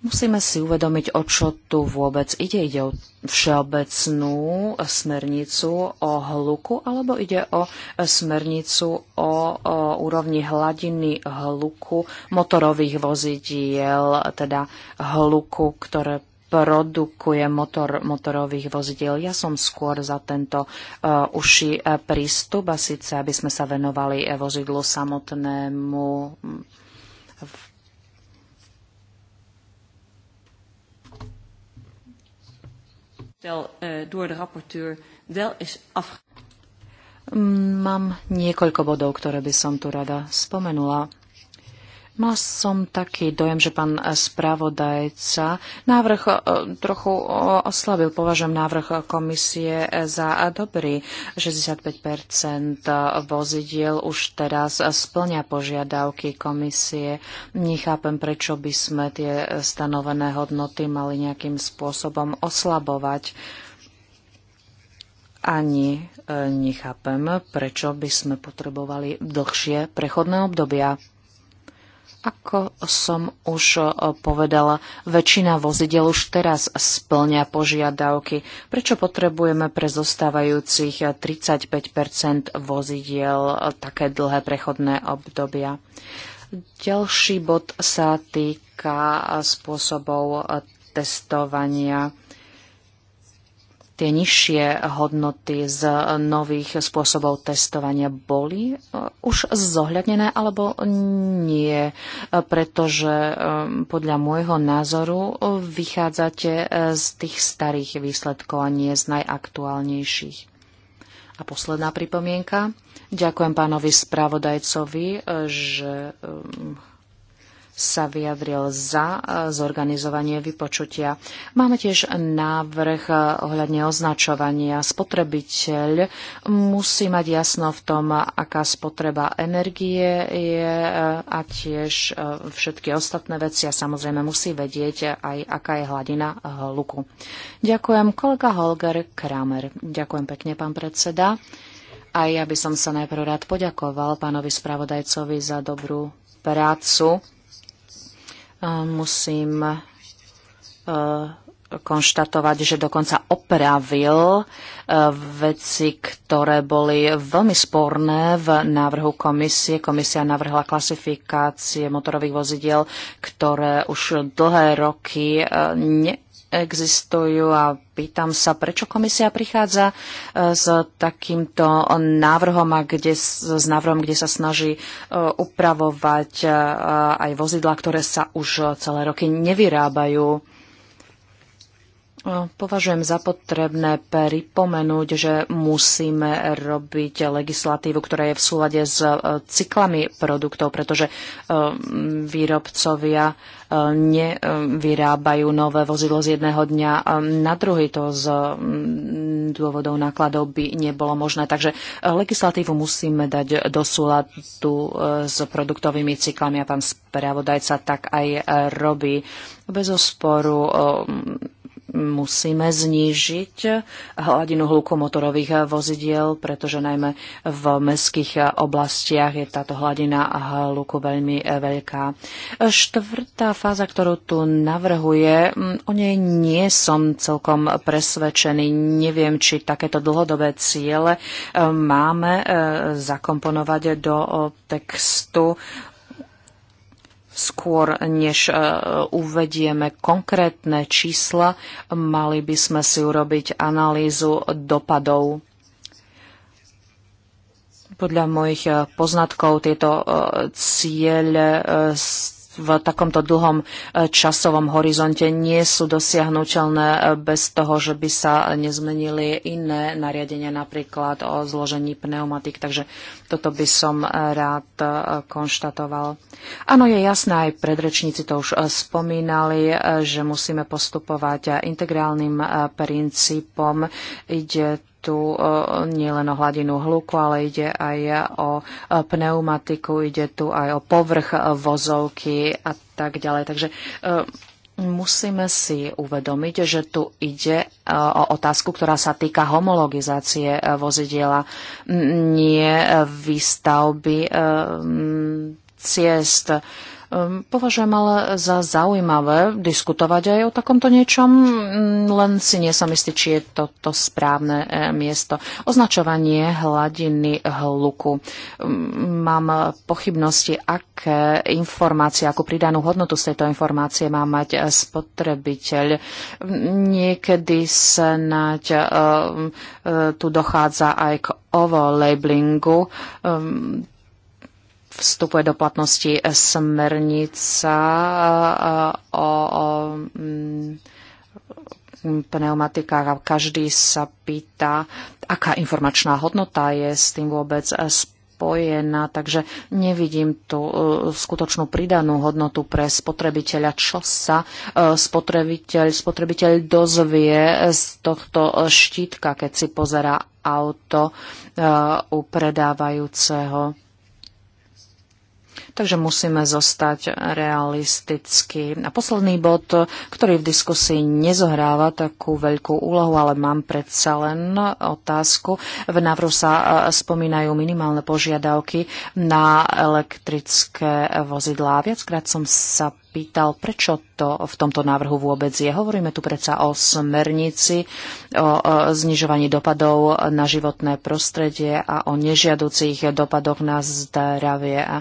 Musíme si uvedomiť, o čo tu vôbec ide. Ide o všeobecnú smernicu o hluku alebo ide o smernicu o, o úrovni hladiny hluku motorových vozidiel, teda hluku, ktoré produkuje motor motorových vozidiel. Ja som skôr za tento uh, e, uši e, prístup a síce, aby sme sa venovali vozidlu samotnému voorstel uh, eh, door de rapporteur wel is afge... Mám mm, niekoľko bodov, ktoré by som tu rada spomenula. Mal som taký dojem, že pán spravodajca návrh e, trochu e, oslabil. Považujem návrh komisie za dobrý. 65 vozidiel už teraz splňa požiadavky komisie. Nechápem, prečo by sme tie stanovené hodnoty mali nejakým spôsobom oslabovať. Ani e, nechápem, prečo by sme potrebovali dlhšie prechodné obdobia. Ako som už e, povedala, väčšina vozidel už teraz splňa požiadavky. Prečo potrebujeme pre zostávajúcich 35 vozidiel e, také dlhé prechodné obdobia? Ďalší bod sa týka e, spôsobov testovania tie nižšie hodnoty z nových spôsobov testovania boli e, už zohľadnené alebo nie? Pretože e, podľa môjho názoru e, vychádzate z tých starých výsledkov a nie z najaktuálnejších. A posledná pripomienka. Ďakujem pánovi spravodajcovi, že sa vyjadril za e, zorganizovanie vypočutia. Máme tiež návrh e, ohľadne označovania. Spotrebiteľ musí mať jasno v tom, aká spotreba energie je e, a tiež všetky ostatné veci a samozrejme musí vedieť aj, aká je hladina hluku. Ďakujem kolega Holger Kramer. Ďakujem pekne, pán predseda. A ja by som sa najprv rád poďakoval pánovi spravodajcovi za dobrú prácu musím e, konštatovať, že dokonca opravil e, veci, ktoré boli veľmi sporné v návrhu komisie. Komisia navrhla klasifikácie motorových vozidiel, ktoré už dlhé roky e, ne existujú a pýtam sa, prečo komisia prichádza e, s takýmto návrhom a kde, s návrhom, kde sa snaží e, upravovať e, aj vozidla, ktoré sa už celé roky nevyrábajú. Považujem za potrebné pripomenúť, že musíme robiť legislatívu, ktorá je v súlade s e, cyklami produktov, pretože e, výrobcovia e, nevyrábajú nové vozidlo z jedného dňa na druhý. To z mm, dôvodov nákladov by nebolo možné. Takže legislatívu musíme dať do súladu s produktovými cyklami a pán spravodajca tak aj robí. Bez osporu musíme znížiť hladinu hlukomotorových vozidiel, pretože najmä v mestských oblastiach je táto hladina hluku veľmi veľká. Štvrtá fáza, ktorú tu navrhuje, o nej nie som celkom presvedčený. Neviem, či takéto dlhodobé ciele e, máme e, zakomponovať do textu skôr než e, uvedieme konkrétne čísla, mali by sme si urobiť analýzu dopadov. Podľa mojich e, poznatkov tieto e, cieľe v takomto dlhom e, časovom horizonte nie sú dosiahnuteľné e, bez toho, že by sa nezmenili iné nariadenia, napríklad o zložení pneumatik. Takže toto by som e, rád konštatoval. Áno, je jasné, aj predrečníci to už spomínali, že musíme postupovať integrálnym princípom. Ide tu e, nielen o hladinu hluku, ale ide aj o e, pneumatiku, ide tu aj o povrch e, vozovky a tak ďalej. Takže musíme si uvedomiť, že tu ide o otázku, ktorá sa týka homologizácie vozidiela, nie výstavby ciest Ehm, považujem ale za zaujímavé diskutovať aj o takomto niečom, mm, len si nie som istý, či je toto správne e, miesto. Označovanie hladiny hluku. Ehm, mám pochybnosti, aké informácie, akú pridanú hodnotu z tejto informácie má mať e, spotrebiteľ. Niekedy snáď e, tu dochádza aj k ovo-labelingu ehm, vstupuje do platnosti e, smernica e, e, o, o mm, pneumatikách a každý sa pýta, aká informačná hodnota je s tým vôbec spojená, takže nevidím tú skutočnú pridanú hodnotu pre spotrebiteľa, čo sa spotrebiteľ, spotrebiteľ dozvie z tohto štítka, keď si pozera auto u predávajúceho takže musíme zostať realistickí. A posledný bod, ktorý v diskusii nezohráva takú veľkú úlohu, ale mám predsa len otázku. V návru sa e, spomínajú minimálne požiadavky na elektrické vozidlá. Viackrát som sa pýtal, prečo to v tomto návrhu vôbec je. Hovoríme tu predsa o smernici, o znižovaní dopadov na životné prostredie a o nežiaducich dopadoch na zdravie. A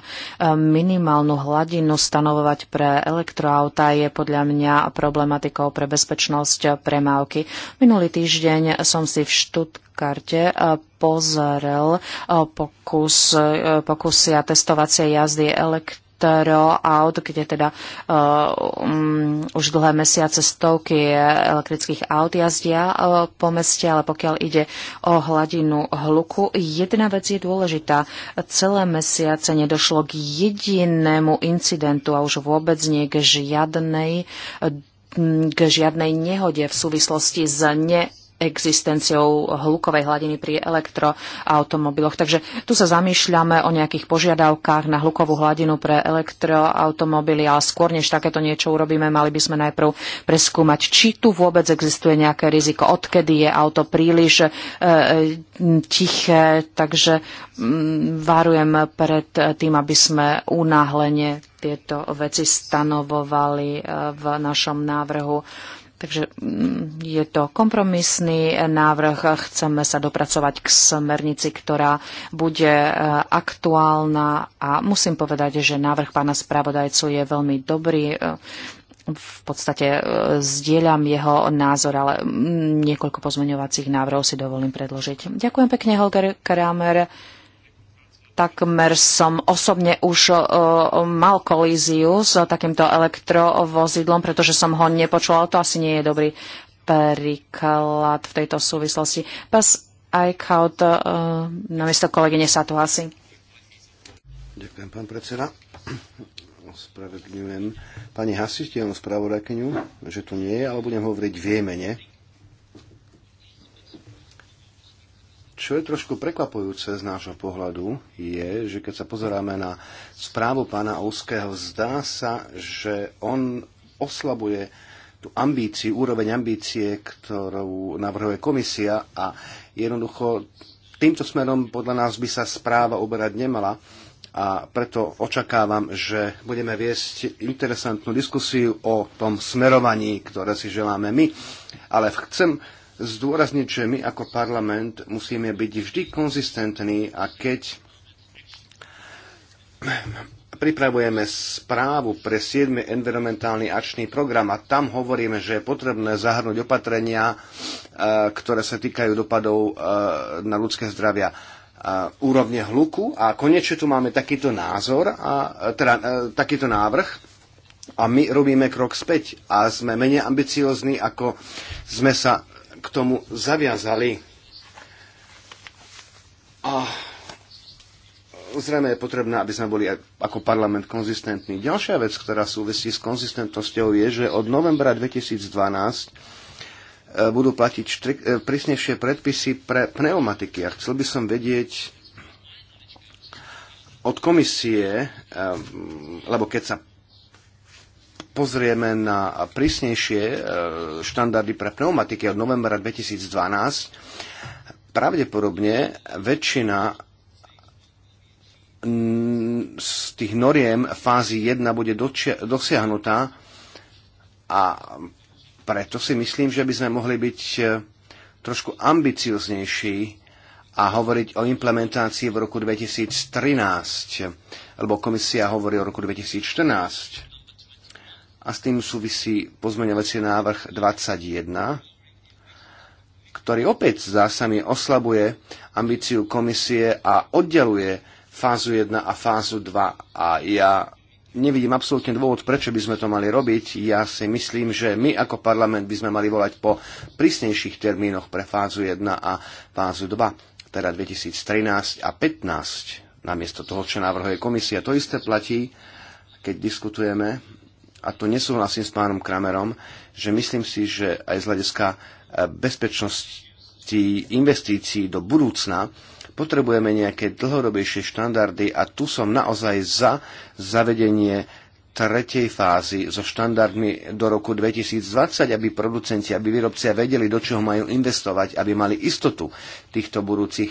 minimálnu hladinu stanovovať pre elektroauta je podľa mňa problematikou pre bezpečnosť premávky. Minulý týždeň som si v Štutke karte pozrel pokus, pokusia testovacie jazdy elektronické elektro aut, kde teda uh, um, už dlhé mesiace stovky elektrických aut jazdia uh, po meste, ale pokiaľ ide o hladinu hluku, jedna vec je dôležitá. Celé mesiace nedošlo k jedinému incidentu a už vôbec nie k žiadnej k žiadnej nehode v súvislosti s ne existenciou hlukovej hladiny pri elektroautomobiloch. Takže tu sa zamýšľame o nejakých požiadavkách na hlukovú hladinu pre elektroautomobily, ale skôr než takéto niečo urobíme, mali by sme najprv preskúmať, či tu vôbec existuje nejaké riziko, odkedy je auto príliš e, tiché, takže mm, varujem pred tým, aby sme unáhlenie tieto veci stanovovali e, v našom návrhu Takže mm, je to kompromisný návrh. Chceme sa dopracovať k smernici, ktorá bude e, aktuálna a musím povedať, že návrh pána spravodajcu je veľmi dobrý e, v podstate e, zdieľam jeho názor, ale mm, niekoľko pozmeňovacích návrhov si dovolím predložiť. Ďakujem pekne, Holger Kramer takmer som osobne už e, mal kolíziu s takýmto elektrovozidlom, pretože som ho nepočula. To asi nie je dobrý príklad v tejto súvislosti. Pas Eichhout e, namiesto kolegyne sa tu hlasí. Ďakujem, pán predseda. Ospravedlňujem pani hasiteľnú spravodajkyňu, že tu nie je, ale budem hovoriť v jej mene. Čo je trošku prekvapujúce z nášho pohľadu, je, že keď sa pozeráme na správu pána Ouského, zdá sa, že on oslabuje tú ambíciu, úroveň ambície, ktorú navrhuje komisia a jednoducho týmto smerom podľa nás by sa správa uberať nemala a preto očakávam, že budeme viesť interesantnú diskusiu o tom smerovaní, ktoré si želáme my. Ale chcem zdôrazniť, že my ako parlament musíme byť vždy konzistentní a keď pripravujeme správu pre 7. environmentálny akčný program a tam hovoríme, že je potrebné zahrnúť opatrenia, e, ktoré sa týkajú dopadov e, na ľudské zdravia e, úrovne hluku a konečne tu máme takýto názor, a, teda, takýto návrh a my robíme krok späť a sme menej ambiciozní, ako sme sa k tomu zaviazali. A zrejme je potrebné, aby sme boli ako parlament konzistentní. Ďalšia vec, ktorá súvisí s konzistentnosťou, je, že od novembra 2012 e, budú platiť e, prísnejšie predpisy pre pneumatiky. A chcel by som vedieť od komisie, e, lebo keď sa pozrieme na prísnejšie e, štandardy pre pneumatiky od novembra 2012, pravdepodobne väčšina mm, z tých noriem fázy 1 bude dosiahnutá a preto si myslím, že by sme mohli byť e, trošku ambicioznejší a hovoriť o implementácii v roku 2013, lebo komisia hovorí o roku 2014 a s tým súvisí pozmeňovací návrh 21, ktorý opäť zdá sa mi oslabuje ambíciu komisie a oddeluje fázu 1 a fázu 2. A ja nevidím absolútne dôvod, prečo by sme to mali robiť. Ja si myslím, že my ako parlament by sme mali volať po prísnejších termínoch pre fázu 1 a fázu 2, teda 2013 a 15, namiesto toho, čo návrhuje komisia. To isté platí, keď diskutujeme a tu nesúhlasím s pánom Kramerom, že myslím si, že aj z hľadiska e, bezpečnosti investícií do budúcna potrebujeme nejaké dlhodobejšie štandardy a tu som naozaj za zavedenie tretej fázy so štandardmi do roku 2020, aby producenti, aby výrobcia vedeli, do čoho majú investovať, aby mali istotu týchto budúcich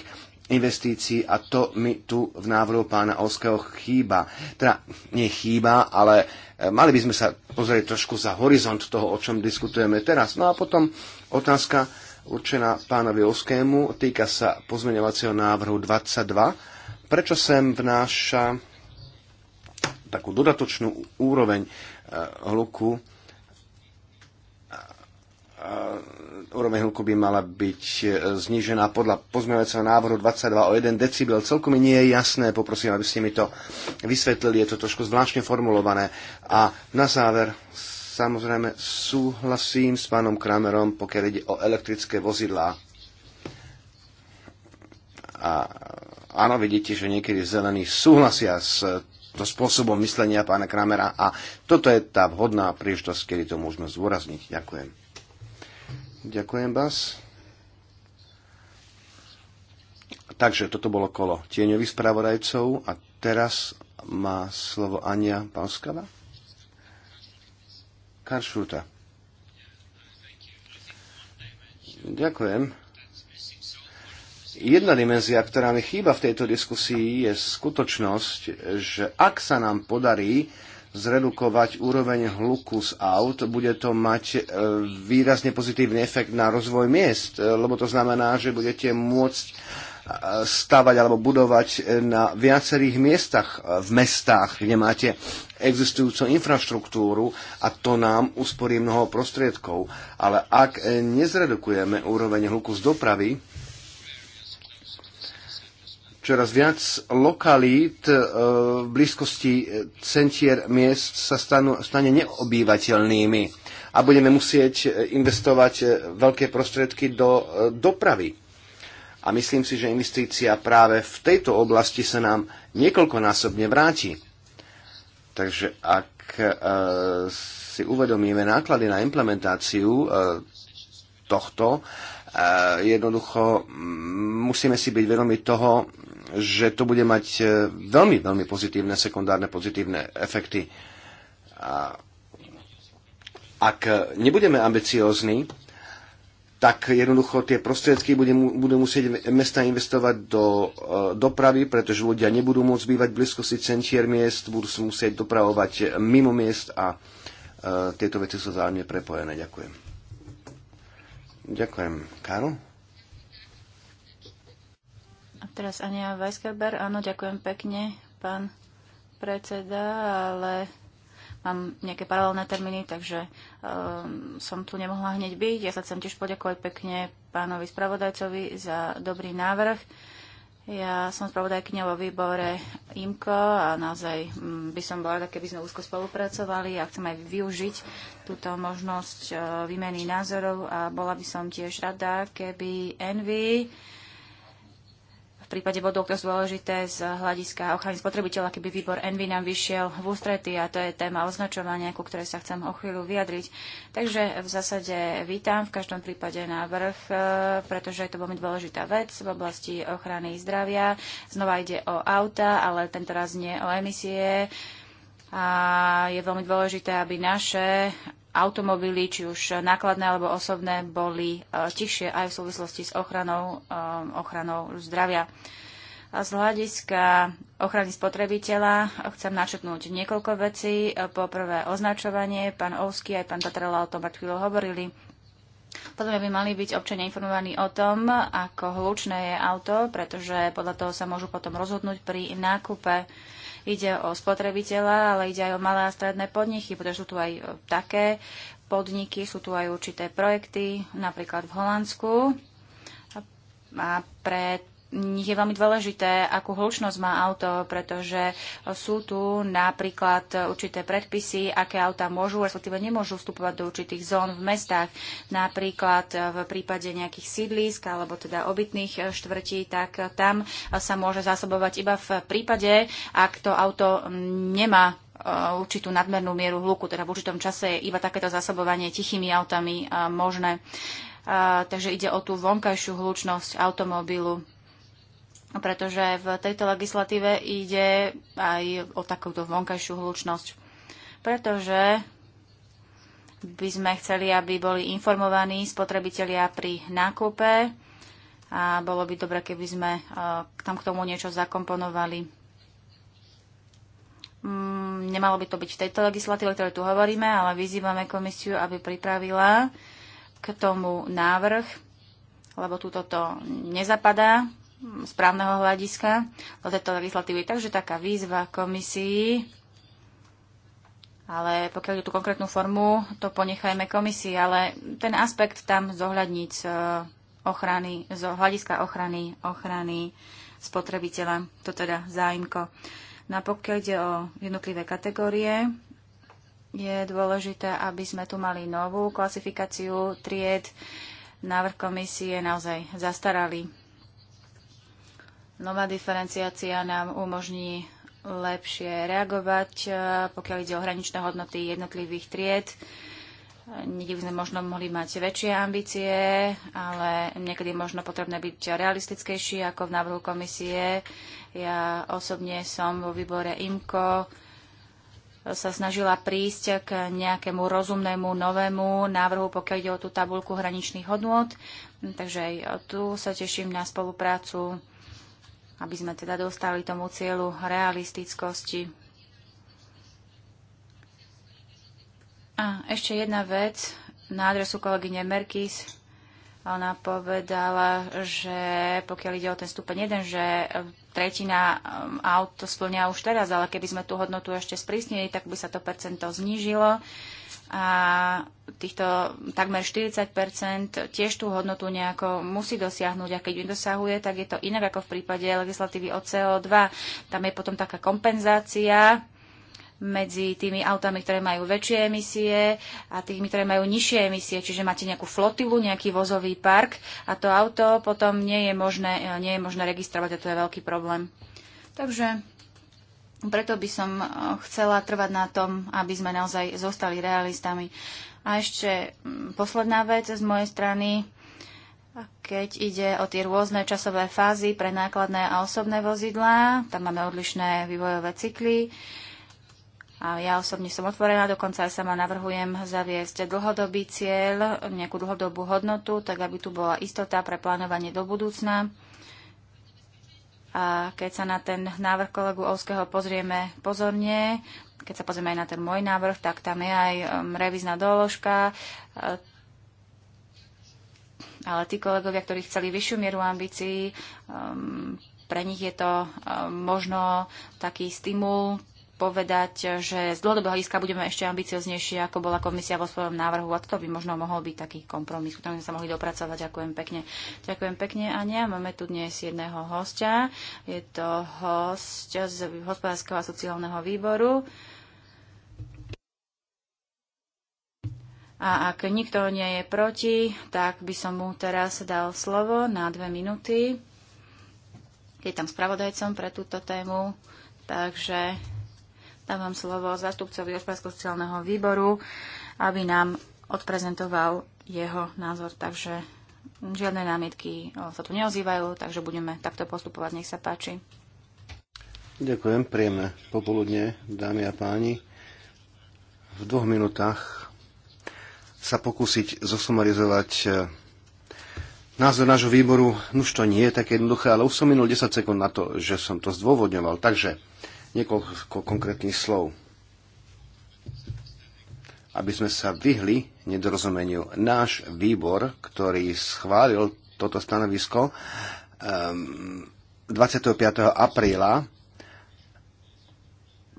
investícií a to mi tu v návrhu pána Olského chýba. Teda nie chýba, ale E, mali by sme sa pozrieť trošku za horizont toho, o čom diskutujeme teraz. No a potom otázka určená pánovi Oskému, týka sa pozmeňovacieho návrhu 22. Prečo sem vnáša takú dodatočnú úroveň e, hluku e, úroveň hluku by mala byť e, znížená podľa pozmeňovacieho návrhu 22 o 1 decibel. Celkom mi nie je jasné, poprosím, aby ste mi to vysvetlili, je to trošku zvláštne formulované. A na záver, samozrejme, súhlasím s pánom Kramerom, pokiaľ ide o elektrické vozidlá. A áno, vidíte, že niekedy zelení súhlasia s to spôsobom myslenia pána Kramera a toto je tá vhodná príležitosť, kedy to môžeme zdôrazniť. Ďakujem. Ďakujem, Bas. Takže toto bolo kolo tieňových spravodajcov a teraz má slovo Ania Panskava. Karšulta. Ďakujem. Jedna dimenzia, ktorá mi chýba v tejto diskusii, je skutočnosť, že ak sa nám podarí zredukovať úroveň hluku z aut, bude to mať e, výrazne pozitívny efekt na rozvoj miest, e, lebo to znamená, že budete môcť e, stavať alebo budovať na viacerých miestach v mestách, kde máte existujúcu infraštruktúru a to nám usporí mnoho prostriedkov. Ale ak nezredukujeme úroveň hluku z dopravy, Čoraz viac lokalít e, v blízkosti e, centier miest sa stanú, stane neobývateľnými a budeme musieť e, investovať veľké prostriedky do dopravy. A myslím si, že investícia práve v tejto oblasti sa nám niekoľkonásobne vráti. Takže ak si uvedomíme náklady na implementáciu tohto, jednoducho musíme si byť vedomi toho, že to bude mať e, veľmi, veľmi pozitívne, sekundárne pozitívne efekty. A ak nebudeme ambiciózni, tak jednoducho tie prostriedky budú musieť mesta investovať do e, dopravy, pretože ľudia nebudú môcť bývať blízko si centier miest, budú sa musieť dopravovať mimo miest a e, tieto veci sú zájemne prepojené. Ďakujem. Ďakujem. Karol? Teraz Ania Weisgerber. Áno, ďakujem pekne, pán predseda, ale mám nejaké paralelné termíny, takže um, som tu nemohla hneď byť. Ja sa chcem tiež poďakovať pekne pánovi spravodajcovi za dobrý návrh. Ja som spravodajkyňa vo výbore IMKO a naozaj mm, by som bola rada, keby sme úzko spolupracovali a chcem aj využiť túto možnosť e, výmeny názorov a bola by som tiež rada, keby Envy v prípade bodov, ktoré sú dôležité z hľadiska ochrany spotrebiteľa, keby výbor Envy nám vyšiel v ústrety a to je téma označovania, ku ktorej sa chcem o chvíľu vyjadriť. Takže v zásade vítam v každom prípade návrh, e, pretože je to veľmi dôležitá vec v oblasti ochrany zdravia. Znova ide o auta, ale tento raz nie o emisie. A je veľmi dôležité, aby naše automobily, či už nákladné alebo osobné, boli e, tichšie aj v súvislosti s ochranou, e, ochranou zdravia. A z hľadiska ochrany spotrebiteľa chcem načetnúť niekoľko vecí. E, poprvé označovanie, pán Ovský aj pán Tatrela o tom pred chvíľou hovorili. Podľa mňa by mali byť občania informovaní o tom, ako hlučné je auto, pretože podľa toho sa môžu potom rozhodnúť pri nákupe Ide o spotrebiteľa, ale ide aj o malé a stredné podniky, pretože sú tu aj e, také podniky, sú tu aj určité projekty, napríklad v Holandsku. A pre je veľmi dôležité, akú hlučnosť má auto, pretože sú tu napríklad určité predpisy, aké auta môžu, respektíve nemôžu vstupovať do určitých zón v mestách. Napríklad v prípade nejakých sídlisk alebo teda obytných štvrtí, tak tam sa môže zásobovať iba v prípade, ak to auto nemá e, určitú nadmernú mieru hluku, teda v určitom čase je iba takéto zásobovanie tichými autami e, možné. E, takže ide o tú vonkajšiu hlučnosť automobilu pretože v tejto legislatíve ide aj o takúto vonkajšiu hlučnosť. Pretože by sme chceli, aby boli informovaní spotrebitelia pri nákupe a bolo by dobre, keby sme e, tam k tomu niečo zakomponovali. Mm, nemalo by to byť v tejto legislatíve, o ktorej tu hovoríme, ale vyzývame komisiu, aby pripravila k tomu návrh, lebo túto to nezapadá správneho hľadiska do tejto legislatívy. Takže taká výzva komisii, ale pokiaľ je tú konkrétnu formu, to ponechajme komisii, ale ten aspekt tam zohľadniť z, e, ochrany, z hľadiska ochrany, ochrany spotrebiteľa, to teda zájimko. No a pokiaľ ide o jednotlivé kategórie, je dôležité, aby sme tu mali novú klasifikáciu tried. Návrh komisie naozaj zastarali Nová diferenciácia nám umožní lepšie reagovať, e, pokiaľ ide o hraničné hodnoty jednotlivých tried. Niekde by sme možno mohli mať väčšie ambície, ale niekedy je možno potrebné byť realistickejší ako v návrhu komisie. Ja osobne som vo výbore IMCO sa snažila prísť k nejakému rozumnému novému návrhu, pokiaľ ide o tú tabulku hraničných hodnôt. Takže aj tu sa teším na spoluprácu aby sme teda dostali tomu cieľu realistickosti. A ešte jedna vec na adresu kolegyne Merkis. Ona povedala, že pokiaľ ide o ten stupeň 1, že tretina um, aut to splňa už teraz, ale keby sme tú hodnotu ešte sprísnili, tak by sa to percento znížilo a týchto takmer 40 tiež tú hodnotu nejako musí dosiahnuť a keď ju nedosahuje, tak je to inak ako v prípade legislatívy o CO2. Tam je potom taká kompenzácia medzi tými autami, ktoré majú väčšie emisie a tými, ktoré majú nižšie emisie. Čiže máte nejakú flotilu, nejaký vozový park a to auto potom nie je možné, nie je možné registrovať a to je veľký problém. Takže preto by som eh, chcela trvať na tom, aby sme naozaj zostali realistami. A ešte mm, posledná vec z mojej strany, keď ide o tie rôzne časové fázy pre nákladné a osobné vozidlá, tam máme odlišné vývojové cykly. A ja osobne som otvorená, dokonca aj sama navrhujem zaviesť dlhodobý cieľ, nejakú dlhodobú hodnotu, tak aby tu bola istota pre plánovanie do budúcna. A keď sa na ten návrh kolegu Olského pozrieme pozorne, keď sa pozrieme aj na ten môj návrh, tak tam je aj um, revizná doložka. Eh, ale tí kolegovia, ktorí chceli vyššiu mieru ambícií, um, pre nich je to eh, možno taký stimul povedať, že z dlhodobého hľadiska budeme ešte ambicioznejšie, ako bola komisia vo svojom návrhu a toto by možno mohol byť taký kompromis, ktorý sme sa mohli dopracovať. Ďakujem pekne. Ďakujem pekne, Ania. Máme tu dnes jedného hostia. Je to host z hospodárskeho a sociálneho výboru. A ak nikto nie je proti, tak by som mu teraz dal slovo na dve minúty. Je tam spravodajcom pre túto tému, takže Dávam slovo zástupcovi hospodársko-sociálneho výboru, aby nám odprezentoval jeho názor. Takže žiadne námietky sa tu neozývajú, takže budeme takto postupovať. Nech sa páči. Ďakujem, príjemné popoludne, dámy a páni. V dvoch minútach sa pokúsiť zosumarizovať eh, Názor nášho výboru, nuž to nie je také jednoduché, ale už som minul 10 sekúnd na to, že som to zdôvodňoval. Takže Niekoľko konkrétnych slov. Aby sme sa vyhli nedorozumeniu, náš výbor, ktorý schválil toto stanovisko 25. Ehm, apríla,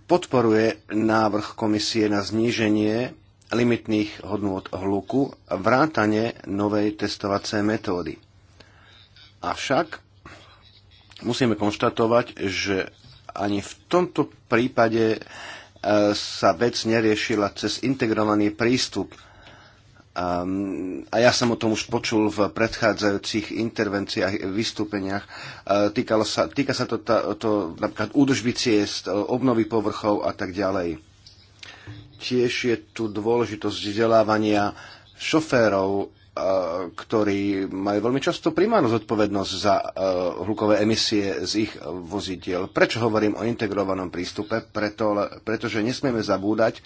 podporuje návrh komisie na zníženie limitných hodnôt hluku vrátane novej testovacej metódy. Avšak musíme konštatovať, že ani v tomto prípade e, sa vec neriešila cez integrovaný prístup. Ehm, a ja som o tom už počul v predchádzajúcich intervenciách, vystúpeniach. E, týkalo sa, týka sa to, to, to napríklad údržby ciest, e, obnovy povrchov a tak ďalej. Tiež je tu dôležitosť vzdelávania šoférov Eh, ktorí majú veľmi často primárnu zodpovednosť za eh, hlukové emisie z ich vozidiel. Prečo hovorím o integrovanom prístupe? Preto, pretože nesmieme zabúdať,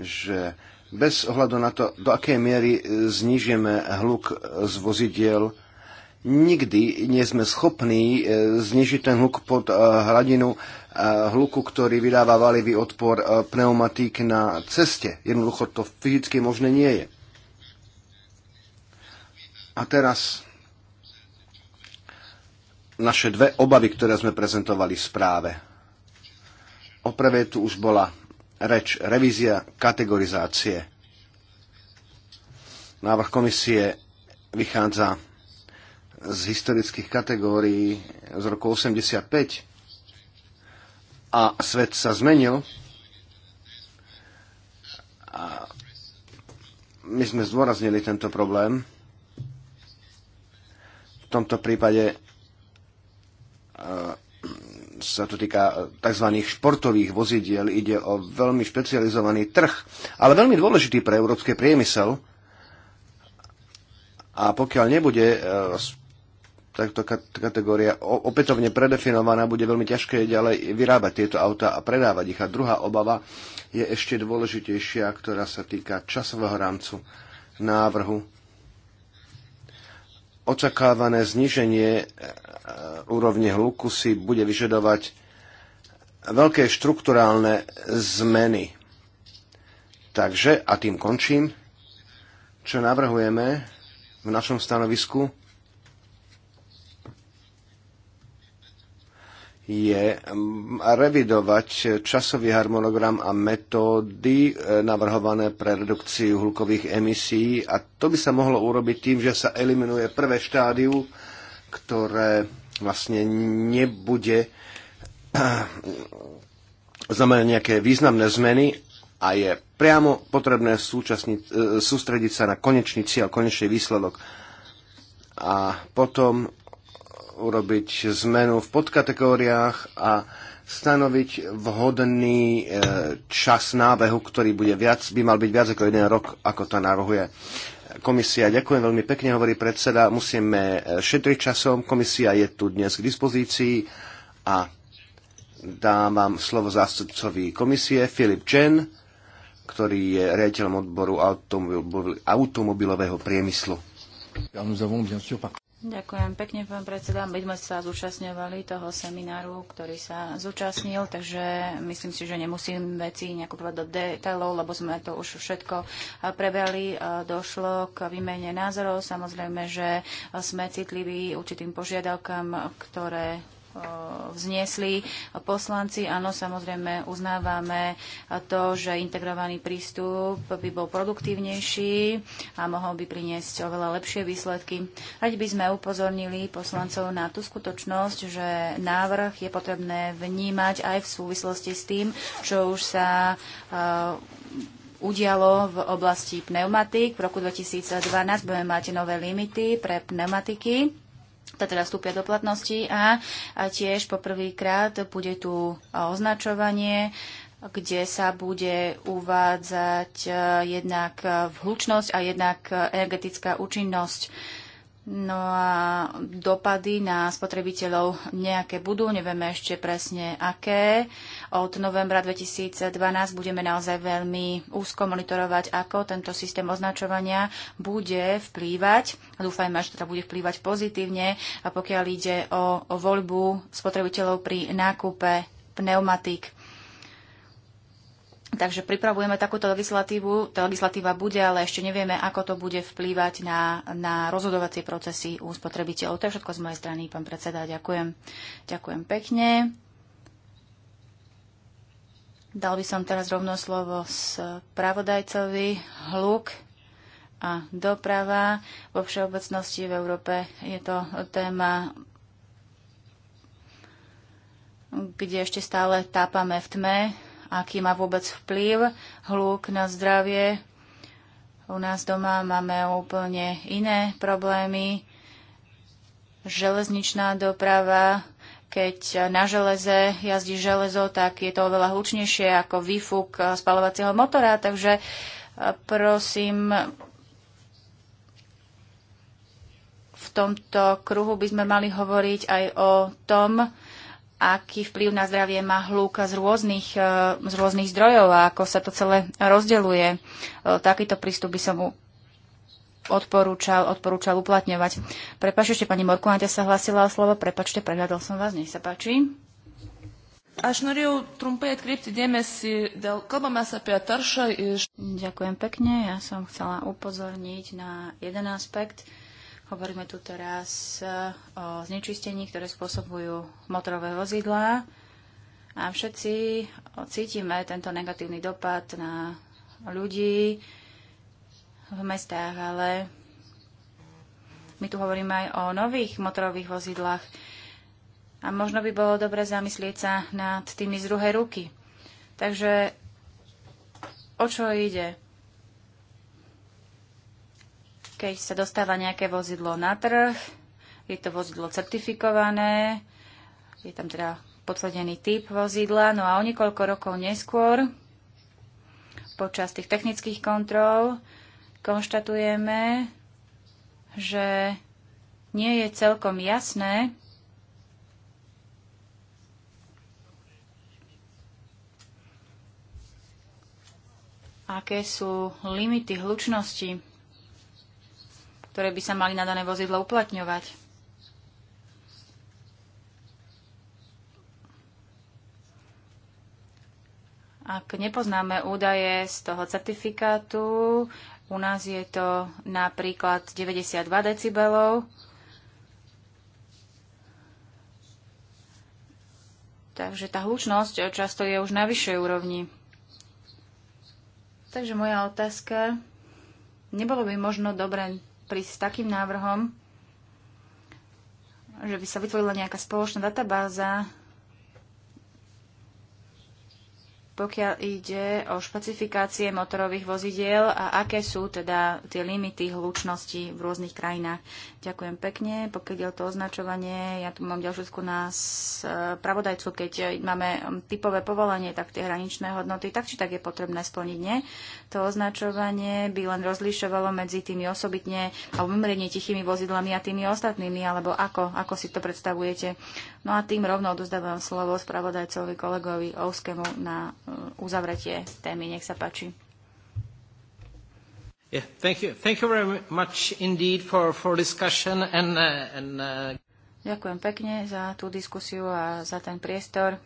že bez ohľadu na to, do akej miery eh, znižíme hluk z vozidiel, nikdy nie sme schopní znižiť ten hluk pod hladinu hluku, ktorý vydáva valivý odpor pneumatík na ceste. Jednoducho to fyzicky možné nie je. A teraz naše dve obavy, ktoré sme prezentovali v správe. O prvé tu už bola reč revízia kategorizácie. Návrh komisie vychádza z historických kategórií z roku 85 a svet sa zmenil. A my sme zdôraznili tento problém tomto prípade e, sa to týka e, tzv. športových vozidiel, ide o veľmi špecializovaný trh, ale veľmi dôležitý pre európsky priemysel. A pokiaľ nebude e, takto kategória opätovne predefinovaná, bude veľmi ťažké ďalej vyrábať tieto auta a predávať ich. A druhá obava je ešte dôležitejšia, ktorá sa týka časového rámcu návrhu očakávané zníženie e, úrovne hluku si bude vyžadovať veľké štrukturálne zmeny. Takže, a tým končím, čo navrhujeme v našom stanovisku, je revidovať časový harmonogram a metódy e, navrhované pre redukciu hlukových emisí a to by sa mohlo urobiť tým, že sa eliminuje prvé štádiu, ktoré vlastne nebude znamená nejaké významné zmeny a je priamo potrebné e, sústrediť sa na konečný cieľ, konečný výsledok. A potom urobiť zmenu v podkategóriách a stanoviť vhodný e, čas nábehu, ktorý bude viac, by mal byť viac ako jeden rok, ako to navrhuje komisia. Ďakujem veľmi pekne, hovorí predseda. Musíme e, šetriť časom. Komisia je tu dnes k dispozícii a dám vám slovo zástupcovi komisie Filip Chen, ktorý je riaditeľom odboru automobil, automobilového priemyslu. Ďakujem pekne, pán predseda. My sme sa zúčastňovali toho semináru, ktorý sa zúčastnil, takže myslím si, že nemusím veci nejako povedať do detailov, lebo sme to už všetko prebrali. Došlo k výmene názorov. Samozrejme, že sme citliví určitým požiadavkám, ktoré Eh, vzniesli poslanci. Áno, samozrejme uznávame to, že integrovaný prístup by bol produktívnejší a mohol by priniesť oveľa lepšie výsledky. Ať by sme upozornili poslancov na tú skutočnosť, že návrh je potrebné vnímať aj v súvislosti s tým, čo už sa eh, udialo v oblasti pneumatík. V roku 2012 budeme mať nové limity pre pneumatiky tá teda vstúpia do platnosti a, a tiež poprvýkrát bude tu označovanie, kde sa bude uvádzať jednak hlučnosť a jednak energetická účinnosť No a dopady na spotrebiteľov nejaké budú, nevieme ešte presne aké. Od novembra 2012 budeme naozaj veľmi úzko monitorovať, ako tento systém označovania bude vplývať. Dúfajme, že teda bude vplývať pozitívne, a pokiaľ ide o, o voľbu spotrebiteľov pri nákupe pneumatík. Takže pripravujeme takúto legislatívu. Tá legislatíva bude, ale ešte nevieme, ako to bude vplývať na, na rozhodovacie procesy u spotrebiteľov. To je všetko z mojej strany, pán predseda. Ďakujem. Ďakujem pekne. Dal by som teraz rovno slovo spravodajcovi. Hluk a doprava. Vo všeobecnosti v Európe je to téma kde ešte stále tápame v tme, aký má vôbec vplyv hluk na zdravie. U nás doma máme úplne iné problémy. Železničná doprava, keď na železe jazdí železo, tak je to oveľa hlučnejšie ako výfuk spalovacieho motora, takže e, prosím, v tomto kruhu by sme mali hovoriť aj o tom, aký vplyv na zdravie má hľúk z rôznych, e, z rôznych zdrojov a ako sa to celé rozdeluje. E, takýto prístup by som mu odporúčal, odporúčal uplatňovať. Prepačte, pani Morkulante sa hlasila o slovo. Prepačte, prehľadol som vás. Nech sa páči. Aš norėjau trumpai atkreipti dėmesį, dėl, kalbame apie taršą iš... Ďakujem pekne, ja som chcela upozorniť na jeden aspekt. Uh, Hovoríme tu teraz e, o znečistení, ktoré spôsobujú motorové vozidlá a všetci e, cítime tento negatívny dopad na ľudí v mestách, ale my tu hovoríme aj o nových motorových vozidlách a možno by bolo dobre zamyslieť sa nad tými z druhej ruky. Takže o čo ide? keď sa dostáva nejaké vozidlo na trh, je to vozidlo certifikované, je tam teda potvrdený typ vozidla, no a o niekoľko rokov neskôr, počas tých technických kontrol, konštatujeme, že nie je celkom jasné, aké sú limity hlučnosti ktoré by sa mali na dané vozidlo uplatňovať. Ak nepoznáme údaje z toho certifikátu, u nás je to napríklad 92 decibelov. Takže tá hlučnosť často je už na vyššej úrovni. Takže moja otázka, nebolo by možno dobre prísť s takým návrhom, že by sa vytvorila nejaká spoločná databáza pokiaľ ide o špecifikácie motorových vozidiel a aké sú teda tie limity hlučnosti v rôznych krajinách. Ďakujem pekne. Pokiaľ ide o to označovanie, ja tu mám ďalšiu na e, pravodajcu, keď máme typové povolenie, tak tie hraničné hodnoty, tak či tak je potrebné splniť, nie? To označovanie by len rozlišovalo medzi tými osobitne alebo mimoriadne tichými vozidlami a tými ostatnými, alebo ako, ako si to predstavujete. No a tým rovno odozdávam slovo spravodajcovi kolegovi Ouskemu na Uh, uzavretie témy. Nech sa páči. Yeah, thank you. Thank you very much indeed for, for discussion and, uh, and uh... Ďakujem pekne za tú diskusiu a za ten priestor.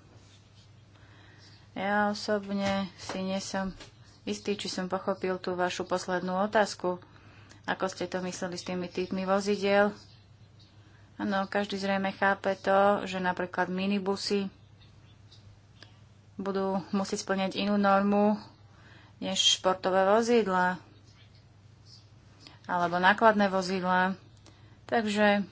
Ja osobne si nesom istý, či som pochopil tú vašu poslednú otázku. Ako ste to mysleli s tými typmi vozidiel? Áno, každý zrejme chápe to, že napríklad minibusy budú musieť splňať inú normu než športové vozidla alebo nákladné vozidla. Takže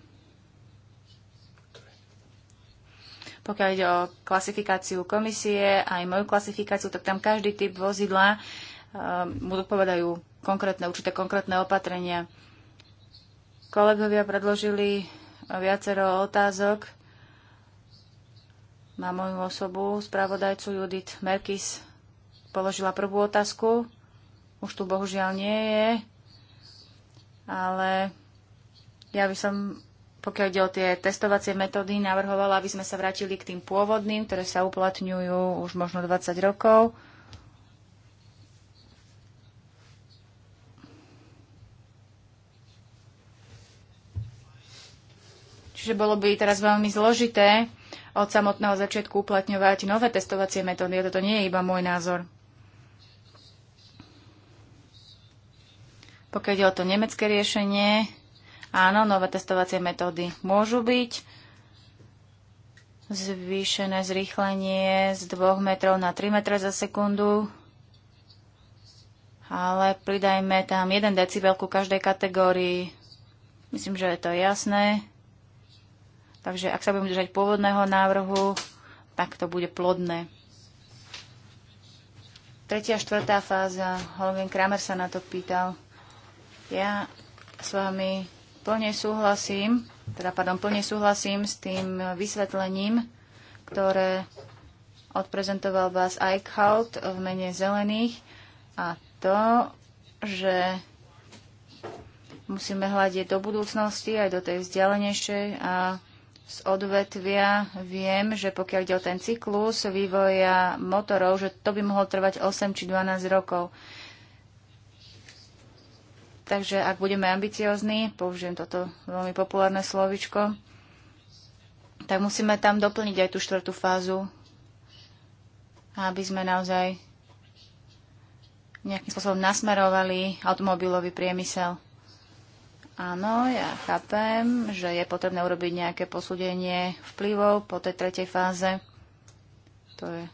pokiaľ ide o klasifikáciu komisie, aj moju klasifikáciu, tak tam každý typ vozidla eh, mu odpovedajú konkrétne, určité konkrétne opatrenia. Kolegovia predložili viacero otázok na moju osobu spravodajcu Judith Merkis položila prvú otázku. Už tu bohužiaľ nie je, ale ja by som, pokiaľ ide o tie testovacie metódy, navrhovala, aby sme sa vrátili k tým pôvodným, ktoré sa uplatňujú už možno 20 rokov. Čiže bolo by teraz veľmi zložité od samotného začiatku uplatňovať nové testovacie metódy. A toto nie je iba môj názor. Pokiaľ je o to nemecké riešenie, áno, nové testovacie metódy môžu byť zvýšené zrýchlenie z 2 metrov na 3 metre za sekundu, ale pridajme tam 1 decibel ku každej kategórii. Myslím, že je to jasné. Takže ak sa budeme držať pôvodného návrhu, tak to bude plodné. Tretia, štvrtá fáza. Holgen Kramer sa na to pýtal. Ja s vami plne súhlasím, teda pardon, plne súhlasím s tým vysvetlením, ktoré odprezentoval vás Eichhout v mene zelených a to, že musíme hľadiť do budúcnosti, aj do tej vzdialenejšej a z odvetvia viem, že pokiaľ ide o ten cyklus vývoja motorov, že to by mohlo trvať 8 či 12 rokov. Takže ak budeme ambiciozni, použijem toto veľmi populárne slovičko, tak musíme tam doplniť aj tú štvrtú fázu, aby sme naozaj nejakým spôsobom nasmerovali automobilový priemysel. Áno, ja chápem, že je potrebné urobiť nejaké posúdenie vplyvov po tej tretej fáze. To je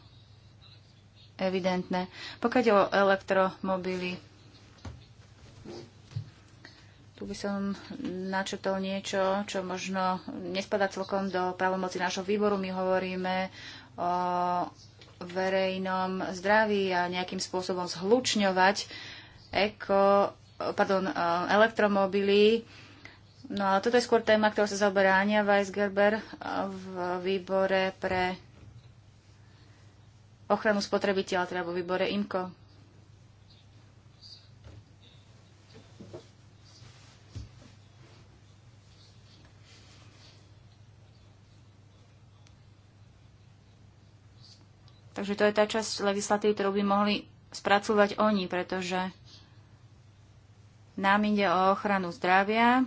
evidentné. Pokiaľ o elektromobily, tu by som načetol niečo, čo možno nespadá celkom do právomoci nášho výboru. My hovoríme o verejnom zdraví a nejakým spôsobom zhlučňovať eko pardon, e, elektromobily. No ale toto je skôr téma, ktorou sa zaoberá Ania Weisgerber e, v výbore pre ochranu spotrebiteľa, teda vo výbore IMCO. Takže to je tá časť legislatívy, ktorú by mohli spracovať oni, pretože nám ide o ochranu zdravia.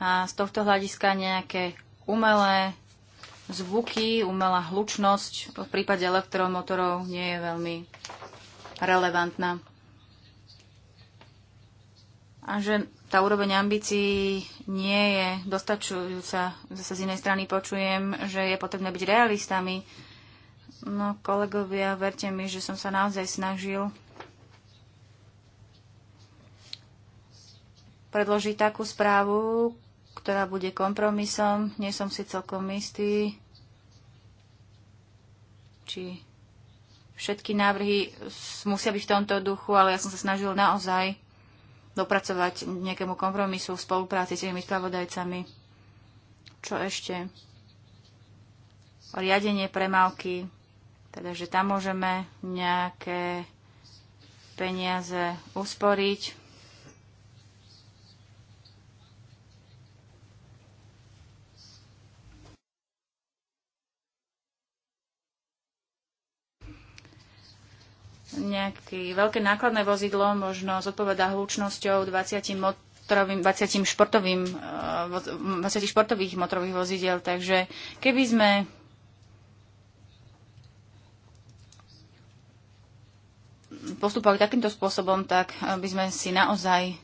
A z tohto hľadiska nejaké umelé zvuky, umelá hlučnosť v prípade elektromotorov nie je veľmi relevantná. A že tá úroveň ambícií nie je dostačujúca. Zase z inej strany počujem, že je potrebné byť realistami, No, kolegovia, verte mi, že som sa naozaj snažil predložiť takú správu, ktorá bude kompromisom. Nie som si celkom istý, či všetky návrhy musia byť v tomto duchu, ale ja som sa snažil naozaj dopracovať nejakému kompromisu v spolupráci s tými spravodajcami. Čo ešte? Riadenie premávky, teda, že tam môžeme nejaké peniaze usporiť. nejaké veľké nákladné vozidlo možno zodpoveda hlučnosťou 20 mot- 20 športovým, 20 eh, športových motorových vozidel. Takže keby sme postupovali takýmto spôsobom, tak eh, by sme si naozaj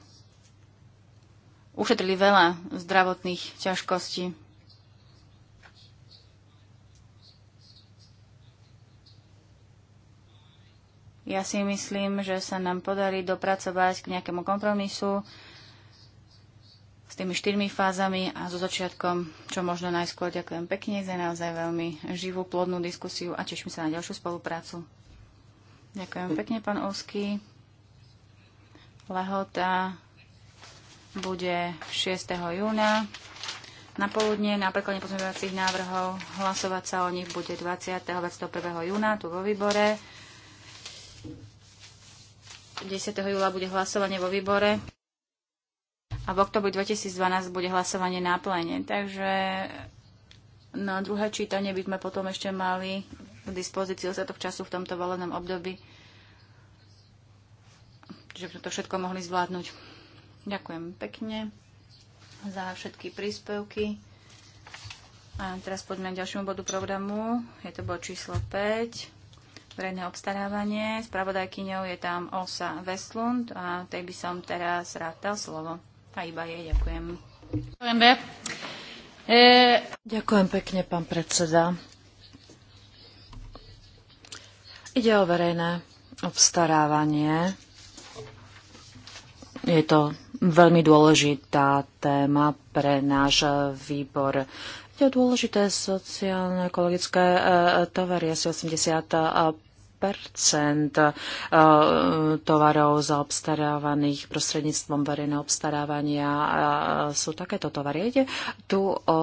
ušetrili veľa zdravotných ťažkostí. Ja si myslím, že sa nám podarí dopracovať k nejakému kompromisu s tými štyrmi fázami a so začiatkom, čo možno najskôr. Ďakujem pekne za naozaj veľmi živú, plodnú diskusiu a teším sa na ďalšiu spoluprácu. Ďakujem pekne, pán Ovský. Lehota bude 6. júna na poludne na preklade pozmeňovacích návrhov. Hlasovať sa o nich bude 20. 21. júna tu vo výbore. 10. júla bude hlasovanie vo výbore a v oktobri 2012 bude hlasovanie na plene. Takže na druhé čítanie by sme potom ešte mali v dispozícii dostatok času v tomto volenom období, že by sme to všetko mohli zvládnuť. Ďakujem pekne za všetky príspevky. A teraz poďme k ďalšiemu bodu programu. Je to bod číslo 5. Verejné obstarávanie. Spravodajkyňou je tam Osa Westlund a tej by som teraz rád dal slovo. A iba jej ďakujem. Ďakujem pekne, pán predseda. Ide o verejné obstarávanie. Je to veľmi dôležitá téma pre náš výbor. Je dôležité sociálne-ekologické eh, eh, tovary, asi 80 eh, Eh, tovarov zaobstarávaných prostredníctvom verejného obstarávania eh, sú takéto tovary. Ide tu o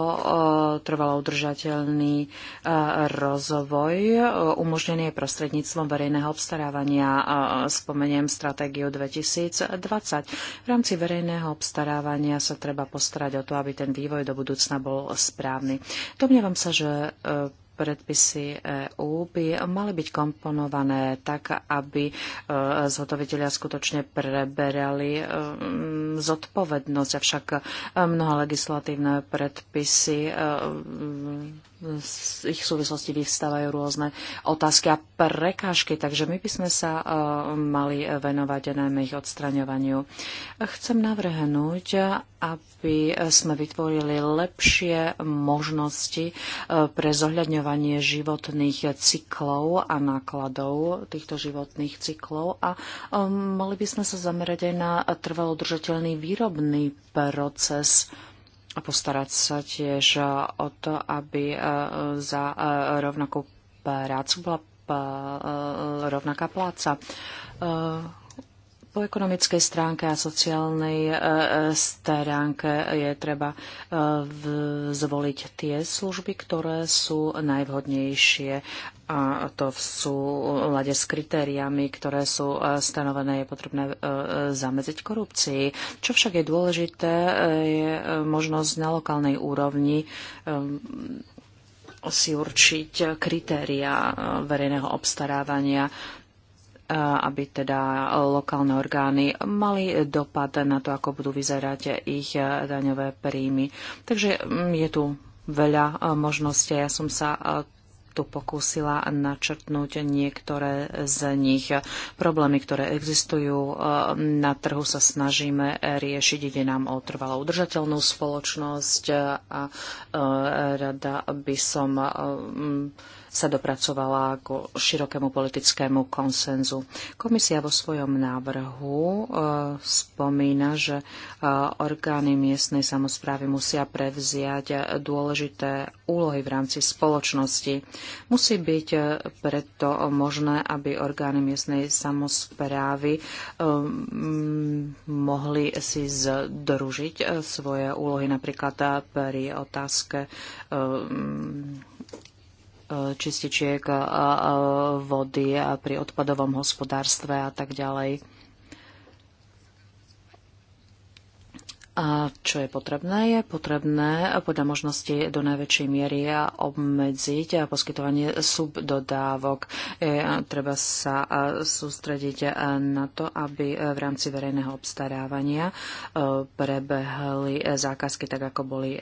trvalo udržateľný eh, rozvoj umožnený prostredníctvom verejného obstarávania. Spomeniem stratégiu 2020. V rámci verejného obstarávania sa treba postarať o to, aby ten vývoj do budúcna bol správny. Domnievam sa, že predpisy EÚ by mali byť komponované tak, aby e, zhotoviteľia skutočne preberali e, zodpovednosť. Avšak e, mnohé legislatívne predpisy z ich súvislosti vyvstávajú rôzne otázky a prekážky, takže my by sme sa e, mali venovať najmä ich odstraňovaniu. Chcem navrhnúť, aby sme vytvorili lepšie možnosti e, pre zohľadňovanie životných cyklov a nákladov týchto životných cyklov a e, mali by sme sa zamerať aj na trvalodržateľný výrobný proces a postarať sa tiež e, o to, aby e, za e, rovnakú prácu bola rovnaká pláca po ekonomickej stránke a sociálnej e, e, stránke je treba e, zvoliť tie služby, ktoré sú najvhodnejšie a to v súlade s kritériami, ktoré sú stanovené, je potrebné zamedziť korupcii. Čo však je dôležité, je možnosť na lokálnej úrovni si určiť kritéria verejného obstarávania aby teda lokálne orgány mali dopad na to, ako budú vyzerať ich e, daňové príjmy. Takže mm, je tu veľa e, možností. Ja som sa e, tu pokúsila načrtnúť niektoré z nich. Problémy, ktoré existujú na trhu, sa snažíme riešiť. Ide nám o trvalú udržateľnú spoločnosť a rada by som sa dopracovala k širokému politickému konsenzu. Komisia vo svojom návrhu e, spomína, že e, orgány miestnej samozprávy musia prevziať e, dôležité úlohy v rámci spoločnosti. Musí byť preto možné, aby orgány miestnej samozprávy mohli si združiť svoje úlohy napríklad pri otázke čističiek vody a pri odpadovom hospodárstve a tak ďalej. A čo je potrebné? Je potrebné podľa možnosti do najväčšej miery obmedziť poskytovanie subdodávok. E, treba sa sústrediť na to, aby v rámci verejného obstarávania e, prebehli zákazky tak, ako boli e,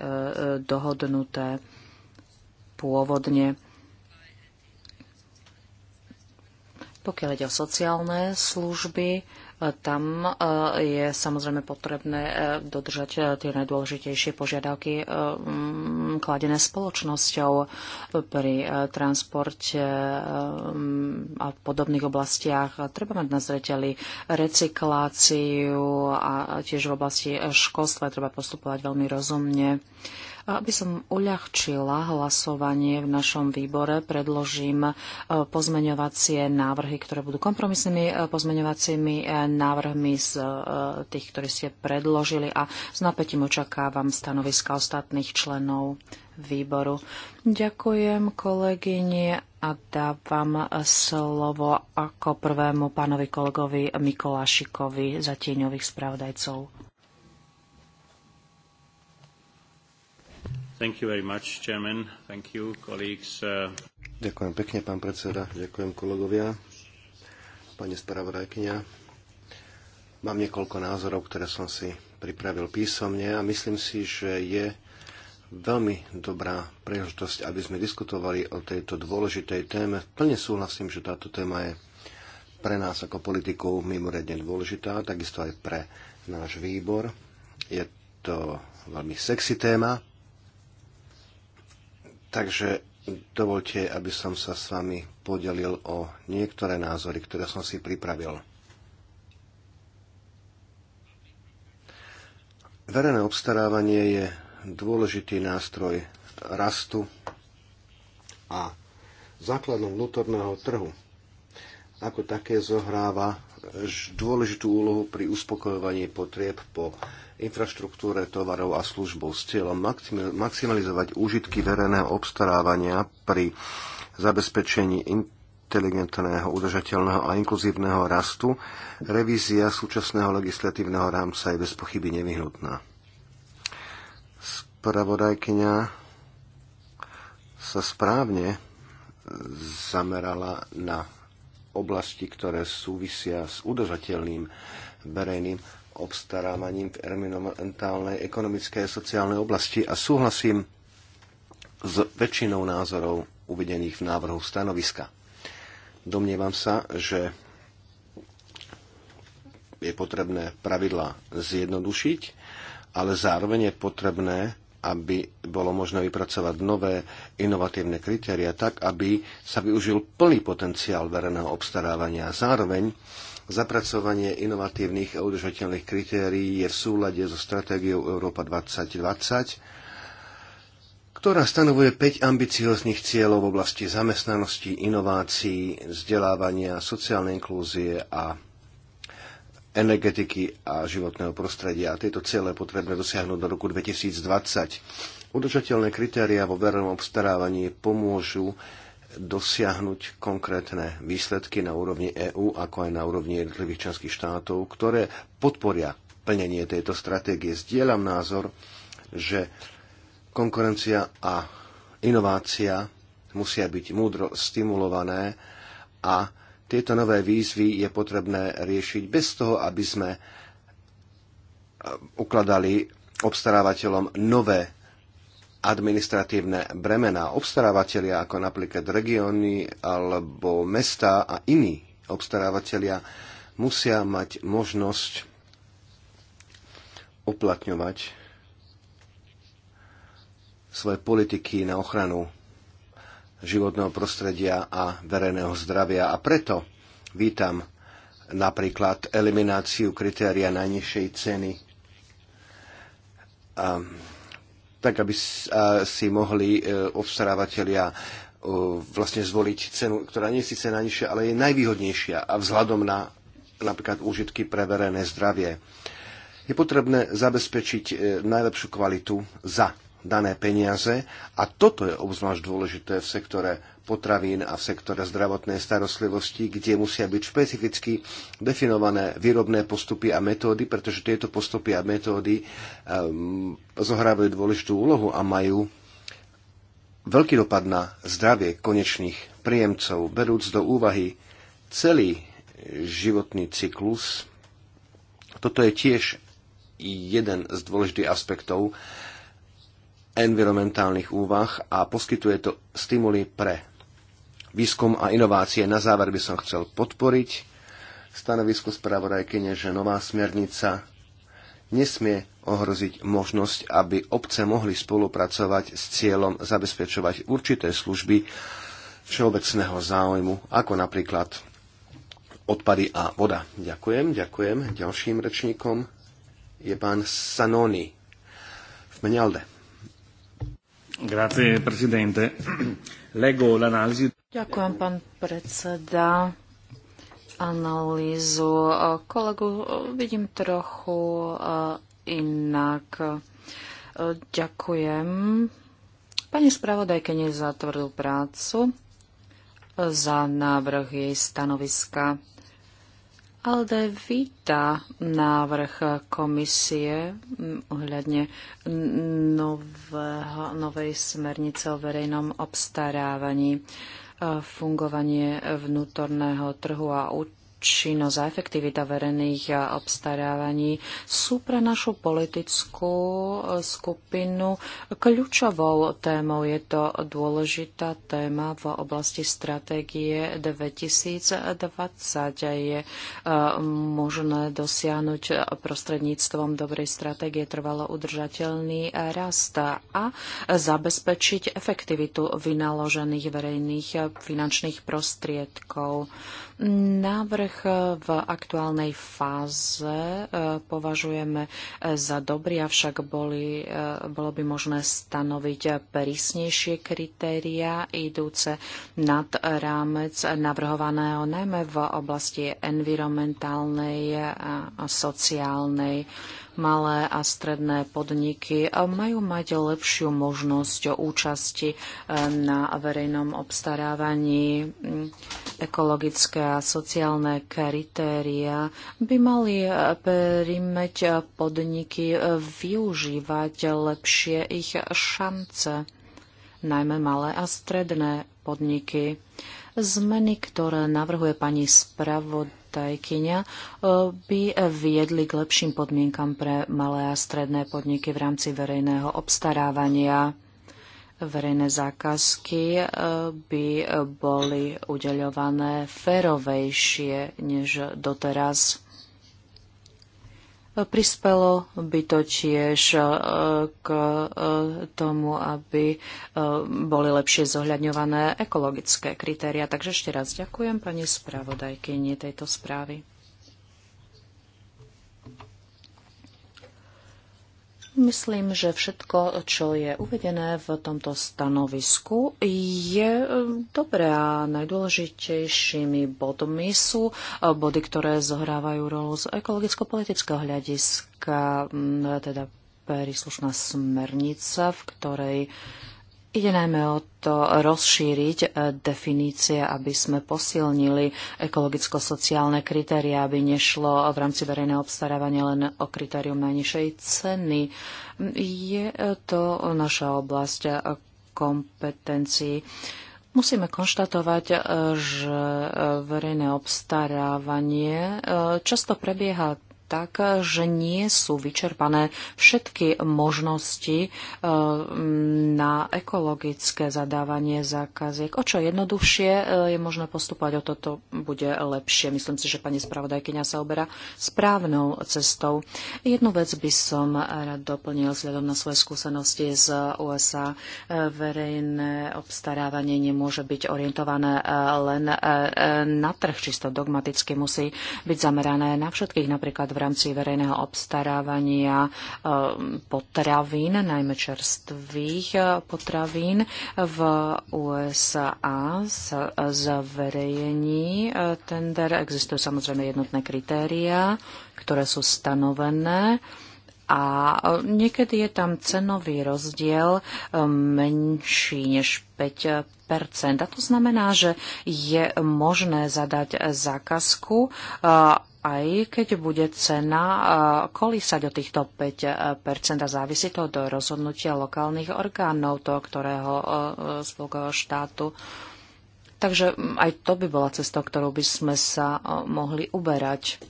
dohodnuté pôvodne Pokiaľ ide o sociálne služby, e, tam e, je samozrejme potrebné e, dodržať tie najdôležitejšie požiadavky kladené spoločnosťou pri transporte a v podobných oblastiach. Treba mať na zreteli recykláciu a tiež v oblasti školstva treba postupovať veľmi rozumne. Aby som uľahčila hlasovanie v našom výbore, predložím e, pozmeňovacie návrhy, ktoré budú kompromisnými e, pozmeňovacími e, návrhmi z tých, ktorí ste predložili a s napätím očakávam stanoviska ostatných členov výboru. Ďakujem kolegyne a dávam slovo ako prvému pánovi kolegovi Mikolášikovi za tieňových spravodajcov. Uh, Ďakujem pekne, pán predseda. Ďakujem kolegovia. Pani spravodajkynia. Mám niekoľko názorov, ktoré som si pripravil písomne a myslím si, že je veľmi dobrá príležitosť, aby sme diskutovali o tejto dôležitej téme. Plne súhlasím, že táto téma je pre nás ako politikov mimoriadne dôležitá, takisto aj pre náš výbor. Je to veľmi sexy téma Takže dovolte, aby som sa s vami podelil o niektoré názory, ktoré som si pripravil. Verejné obstarávanie je dôležitý nástroj rastu a základom vnútorného trhu. Ako také zohráva dôležitú úlohu pri uspokojovaní potrieb po infraštruktúre tovarov a službou s cieľom maximalizovať úžitky verejného obstarávania pri zabezpečení inteligentného, udržateľného a inkluzívneho rastu, revízia súčasného legislatívneho rámca je bez pochyby nevyhnutná. Spravodajkyňa sa správne zamerala na oblasti, ktoré súvisia s udržateľným verejným obstarávaním v environmentálnej, ekonomickej a sociálnej oblasti a súhlasím s väčšinou názorov uvedených v návrhu stanoviska. Domnievam sa, že je potrebné pravidla zjednodušiť, ale zároveň je potrebné aby bolo možné vypracovať nové inovatívne kritéria tak, aby sa využil plný potenciál verejného obstarávania. Zároveň zapracovanie inovatívnych a udržateľných kritérií je v súlade so stratégiou Európa 2020, ktorá stanovuje 5 ambicióznych cieľov v oblasti zamestnanosti, inovácií, vzdelávania, sociálnej inklúzie a energetiky a životného prostredia. A tieto cieľe potrebné dosiahnuť do roku 2020. Udržateľné kritéria vo verejnom obstarávaní pomôžu dosiahnuť konkrétne výsledky na úrovni EÚ, ako aj na úrovni jednotlivých členských štátov, ktoré podporia plnenie tejto stratégie. Zdieľam názor, že konkurencia a inovácia musia byť múdro stimulované a tieto nové výzvy je potrebné riešiť bez toho, aby sme eh, ukladali obstarávateľom nové administratívne bremená. Obstarávateľia ako napríklad regióny alebo mesta a iní obstarávateľia musia mať možnosť uplatňovať svoje politiky na ochranu životného prostredia a verejného zdravia. A preto vítam napríklad elimináciu kritéria najnižšej ceny, a, tak aby si mohli e, obstarávateľia e, vlastne zvoliť cenu, ktorá nie je síce najnižšia, ale je najvýhodnejšia a vzhľadom na napríklad úžitky pre verejné zdravie. Je potrebné zabezpečiť e, najlepšiu kvalitu za dané peniaze a toto je obzvlášť dôležité v sektore potravín a v sektore zdravotnej starostlivosti, kde musia byť špecificky definované výrobné postupy a metódy, pretože tieto postupy a metódy um, zohrávajú dôležitú úlohu a majú veľký dopad na zdravie konečných príjemcov, berúc do úvahy celý životný cyklus. Toto je tiež jeden z dôležitých aspektov, environmentálnych úvah a poskytuje to stimuly pre výskum a inovácie. Na záver by som chcel podporiť stanovisko spravodajkyne, že nová smernica nesmie ohroziť možnosť, aby obce mohli spolupracovať s cieľom zabezpečovať určité služby všeobecného záujmu, ako napríklad odpady a voda. Ďakujem, ďakujem. Ďalším rečníkom je pán Sanoni v Mňalde. Ďakujem, pán predseda. Analýzu eh, kolegu eh, vidím trochu eh, inak. Ďakujem pani spravodajkene za tvrdú prácu, za návrh jej stanoviska. Alde víta návrh komisie mm, ohľadne nového, novej smernice o verejnom obstarávaní e, fungovanie vnútorného trhu a účinnosti činnosť a efektivita verejných obstarávaní sú pre našu politickú e, skupinu kľúčovou témou. Je to dôležitá téma v oblasti stratégie 2020. Je e, možné dosiahnuť prostredníctvom dobrej stratégie trvalo udržateľný rast a zabezpečiť efektivitu vynaložených verejných e, finančných prostriedkov. Návrh Návrh e, v aktuálnej fáze e, považujeme e, za dobrý, avšak boli, bolo by možné stanoviť prísnejšie kritéria idúce nad rámec navrhovaného najmä v oblasti environmentálnej a sociálnej malé a stredné podniky e, majú mať lepšiu možnosť účasti e, na verejnom obstarávaní. Ekologické a sociálne kritéria by mali e, primeť podniky využívať lepšie ich šance, najmä malé a stredné podniky. Zmeny, ktoré navrhuje pani spravodajka, tajkyňa e, by viedli k lepším podmienkam pre malé a stredné podniky v rámci verejného obstarávania. Verejné zákazky e, by boli udeľované férovejšie než doteraz. Prispelo by to tiež e, k e, tomu, aby e, boli lepšie zohľadňované ekologické kritéria. Takže ešte raz ďakujem pani spravodajkyni tejto správy. Myslím, že všetko, čo je uvedené v tomto stanovisku, je e, dobré a najdôležitejšími bodmi sú e, body, ktoré zohrávajú rolu z ekologicko-politického hľadiska, teda príslušná smernica, v ktorej Ide najmä o to rozšíriť e, definície, aby sme posilnili ekologicko-sociálne kritéria, aby nešlo v rámci verejného obstarávania len o kritérium najnižšej ceny. Je e, to naša oblasť e, kompetencií. Musíme konštatovať, že verejné obstarávanie často prebieha tak, že nie sú vyčerpané všetky možnosti e, na ekologické zadávanie zákaziek. O čo jednoduchšie e, je možné postupovať, o toto bude lepšie. Myslím si, že pani spravodajkyňa sa oberá správnou cestou. Jednu vec by som rád doplnil vzhľadom na svoje skúsenosti z USA. E, verejné obstarávanie nemôže byť orientované len na trh čisto dogmaticky. Musí byť zamerané na všetkých, napríklad v rámci verejného obstarávania eh, potravín, najmä čerstvých eh, potravín. V USA sa eh, zverejní tender. Existujú samozrejme jednotné kritéria, ktoré sú stanovené a niekedy je tam cenový rozdiel menší než 5 A to znamená, že je možné zadať zákazku aj keď bude cena kolísať o týchto 5 e, a závisí to od rozhodnutia lokálnych orgánov, toho ktorého e, e, spolkového štátu. Takže aj to by bola cesta, ktorou by sme sa mohli uberať.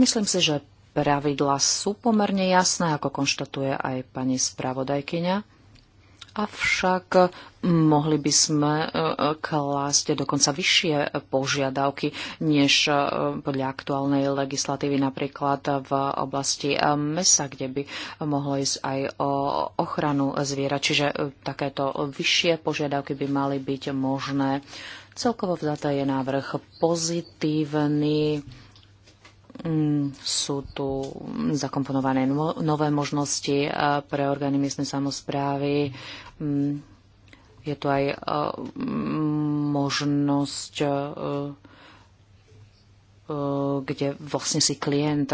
Myslím si, že pravidla sú pomerne jasné, ako konštatuje aj pani spravodajkyňa. Avšak eh, mohli by sme eh, klásť dokonca vyššie požiadavky, než eh, podľa aktuálnej legislatívy napríklad v oblasti mesa, kde by mohlo ísť aj o ochranu zviera. Čiže takéto vyššie požiadavky by mali byť možné. Celkovo vzaté je návrh pozitívny. Mm, sú tu zakomponované nové možnosti eh, pre orgány miestnej samozprávy. Mm, je tu aj eh, možnosť eh, kde vlastne si klient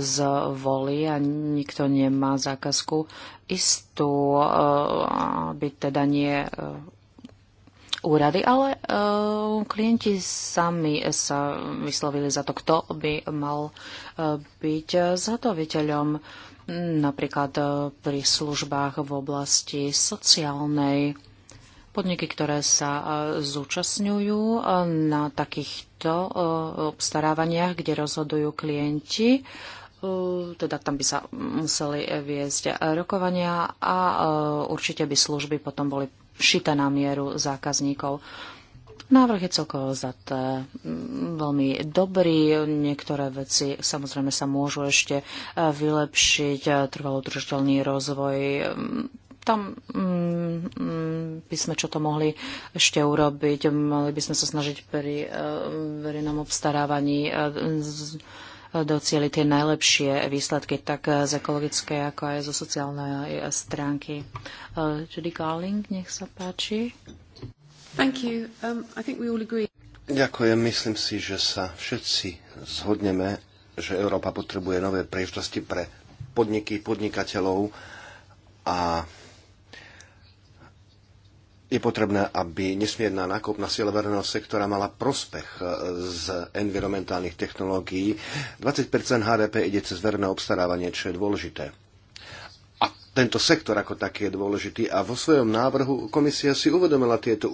zvolí a nikto nemá zákazku istú, aby teda nie úrady, ale eh, klienti sami sa vyslovili za to, kto by mal eh, byť zhotoviteľom napríklad eh, pri službách v oblasti sociálnej. Podniky, ktoré sa zúčastňujú na takýchto obstarávaniach, kde rozhodujú klienti, Eh, teda tam by sa museli viesť rokovania a eh, určite by služby potom boli šité na mieru zákazníkov. Návrh je celkovo zaté eh, veľmi dobrý. Niektoré veci samozrejme sa môžu ešte vylepšiť. Trvalo udržateľný rozvoj tam mm, mm, by sme čo to mohli ešte urobiť. Mali by sme sa snažiť pri verejnom obstarávaní docieli tie najlepšie výsledky, tak z ekologické, ako aj zo sociálnej stránky. Eh, Judy Garling, nech sa páči. Thank you. Um, I think we all agree. Ďakujem. Myslím si, že sa všetci zhodneme, že Európa potrebuje nové príležitosti pre podniky, podnikateľov a je potrebné, aby nesmierna nákupná sila verejného sektora mala prospech e, z environmentálnych technológií. 20 HDP ide cez verejné obstarávanie, čo je dôležité. A tento sektor ako taký je dôležitý a vo svojom návrhu komisia si uvedomila tieto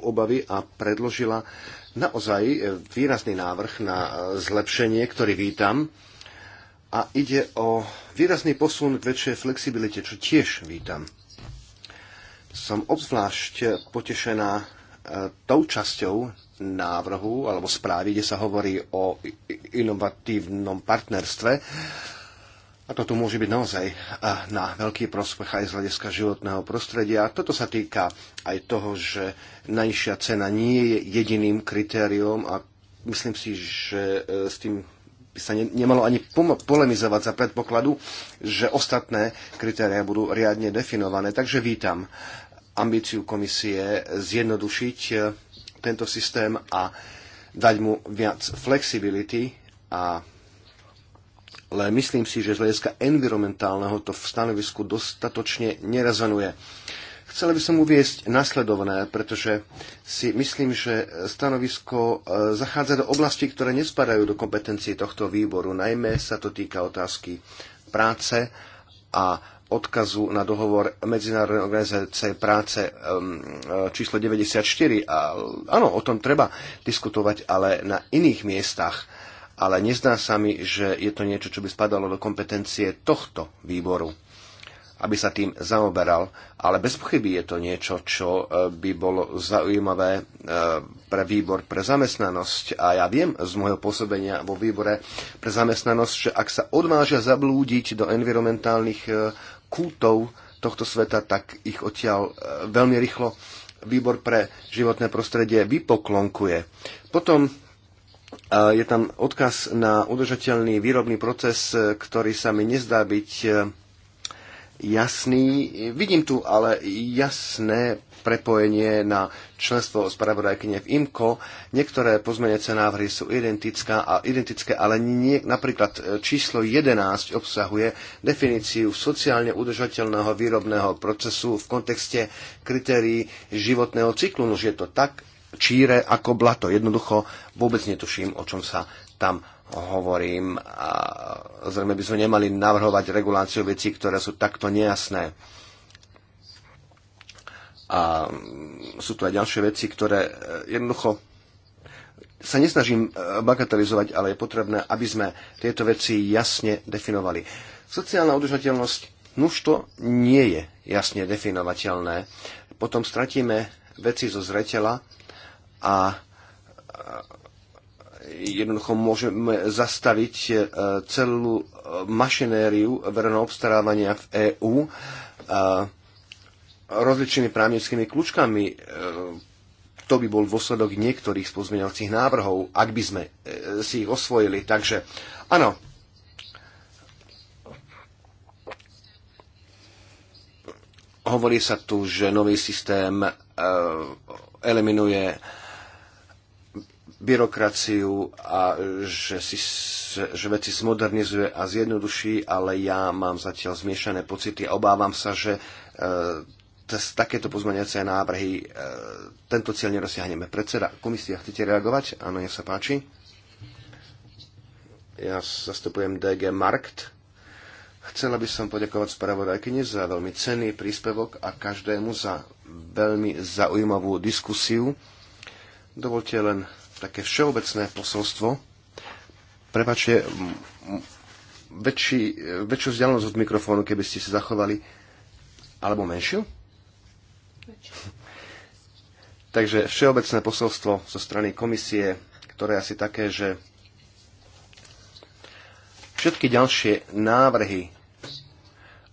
obavy a predložila naozaj e, výrazný návrh na e, zlepšenie, ktorý vítam. A ide o výrazný posun k väčšej flexibilite, čo tiež vítam som obzvlášť potešená e, tou časťou návrhu alebo správy, kde sa hovorí o inovatívnom partnerstve. A toto môže byť naozaj e, na veľký prospech aj z hľadiska životného prostredia. Toto sa týka aj toho, že najnižšia cena nie je jediným kritériom a myslím si, že e, s tým by sa ne, nemalo ani polemizovať za predpokladu, že ostatné kritéria budú riadne definované. Takže vítam ambíciu komisie zjednodušiť e, tento systém a dať mu viac flexibility a ale myslím si, že z hľadiska environmentálneho to v stanovisku dostatočne nerezonuje Chcela by som uviesť nasledovné, pretože si myslím, že stanovisko e, zachádza do oblasti, ktoré nespadajú do kompetencie tohto výboru. Najmä sa to týka otázky práce a odkazu na dohovor Medzinárodnej organizácie práce e, číslo 94. A, áno, o tom treba diskutovať, ale na iných miestach. Ale nezdá sa mi, že je to niečo, čo by spadalo do kompetencie tohto výboru aby sa tým zaoberal, ale bez pochyby je to niečo, čo e, by bolo zaujímavé e, pre výbor pre zamestnanosť. A ja viem z môjho pôsobenia vo výbore pre zamestnanosť, že ak sa odvážia zablúdiť do environmentálnych e, kútov tohto sveta, tak ich odtiaľ veľmi rýchlo výbor pre životné prostredie vypoklonkuje. Potom je tam odkaz na udržateľný výrobný proces, ktorý sa mi nezdá byť jasný. Vidím tu ale jasné prepojenie na členstvo spravodajkyne v IMCO. Niektoré pozmenece návrhy sú identická a identické, ale nie, napríklad e, číslo 11 obsahuje definíciu sociálne udržateľného výrobného procesu v kontexte kritérií životného cyklu. Nož je to tak číre ako blato. Jednoducho vôbec netuším, o čom sa tam hovorím, a zrejme by sme nemali navrhovať reguláciu vecí, ktoré sú takto nejasné. A sú tu aj ďalšie veci, ktoré e, jednoducho sa nesnažím e, bagatelizovať, ale je potrebné, aby sme tieto veci jasne definovali. Sociálna udržateľnosť, nuž to nie je jasne definovateľné. Potom stratíme veci zo zreteľa a e, jednoducho môžeme zastaviť e, celú e, mašinériu verejného obstarávania v EÚ e, rozličnými právnickými kľúčkami. To by bol dôsledok niektorých z pozmeňovacích návrhov, ak by sme si ich osvojili. Takže áno, hovorí sa tu, že nový systém eliminuje byrokraciu a že, si, že veci zmodernizuje a zjednoduší, ale ja mám zatiaľ zmiešané pocity a obávam sa, že e, takéto pozmaniace návrhy e, tento cieľ nerozsiahneme. Predseda komisia, chcete reagovať? Áno, nech sa páči. Ja zastupujem DG Markt. Chcela by som poďakovať spravodajkyni za veľmi cenný príspevok a každému za veľmi zaujímavú diskusiu. Dovolte len také všeobecné posolstvo. Prepačte, väčší, väčšiu vzdialenosť od mikrofónu, keby ste si zachovali, alebo menšiu? Takže všeobecné posolstvo zo strany komisie, ktoré je asi také, že všetky ďalšie návrhy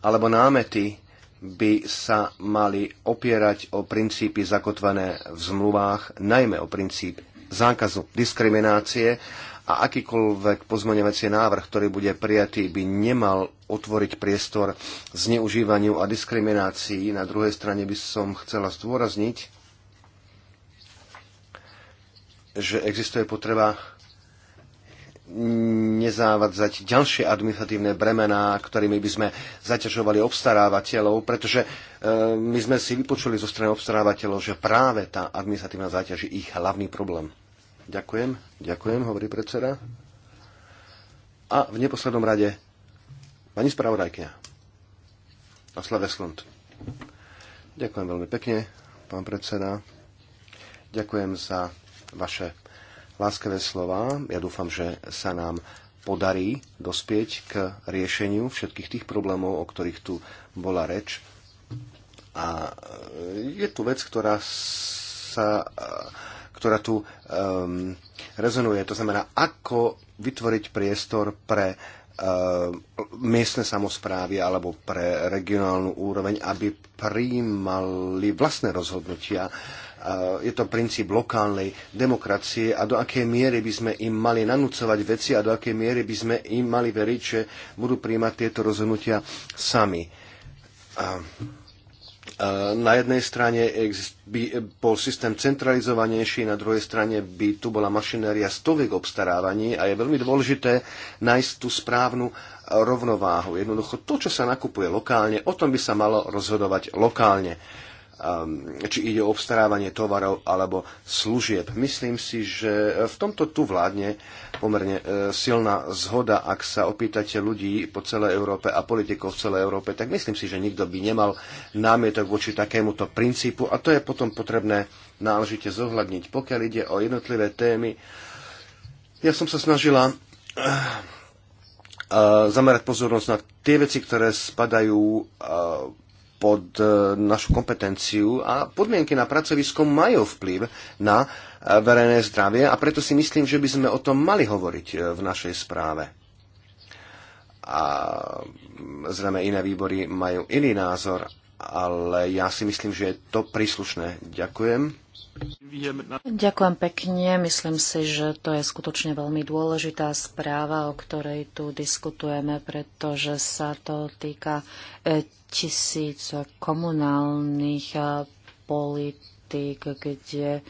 alebo námety by sa mali opierať o princípy zakotvené v zmluvách, najmä o princíp zákazu diskriminácie a akýkoľvek pozmeňovací návrh, ktorý bude prijatý, by nemal otvoriť priestor zneužívaniu a diskriminácii. Na druhej strane by som chcela zdôrazniť, že existuje potreba nezávadzať ďalšie administratívne bremená, ktorými by sme zaťažovali obstarávateľov, pretože e, my sme si vypočuli zo strany obstarávateľov, že práve tá administratívna záťaž je ich hlavný problém. Ďakujem, ďakujem, hovorí predseda. A v neposlednom rade pani spravodajkňa Slave Slund. Ďakujem veľmi pekne, pán predseda. Ďakujem za vaše láskavé slova. Ja dúfam, že sa nám podarí dospieť k riešeniu všetkých tých problémov, o ktorých tu bola reč. A e, je tu vec, ktorá sa e, ktorá tu um, rezonuje. To znamená, ako vytvoriť priestor pre miestne samozprávy alebo pre regionálnu úroveň, aby príjmali vlastné rozhodnutia je to princíp lokálnej demokracie a do akej miery by sme im mali nanúcovať veci a do akej miery by sme im mali veriť, že budú príjmať tieto rozhodnutia sami. A na jednej strane by bol systém centralizovanejší, na druhej strane by tu bola mašinéria stoviek obstarávaní a je veľmi dôležité nájsť tú správnu rovnováhu. Jednoducho to, čo sa nakupuje lokálne, o tom by sa malo rozhodovať lokálne. Um, či ide o obstarávanie tovarov alebo služieb. Myslím si, že v tomto tu vládne pomerne e, silná zhoda, ak sa opýtate ľudí po celej Európe a politikov v celej Európe, tak myslím si, že nikto by nemal námietok voči takémuto princípu a to je potom potrebné náležite zohľadniť. Pokiaľ ide o jednotlivé témy, ja som sa snažila e, e, zamerať pozornosť na tie veci, ktoré spadajú pod e, našu kompetenciu a podmienky na pracovisko majú vplyv na e, verejné zdravie a preto si myslím, že by sme o tom mali hovoriť e, v našej správe. A mm, zrejme iné výbory majú iný názor, ale ja si myslím, že je to príslušné. Ďakujem. Ďakujem pekne. Myslím si, že to je skutočne veľmi dôležitá správa, o ktorej tu diskutujeme, pretože sa to týka e, tisíc komunálnych e, politik politík, kde e,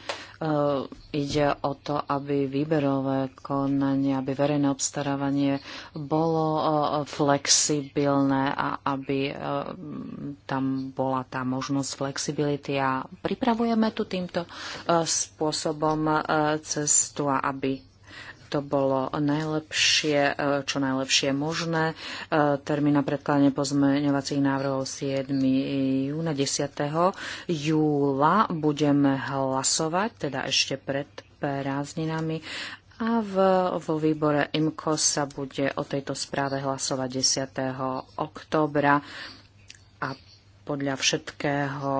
ide o to, aby výberové konanie, aby verejné obstarávanie bolo e, flexibilné a aby e, tam bola tá možnosť flexibility. A pripravujeme tu týmto spôsobom cestu, aby to bolo najlepšie, e, čo najlepšie možné. E, termín na predkladanie pozmeňovacích návrhov 7. júna 10. júla budeme hlasovať, teda ešte pred prázdninami a v, vo výbore IMKO sa bude o tejto správe hlasovať 10. októbra a podľa všetkého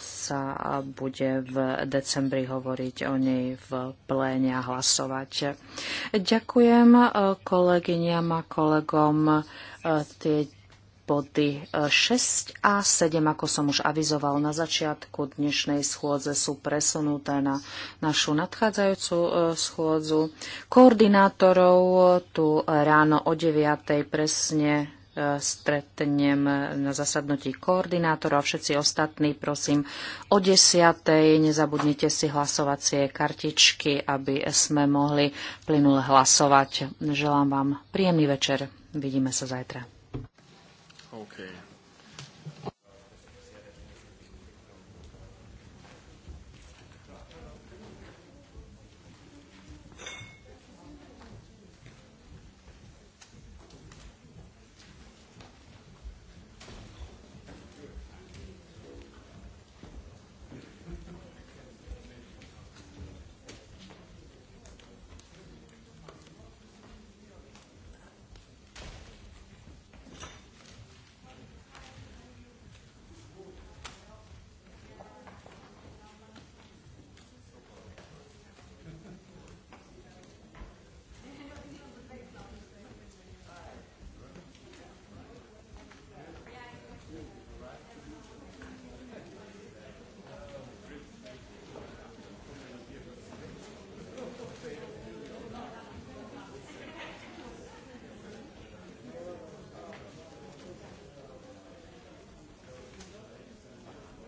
sa bude v decembri hovoriť o nej v pléne a hlasovať. Ďakujem kolegyňam a kolegom. Tie body 6 a 7, ako som už avizoval na začiatku dnešnej schôdze, sú presunuté na našu nadchádzajúcu schôdzu. Koordinátorov tu ráno o 9. presne stretnem na zasadnutí koordinátorov a všetci ostatní, prosím, o desiatej nezabudnite si hlasovacie kartičky, aby sme mohli plynule hlasovať. Želám vám príjemný večer. Vidíme sa zajtra. Okay.